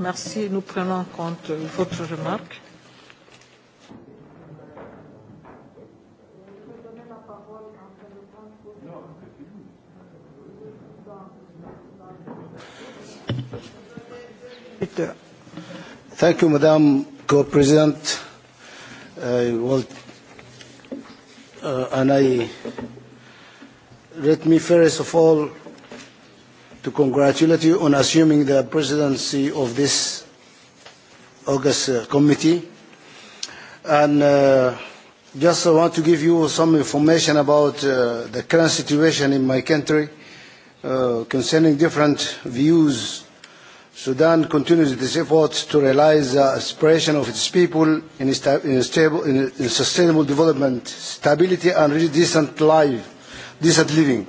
Merci. Nous prenons en compte votre remarque. Thank you, Madam Co-President. and I let me first of all to congratulate you on assuming the presidency of this August committee. And just want to give you some information about the current situation in my country concerning different views Sudan continues its efforts to realize the aspiration of its people in, stable, sustainable development, stability and decent life, decent living,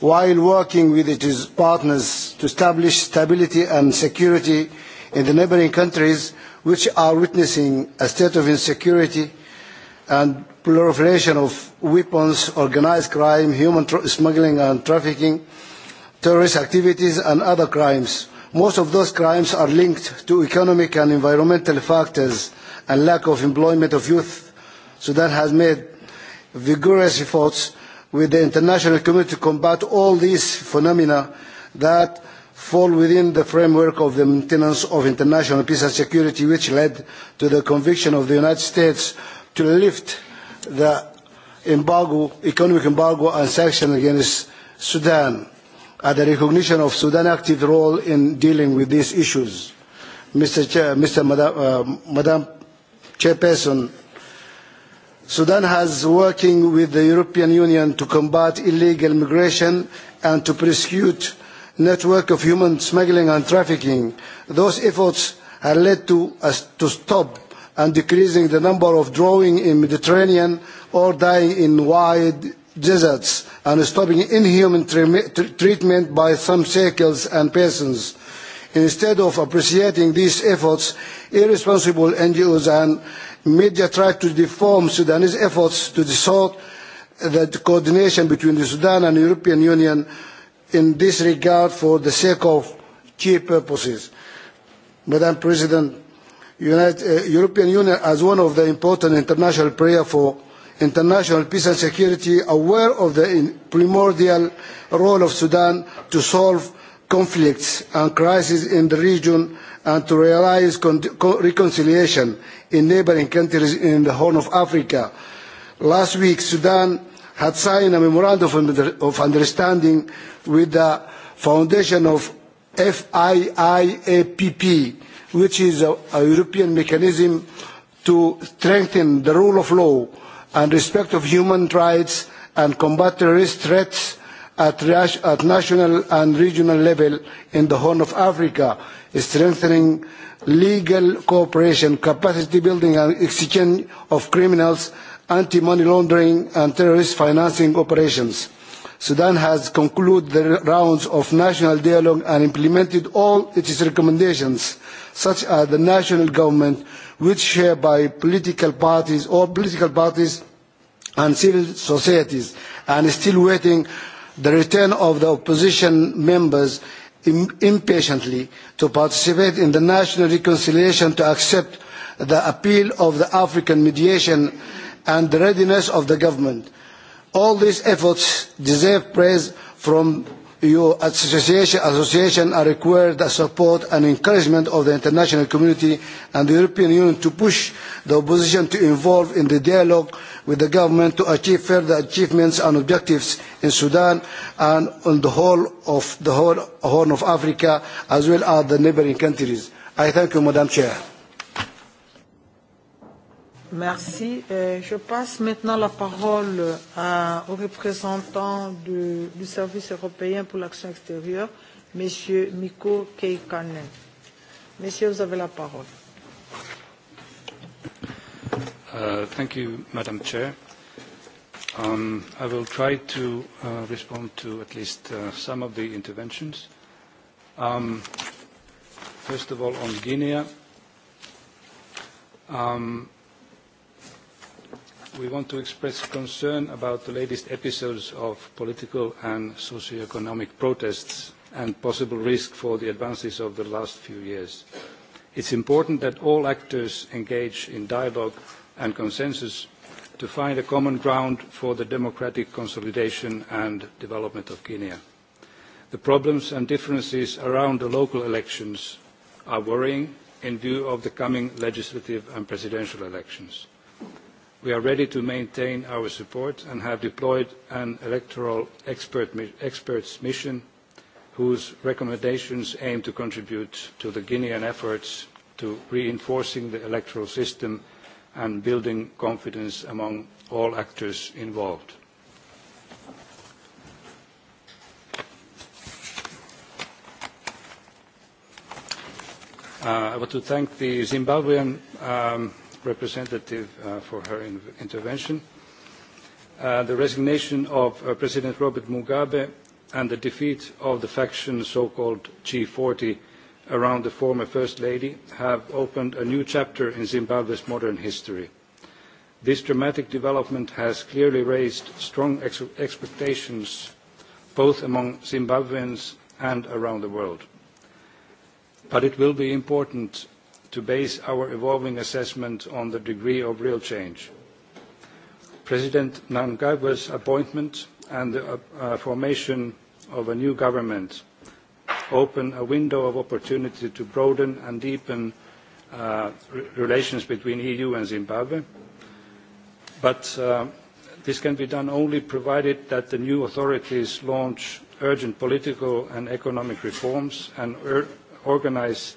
while working with its partners to establish stability and security in the neighboring countries, which are witnessing a state of insecurity and proliferation of weapons, organised crime, human smuggling and trafficking, terrorist activities and other crimes Most of those crimes are linked to economic and environmental factors and lack of employment of youth. Sudan has made vigorous efforts with the international community to combat all these phenomena that fall within the framework of the maintenance of international peace and security, which led to the conviction of the United States to lift the embargo, economic embargo and sanctions against Sudan at the recognition of Sudan's active role in dealing with these issues. Mr. Madam Chairperson, Sudan has working with the European Union to combat illegal migration and to prosecute network of human smuggling and trafficking. Those efforts have led to to stop and decreasing the number of drowning in Mediterranean or dying in wide deserts and stopping inhuman treatment by some circles and persons. Instead of appreciating these efforts, irresponsible NGOs and media try to deform Sudanese efforts to distort the coordination between the Sudan and European Union in this regard for the sake of cheap purposes. Madam President, the European Union as one of the important international players for international peace and security aware of the primordial role of Sudan to solve conflicts and crises in the region and to realise reconciliation in neighbouring countries in the Horn of Africa. Last week, Sudan had signed a memorandum of understanding with the foundation of FIIAPP, which is a European mechanism to strengthen the rule of law and respect of human rights and combat terrorist threats at national and regional level in the Horn of Africa, strengthening legal cooperation, capacity building and exchange of criminals, anti-money laundering and terrorist financing operations. Sudan has concluded the rounds of national dialogue and implemented all its recommendations, such as the national government, which shared by political parties or political parties and civil societies, and is still waiting the return of the opposition members impatiently to participate in the national reconciliation to accept the appeal of the African mediation and the readiness of the government All these efforts deserve praise from your association. Association are required the support and encouragement of the international community and the European Union to push the opposition to involve in the dialogue with the government to achieve further achievements and objectives in Sudan and on the whole of the whole Horn of Africa as well as the neighbouring countries. I thank you, Madam Chair. Merci. Je passe maintenant la parole à, au représentant du, du Service européen pour l'action extérieure, M. Mikko Keikanen. Monsieur, vous avez la parole. Uh, thank you, Madam Chair. Um, I will try to uh, respond to at least uh, some of the interventions. Um, first of all, on Guinea. Um, we want to express concern about the latest episodes of political and socio-economic protests and possible risk for the advances of the last few years. It's important that all actors engage in dialogue and consensus to find a common ground for the democratic consolidation and development of Guinea. The problems and differences around the local elections are worrying in view of the coming legislative and presidential elections. We are ready to maintain our support and have deployed an electoral experts mission whose recommendations aim to contribute to the Guinean efforts to reinforcing the electoral system and building confidence among all actors involved. I want to thank the Zimbabwean representative for her intervention. The resignation of President Robert Mugabe and the defeat of the faction so-called G40 around the former First Lady have opened a new chapter in Zimbabwe's modern history. This dramatic development has clearly raised strong expectations both among Zimbabweans and around the world. But it will be important to base our evolving assessment on the degree of real change. President Mnangagwa's appointment and the formation of a new government open a window of opportunity to broaden and deepen relations between EU and Zimbabwe, but this can be done only provided that the new authorities launch urgent political and economic reforms and organise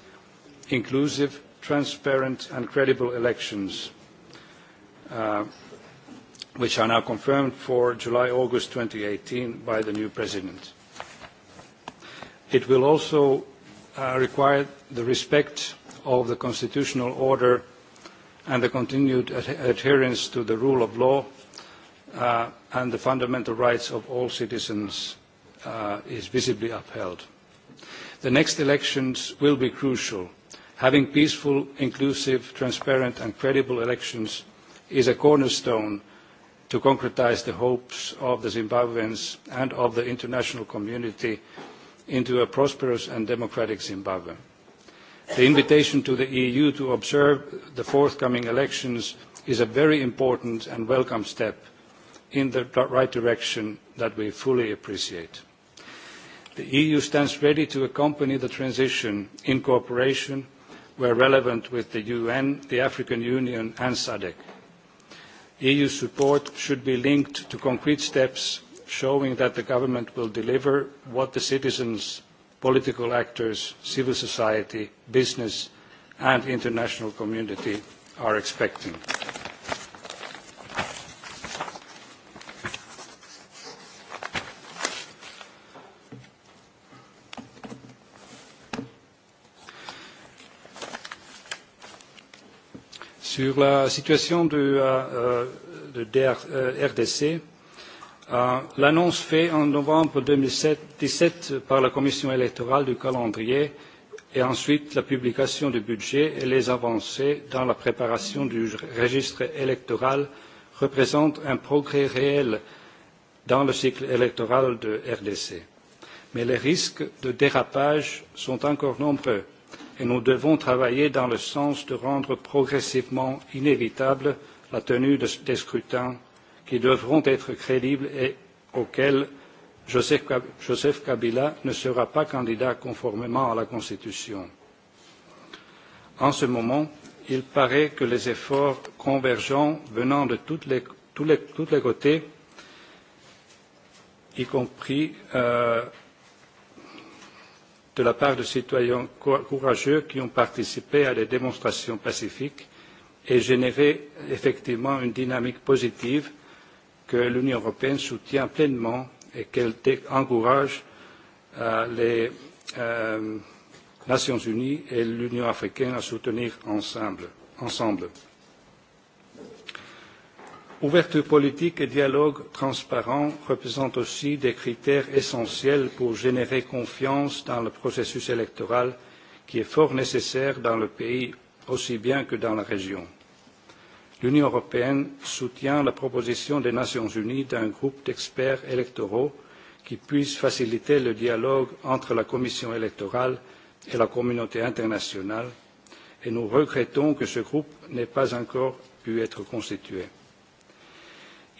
inclusive transparent and credible elections, which are now confirmed for July-August 2018 by the new president. It will also require the respect of the constitutional order and the continued adherence to the rule of law and the fundamental rights of all citizens is visibly upheld. The next elections will be crucial having peaceful inclusive transparent and credible elections is a cornerstone to concretise the hopes of the zimbabweans and of the international community into a prosperous and democratic zimbabwe. the invitation to the eu to observe the forthcoming elections is a very important and welcome step in the right direction that we fully appreciate. the eu stands ready to accompany the transition in cooperation were relevant with the UN, the African Union and SADC. EU support should be linked to concrete steps showing that the government will deliver what the citizens, political actors, civil society, business and international community are expecting. Sur la situation de RDC, l'annonce faite en novembre deux mille dix sept par la Commission électorale du calendrier et ensuite la publication du budget et les avancées dans la préparation du registre électoral représentent un progrès réel dans le cycle électoral de RDC. Mais les risques de dérapage sont encore nombreux et nous devons travailler dans le sens de rendre progressivement inévitable la tenue des scrutins qui devront être crédibles et auxquels Joseph Kabila ne sera pas candidat conformément à la Constitution. En ce moment, il paraît que les efforts convergents venant de tous les côtés, y compris de la part de citoyens courageux qui ont participé à des démonstrations pacifiques et généré effectivement une dynamique positive que l'Union européenne soutient pleinement et qu'elle encourage les Nations unies et l'Union africaine à soutenir ensemble. Ouverture politique et dialogue transparent représentent aussi des critères essentiels pour générer confiance dans le processus électoral qui est fort nécessaire dans le pays aussi bien que dans la région. L'Union européenne soutient la proposition des Nations unies d'un groupe d'experts électoraux qui puisse faciliter le dialogue entre la Commission électorale et la communauté internationale et nous regrettons que ce groupe n'ait pas encore pu être constitué.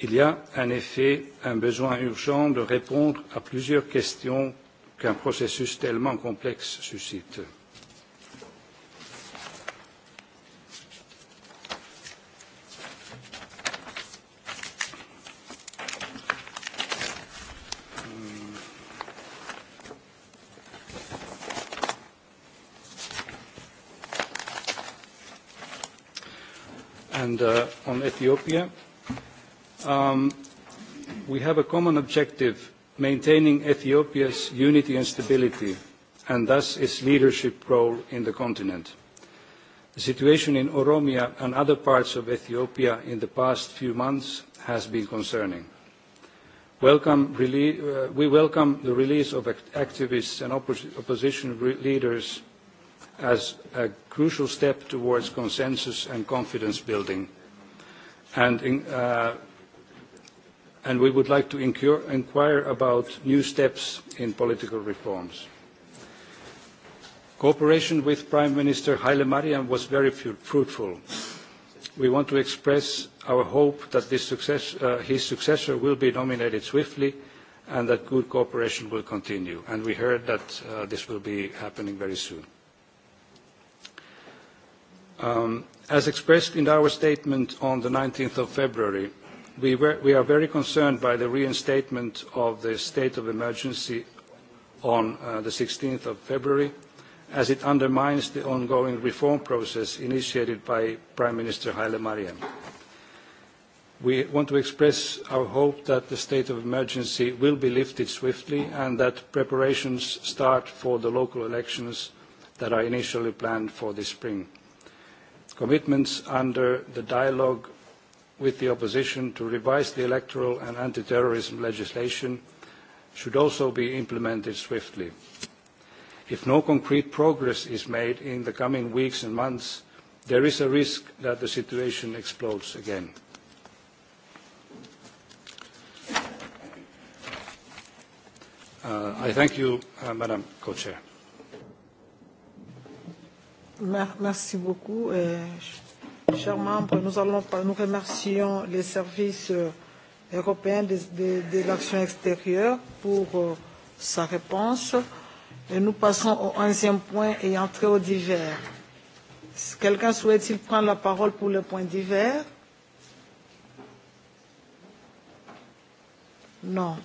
Il y a en effet un besoin urgent de répondre à plusieurs questions qu'un processus tellement complexe suscite. And on Ethiopia, we have a common objective, maintaining Ethiopia's unity and stability, and thus its leadership role in the continent. The situation in Oromia and other parts of Ethiopia in the past few months has been concerning. We welcome the release of activists and opposition leaders as a crucial step towards consensus and confidence building, and and we would like to inquire about new steps in political reforms. Cooperation with Prime Minister Hailemariam was very fruitful. We want to express our hope that his successor will be nominated swiftly and that good cooperation will continue. And we heard that this will be happening very soon. As expressed in our statement on the 19th of February, We are very concerned by the reinstatement of the state of emergency on the 16th of February, as it undermines the ongoing reform process initiated by Prime Minister Haile Mariam. We want to express our hope that the state of emergency will be lifted swiftly and that preparations start for the local elections that are initially planned for this spring. Commitments under the dialogue with the opposition to revise the electoral and anti-terrorism legislation should also be implemented swiftly. If no concrete progress is made in the coming weeks and months, there is a risk that the situation explodes again. I thank you, Madam Co-Chair. Merci beaucoup. Chers membres, nous, allons, nous remercions les services européens de, de, de l'action extérieure pour sa réponse. Et nous passons au onzième point et entrée au divers. Quelqu'un souhaite-t-il prendre la parole pour le point divers Non.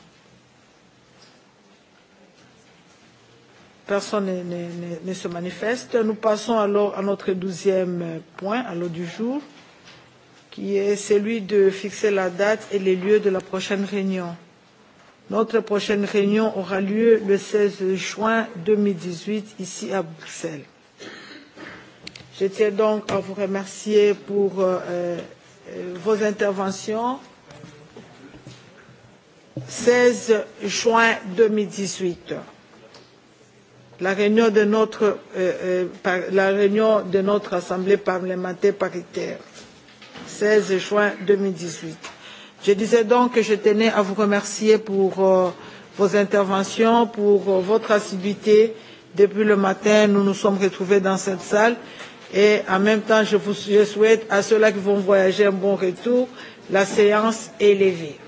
Personne ne, ne, se manifeste. Nous passons alors à notre douzième point, à l'ordre du jour, qui est celui de fixer la date et les lieux de la prochaine réunion. Notre prochaine réunion aura lieu le 16 juin 2018 ici à Bruxelles. Je tiens donc à vous remercier pour vos interventions. 16 juin 2018 la réunion de notre, la réunion de notre Assemblée parlementaire paritaire, 16 juin 2018. Je disais donc que je tenais à vous remercier pour vos interventions, pour votre assiduité. Depuis le matin, nous nous sommes retrouvés dans cette salle et en même temps, je, vous, je souhaite à ceux-là qui vont voyager un bon retour. La séance est levée.